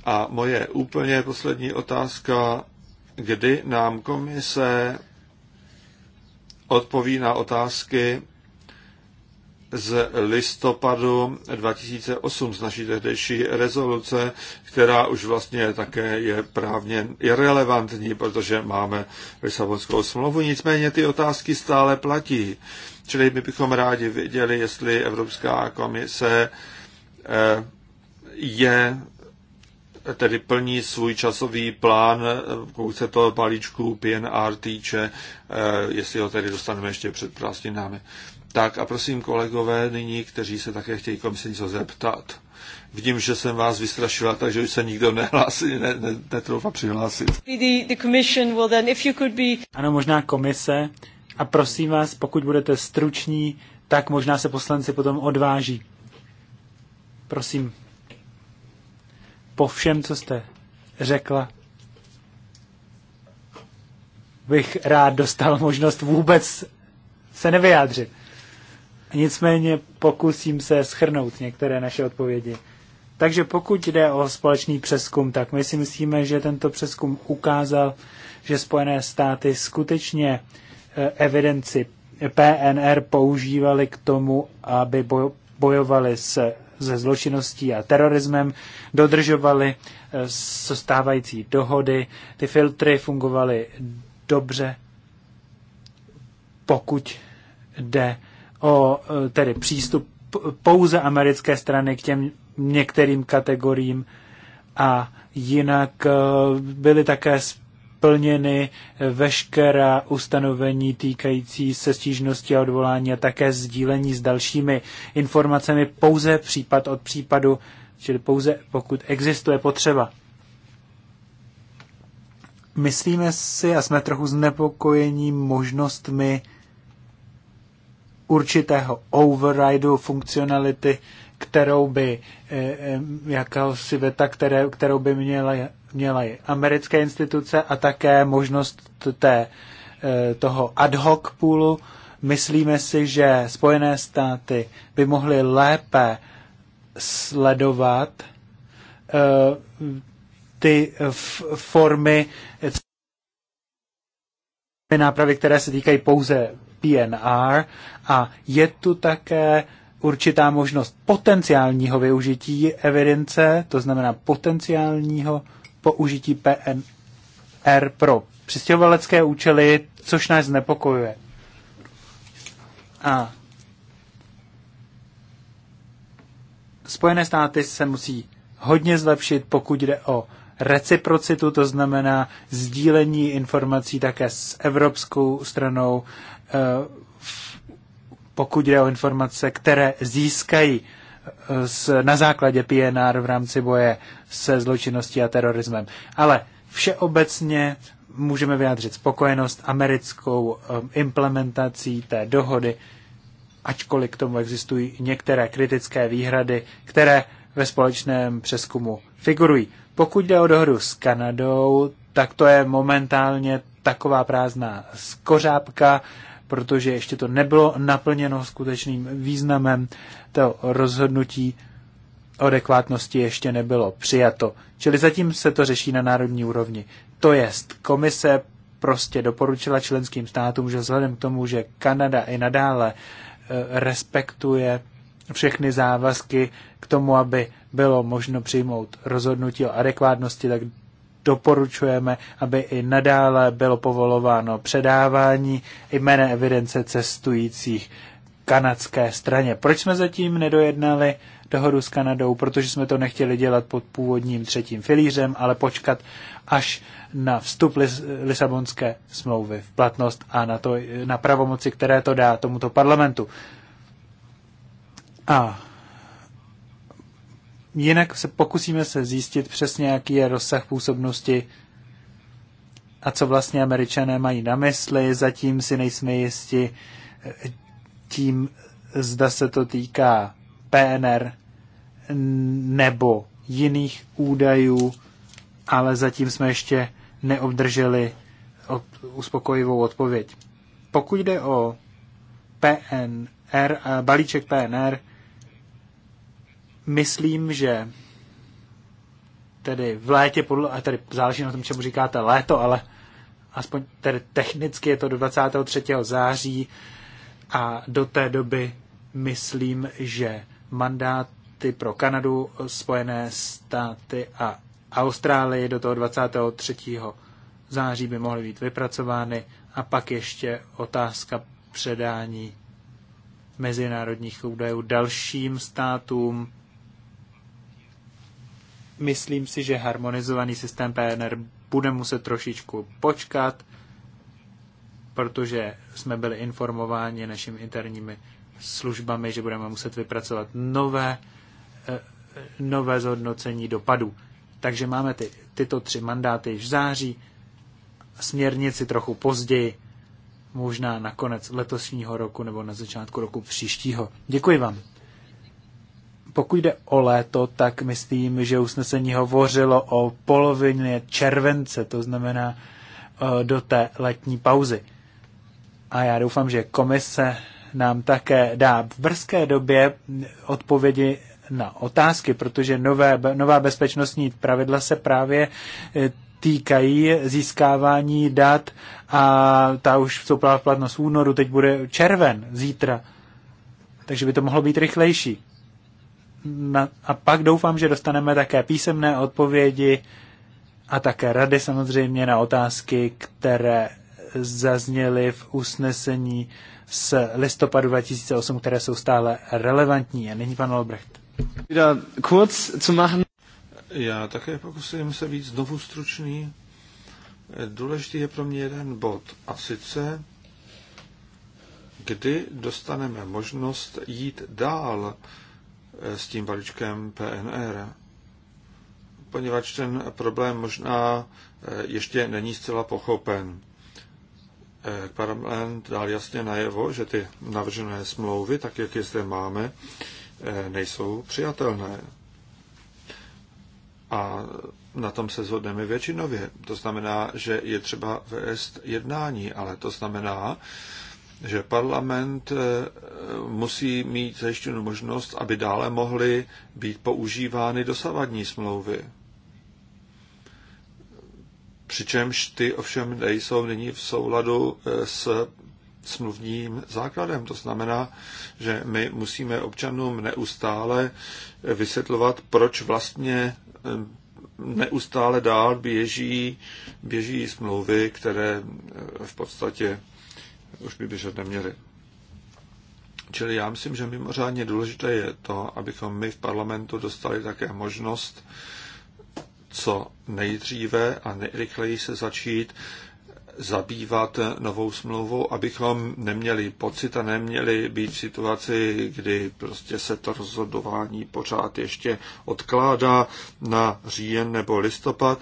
A moje úplně poslední otázka, kdy nám komise odpoví na otázky z listopadu 2008 z naší tehdejší rezoluce, která už vlastně také je právně irrelevantní, protože máme Lisabonskou smlouvu. Nicméně ty otázky stále platí. Čili my bychom rádi věděli, jestli Evropská komise eh, je tedy plní svůj časový plán, pokud se to balíčku PNR týče, eh, jestli ho tedy dostaneme ještě před prázdninami. Tak a prosím kolegové nyní, kteří se také chtějí komisi něco zeptat. Vidím, že jsem vás vystrašila, takže už se nikdo nehlásí, ne, ne, netroufa přihlásit. The, the then, if you could be... Ano, možná komise. A prosím vás, pokud budete struční, tak možná se poslanci potom odváží. Prosím. Po všem, co jste řekla, bych rád dostal možnost vůbec se nevyjádřit. Nicméně pokusím se schrnout některé naše odpovědi. Takže pokud jde o společný přeskum, tak my si myslíme, že tento přeskum ukázal, že Spojené státy skutečně eh, evidenci PNR používali k tomu, aby bojovali se, se zločinností a terorismem, dodržovali eh, stávající dohody, ty filtry fungovaly dobře, pokud jde o e, tedy přístup pouze americké strany k těm některým kategoriím a jinak e, byly také splněny veškerá ustanovení týkající se stížnosti a odvolání a také sdílení s dalšími informacemi pouze případ od případu, čili pouze pokud existuje potřeba. Myslíme si a jsme trochu znepokojení možnostmi určitého overrideu funkcionality, kterou by eh, eh, jakási veta, které, kterou by měla, měla i americké instituce a také možnost té, eh, toho ad hoc půlu. Myslíme si, že Spojené státy by mohly lépe sledovat ty formy nápravy, které se týkají pouze PNR a je tu také určitá možnost potenciálního využití evidence, to znamená potenciálního použití PNR pro přistěhovalecké účely, což nás znepokojuje. A Spojené státy se musí hodně zlepšit, pokud jde o reciprocitu, to znamená sdílení informací také s evropskou stranou, Eh, pokud jde o informace, které získají eh, na základě PNR v rámci boje se zločinností a terorismem. Ale všeobecně můžeme vyjádřit spokojenost americkou eh, implementací té dohody, ačkoliv k tomu existují některé kritické výhrady, které ve společném přeskumu figurují. Pokud jde o dohodu s Kanadou, tak to je momentálně taková prázdná skořápka protože ještě to nebylo naplněno skutečným významem. To rozhodnutí o adekvátnosti ještě nebylo přijato. Čili zatím se to řeší na národní úrovni. To jest, komise prostě doporučila členským státům, že vzhledem k tomu, že Kanada i nadále e, respektuje všechny závazky k tomu, aby bylo možno přijmout rozhodnutí o adekvátnosti, tak doporučujeme, aby i nadále bylo povolováno předávání jméne evidence cestujících kanadské straně. Proč jsme zatím nedojednali dohodu s Kanadou? Protože jsme to nechtěli dělat pod původním třetím filířem, ale počkat až na vstup Lis- Lisabonské smlouvy v platnost a na, to, na pravomoci, které to dá tomuto parlamentu. A Jinak se pokusíme se zjistit přesně, jaký je rozsah působnosti a co vlastně američané mají na mysli. Zatím si nejsme jisti tím, zda se to týká PNR nebo jiných údajů, ale zatím jsme ještě neobdrželi uspokojivou odpověď. Pokud jde o PNR, balíček PNR, myslím, že tedy v létě, podle, a tady záleží na tom, čemu říkáte léto, ale aspoň tedy technicky je to do 23. září a do té doby myslím, že mandáty pro Kanadu, Spojené státy a Austrálii do toho 23. září by mohly být vypracovány a pak ještě otázka předání mezinárodních údajů dalším státům myslím si, že harmonizovaný systém PNR bude muset trošičku počkat, protože jsme byli informováni našimi interními službami, že budeme muset vypracovat nové, eh, nové zhodnocení dopadů. Takže máme ty, tyto tři mandáty v září, směrnici trochu později, možná na konec letošního roku nebo na začátku roku příštího. Děkuji vám. Pokud jde o léto, tak myslím, že usnesení hovořilo o polovině července, to znamená eh, do té letní pauzy. A já doufám, že komise nám také dá v brzké době odpovědi na otázky, protože nové, nová bezpečnostní pravidla se právě eh, týkají získávání dat a ta už vstoupila v platnost v únoru, teď bude červen, zítra. Takže by to mohlo být rychlejší na, a pak doufám, že dostaneme také písemné odpovědi a také rady samozřejmě na otázky, které zazněly v usnesení z listopadu 2008, které jsou stále relevantní. A nyní pan Albrecht. Já také pokusím se být znovu stručný. Důležitý je pro mě jeden bod, a sice, kdy dostaneme možnost jít dál Eh, s tím balíčkem PNR, poněvadž ten problém možná eh, ještě není zcela pochopen. Eh, parlament dal jasně najevo, že ty navržené smlouvy, tak jak je zde máme, nejsou přijatelné. A na tom se zhodneme většinově. To znamená, že je třeba vést jednání, ale to znamená, že parlament eh, musí mít zajištěnou možnost, aby dále mohly být používány dosavadní smlouvy. Přičemž ty ovšem nejsou nyní v souladu eh, s smluvním základem. To znamená, že my musíme občanům neustále eh, vysvětlovat, proč vlastně neustále dál běží, běží smlouvy, které v podstatě už by běžet neměli. Čili já myslím, že mimořádně důležité je to, abychom my v parlamentu dostali také možnost co nejdříve a nejrychleji se začít zabývat novou smlouvou, abychom neměli pocit a neměli být v situaci, kdy prostě se to rozhodování pořád ještě odkládá na říjen nebo listopad.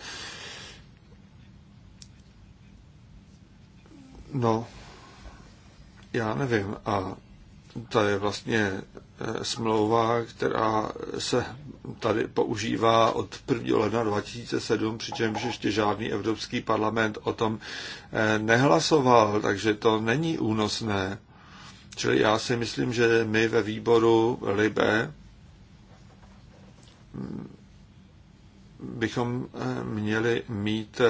No, já nevím. A to je vlastně eh, smlouva, která se tady používá od 1. ledna 2007, přičemž ještě žádný Evropský parlament o tom eh, nehlasoval, takže to není únosné. Čili já si myslím, že my ve výboru Libe mm, bychom eh, měli mít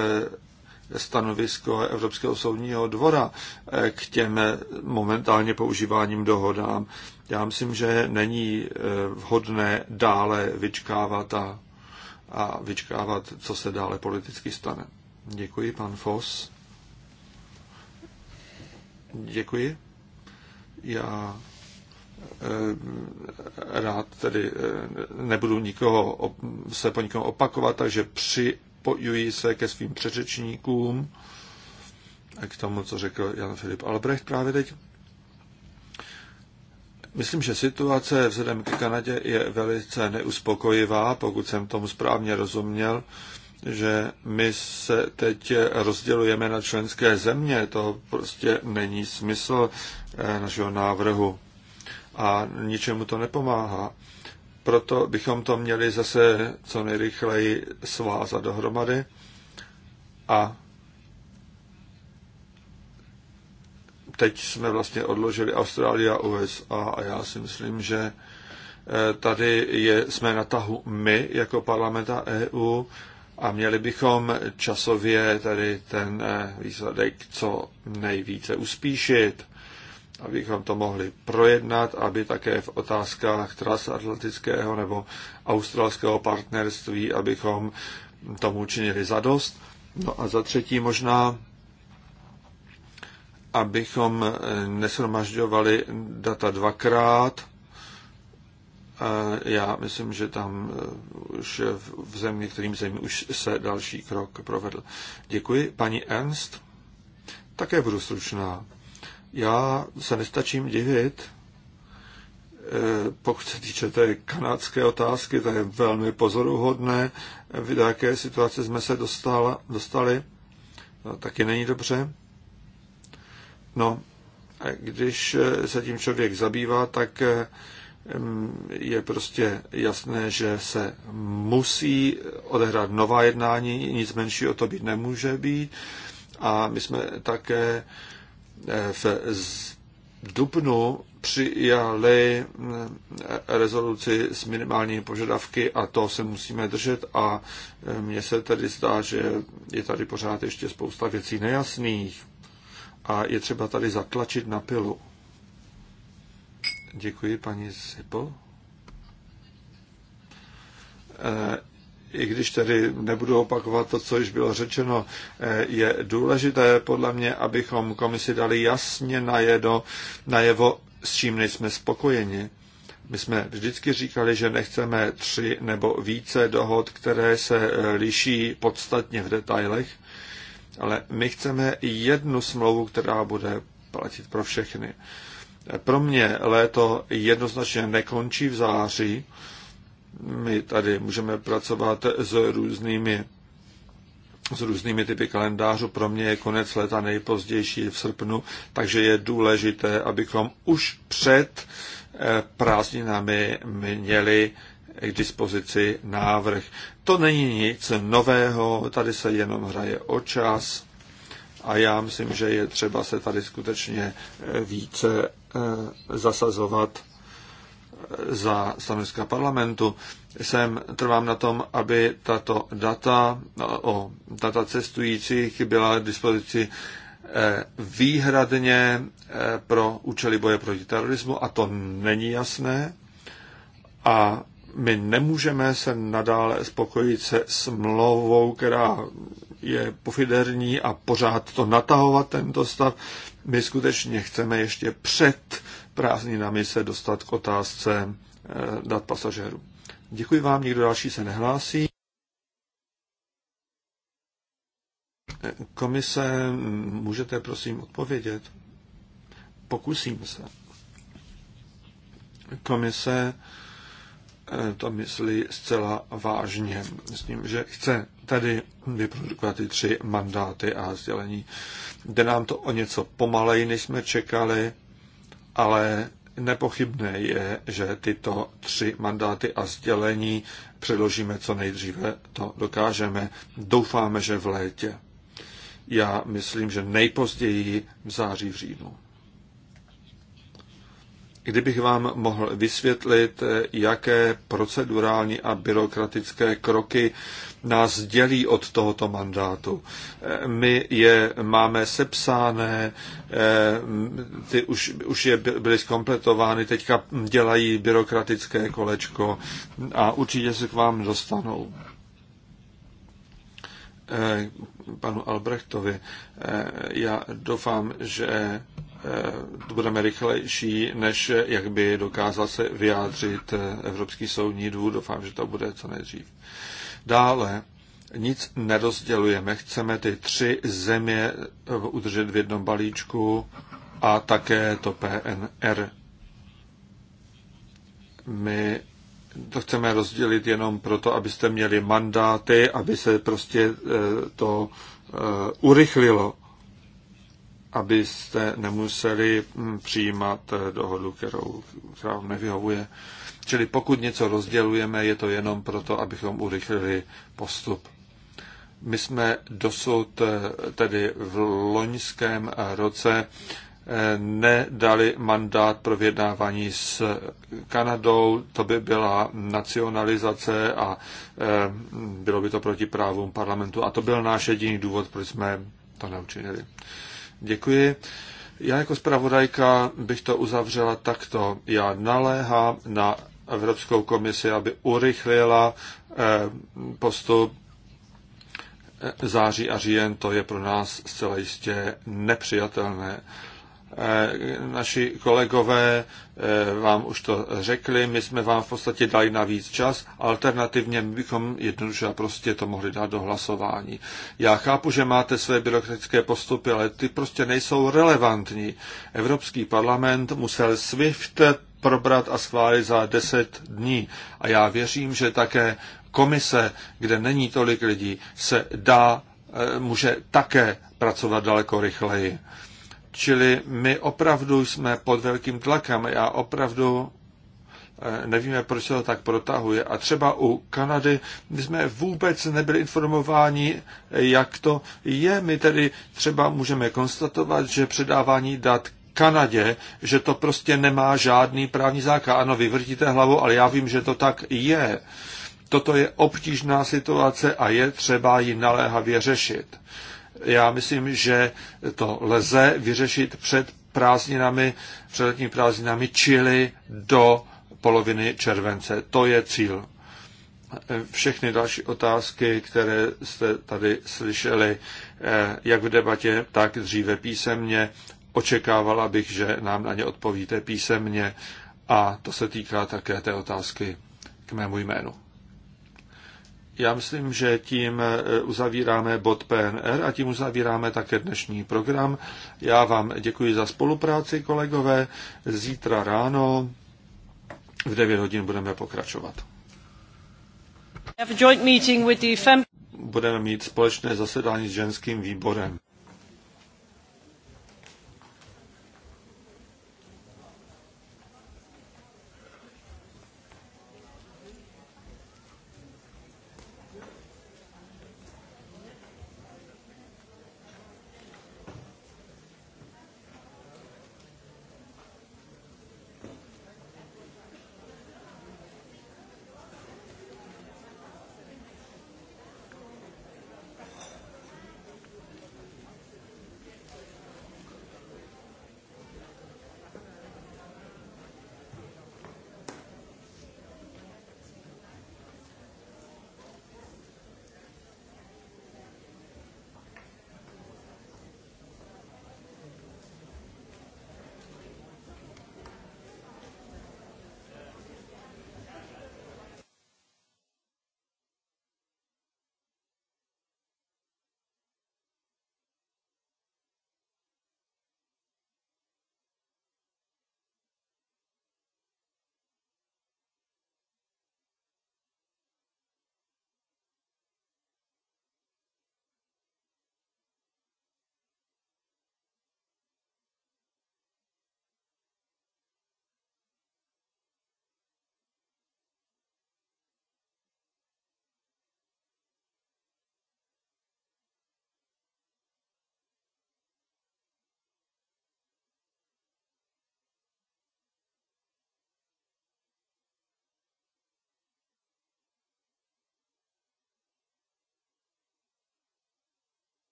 stanovisko Evropského soudního dvora eh, k těm eh, momentálně používáním dohodám. Já myslím, že není eh, vhodné dále vyčkávat a, a vyčkávat, co se dále politicky stane. Děkuji, pan Fos. Děkuji. Já rád tedy nebudu nikoho, se po nikom opakovat, takže při připojuji se ke svým předřečníkům a k tomu, co řekl Jan Filip Albrecht právě teď. Myslím, že situace vzhledem k Kanadě je velice neuspokojivá, pokud jsem tomu správně rozuměl, že my se teď rozdělujeme na členské země. To prostě není smysl eh, našeho návrhu a ničemu to nepomáhá. Proto bychom to měli zase co nejrychleji svázat dohromady a teď jsme vlastně odložili Austrálie a USA a já si myslím, že eh, tady je, jsme na tahu my jako parlamenta EU a měli bychom časově tady ten eh, výsledek co nejvíce uspíšit abychom to mohli projednat, aby také v otázkách transatlantického nebo australského partnerství, abychom tomu činili zadost. No a za třetí možná, abychom nesromažďovali data dvakrát. Já myslím, že tam eh, už v zemi, kterým zemí už se další krok provedl. Děkuji. Paní Ernst? Také budu stručná. Já se nestačím divit, eh, pokud se týče té kanadské otázky, to je velmi pozoruhodné, v jaké situace jsme se dostala, dostali. No, taky není dobře. No, a když eh, se tím člověk zabývá, tak eh, mm, je prostě jasné, že se musí odehrát nová jednání, nic menšího to být nemůže být. A my jsme také Eh, v dubnu přijali eh, rezoluci s minimálními požadavky a to se musíme držet a eh, mně se tedy zdá, že je tady pořád ještě spousta věcí nejasných a je třeba tady zatlačit na pilu. Děkuji, paní Zipo i když tedy nebudu opakovat to, co již bylo řečeno, eh, je důležité podle mě, abychom komisi dali jasně najedo, najevo, s čím nejsme spokojeni. My jsme vždycky říkali, že nechceme tři nebo více dohod, které se eh, liší podstatně v detailech, ale my chceme jednu smlouvu, která bude platit pro všechny. Pro mě léto jednoznačně nekončí v září, my tady můžeme pracovat s různými, s různými typy kalendářů. Pro mě je konec leta nejpozdější v srpnu, takže je důležité, abychom už před eh, prázdninami měli k dispozici návrh. To není nic nového, tady se jenom hraje o čas a já myslím, že je třeba se tady skutečně eh, více eh, zasazovat za stanoviska parlamentu. Jsem, trvám na tom, aby tato data o data cestujících byla k dispozici eh, výhradně eh, pro účely boje proti terorismu a to není jasné. A my nemůžeme se nadále spokojit se smlouvou, která je pofiderní a pořád to natahovat tento stav. My skutečně chceme ještě před prázdninami se dostat k otázce eh, dat pasažérů. Děkuji vám, nikdo další se nehlásí. Komise, můžete prosím odpovědět? Pokusím se. Komise eh, to myslí zcela vážně s tím, že chce tady vyprodukovat ty tři mandáty a sdělení. Jde nám to o něco pomaleji, než jsme čekali, ale nepochybné je, že tyto tři mandáty a sdělení předložíme co nejdříve. To dokážeme. Doufáme, že v létě. Já myslím, že nejpozději v září v říjnu kdybych vám mohl vysvětlit, jaké procedurální a byrokratické kroky nás dělí od tohoto mandátu. My je máme sepsané, eh, ty už, už je byly zkompletovány, teďka dělají byrokratické kolečko a určitě se k vám dostanou eh, panu Albrechtovi. Eh, já doufám, že Eh, budeme rychlejší, než eh, jak by dokázal se vyjádřit eh, Evropský soudní dvůr. Doufám, že to bude co nejdřív. Dále nic nerozdělujeme. Chceme ty tři země udržet v jednom balíčku a také to PNR. My to chceme rozdělit jenom proto, abyste měli mandáty, aby se prostě to urychlilo abyste nemuseli mm, přijímat eh, dohodu, kterou, která vám nevyhovuje. Čili pokud něco rozdělujeme, je to jenom proto, abychom urychlili postup. My jsme dosud, eh, tedy v loňském roce, eh, nedali mandát pro vyjednávání s Kanadou. To by byla nacionalizace a bylo by to proti právům parlamentu. A to byl náš jediný důvod, proč jsme to neučinili. Děkuji. Já jako zpravodajka bych to uzavřela takto. Já naléhám na Evropskou komisi, aby urychlila eh, postup eh, září a říjen. To je pro nás zcela jistě nepřijatelné. Eh, naši kolegové eh, vám už to řekli, my jsme vám v podstatě dali na víc čas, alternativně bychom jednoduše a prostě to mohli dát do hlasování. Já chápu, že máte své byrokratické postupy, ale ty prostě nejsou relevantní. Evropský parlament musel SWIFT probrat a schválit za deset dní. A já věřím, že také komise, kde není tolik lidí, se dá, eh, může také pracovat daleko rychleji. Čili my opravdu jsme pod velkým tlakem a opravdu eh, nevíme, proč se to tak protahuje. A třeba u Kanady my jsme vůbec nebyli informováni, jak to je. My tedy třeba můžeme konstatovat, že předávání dat Kanadě, že to prostě nemá žádný právní základ. Ano, vy vrtíte hlavu, ale já vím, že to tak je. Toto je obtížná situace a je třeba ji naléhavě řešit. Já myslím, že to lze vyřešit před prázdninami, před letními prázdninami, čili do poloviny července. To je cíl. Všechny další otázky, které jste tady slyšeli, eh, jak v debatě, tak dříve písemně, očekávala bych, že nám na ně odpovíte písemně a to se týká také té otázky k mému jménu. Já myslím, že tím eh, uzavíráme bod PNR a tím uzavíráme také dnešní program. Já vám děkuji za spolupráci, kolegové. Zítra ráno v 9 hodin budeme pokračovat. Budeme mít společné zasedání s ženským výborem.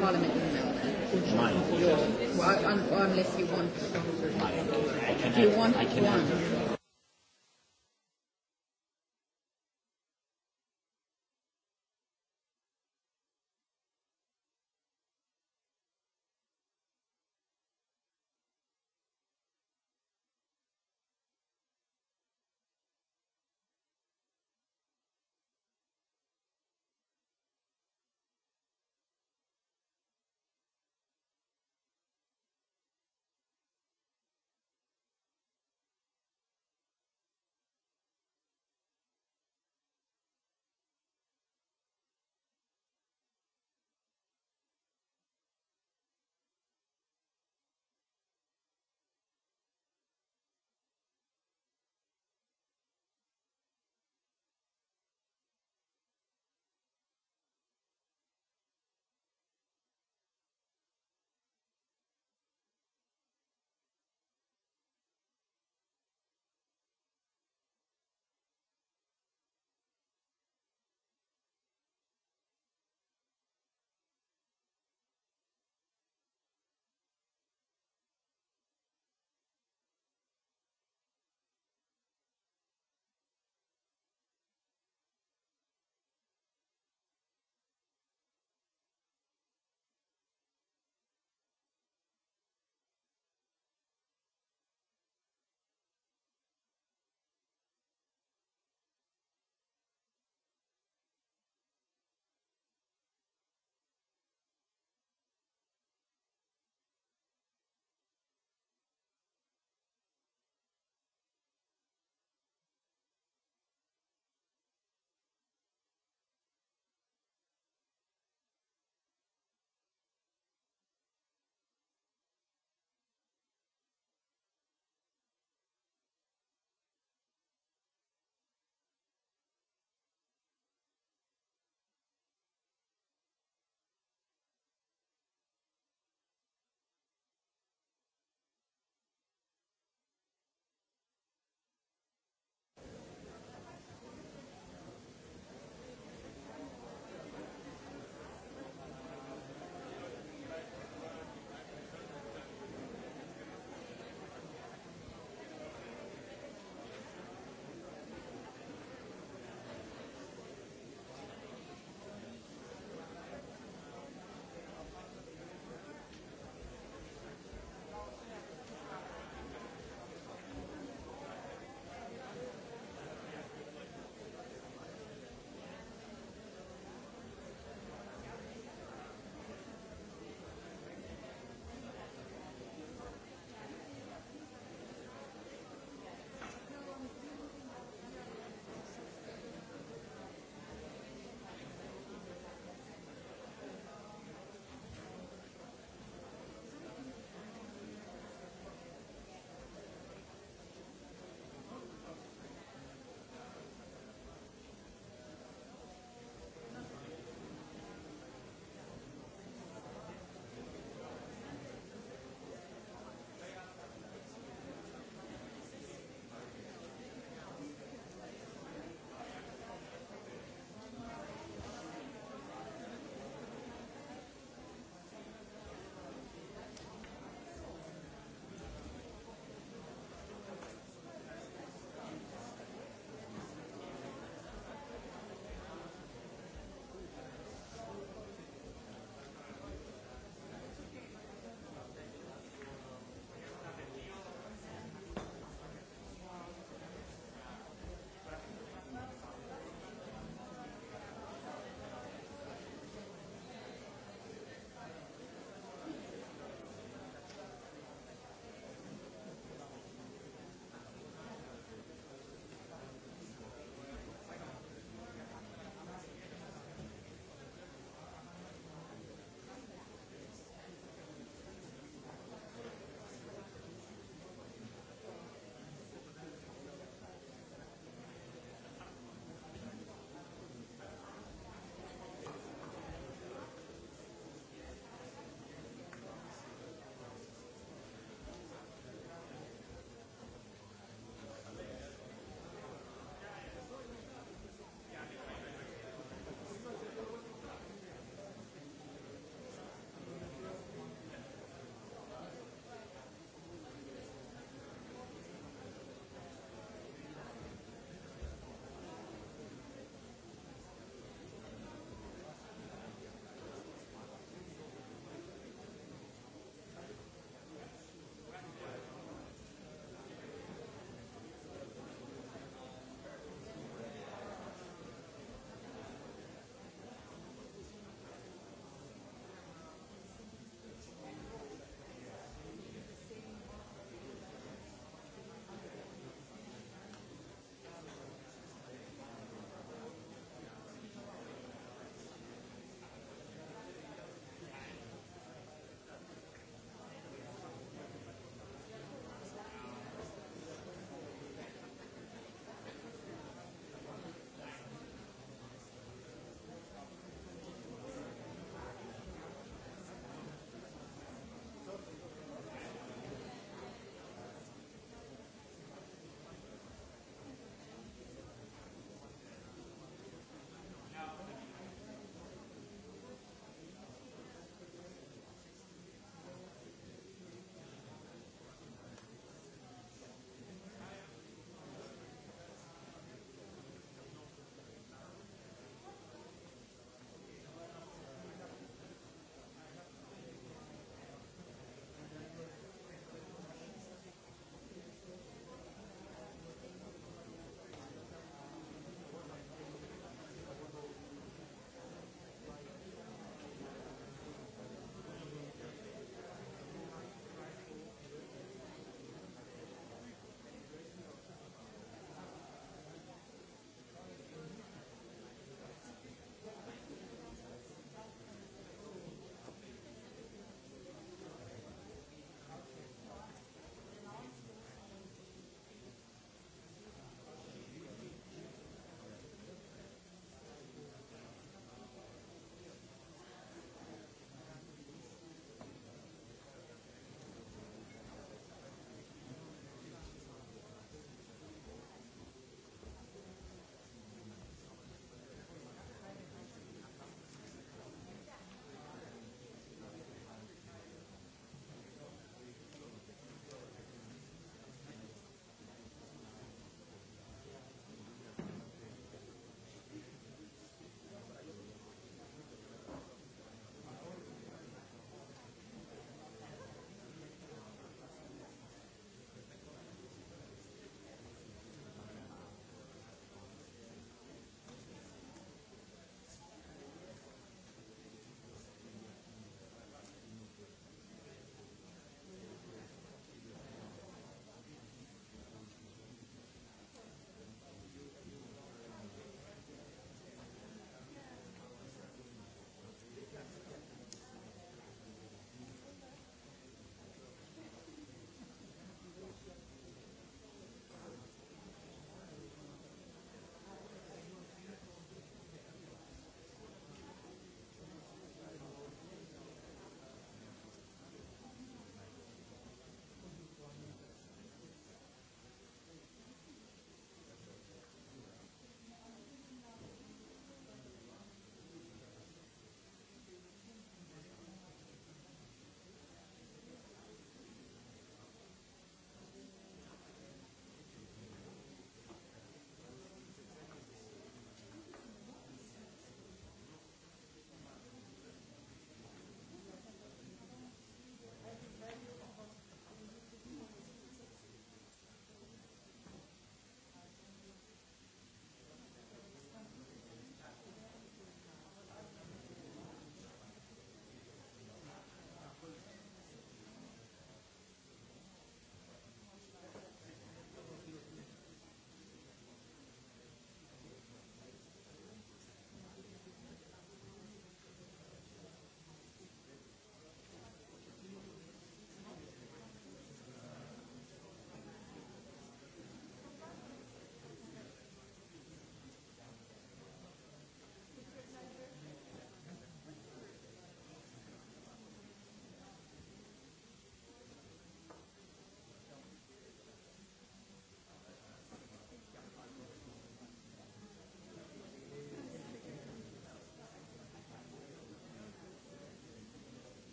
Parliament, Mine. Yours. Well, I, I'm, unless you want. Mine. I cannot. Do you want I cannot. one?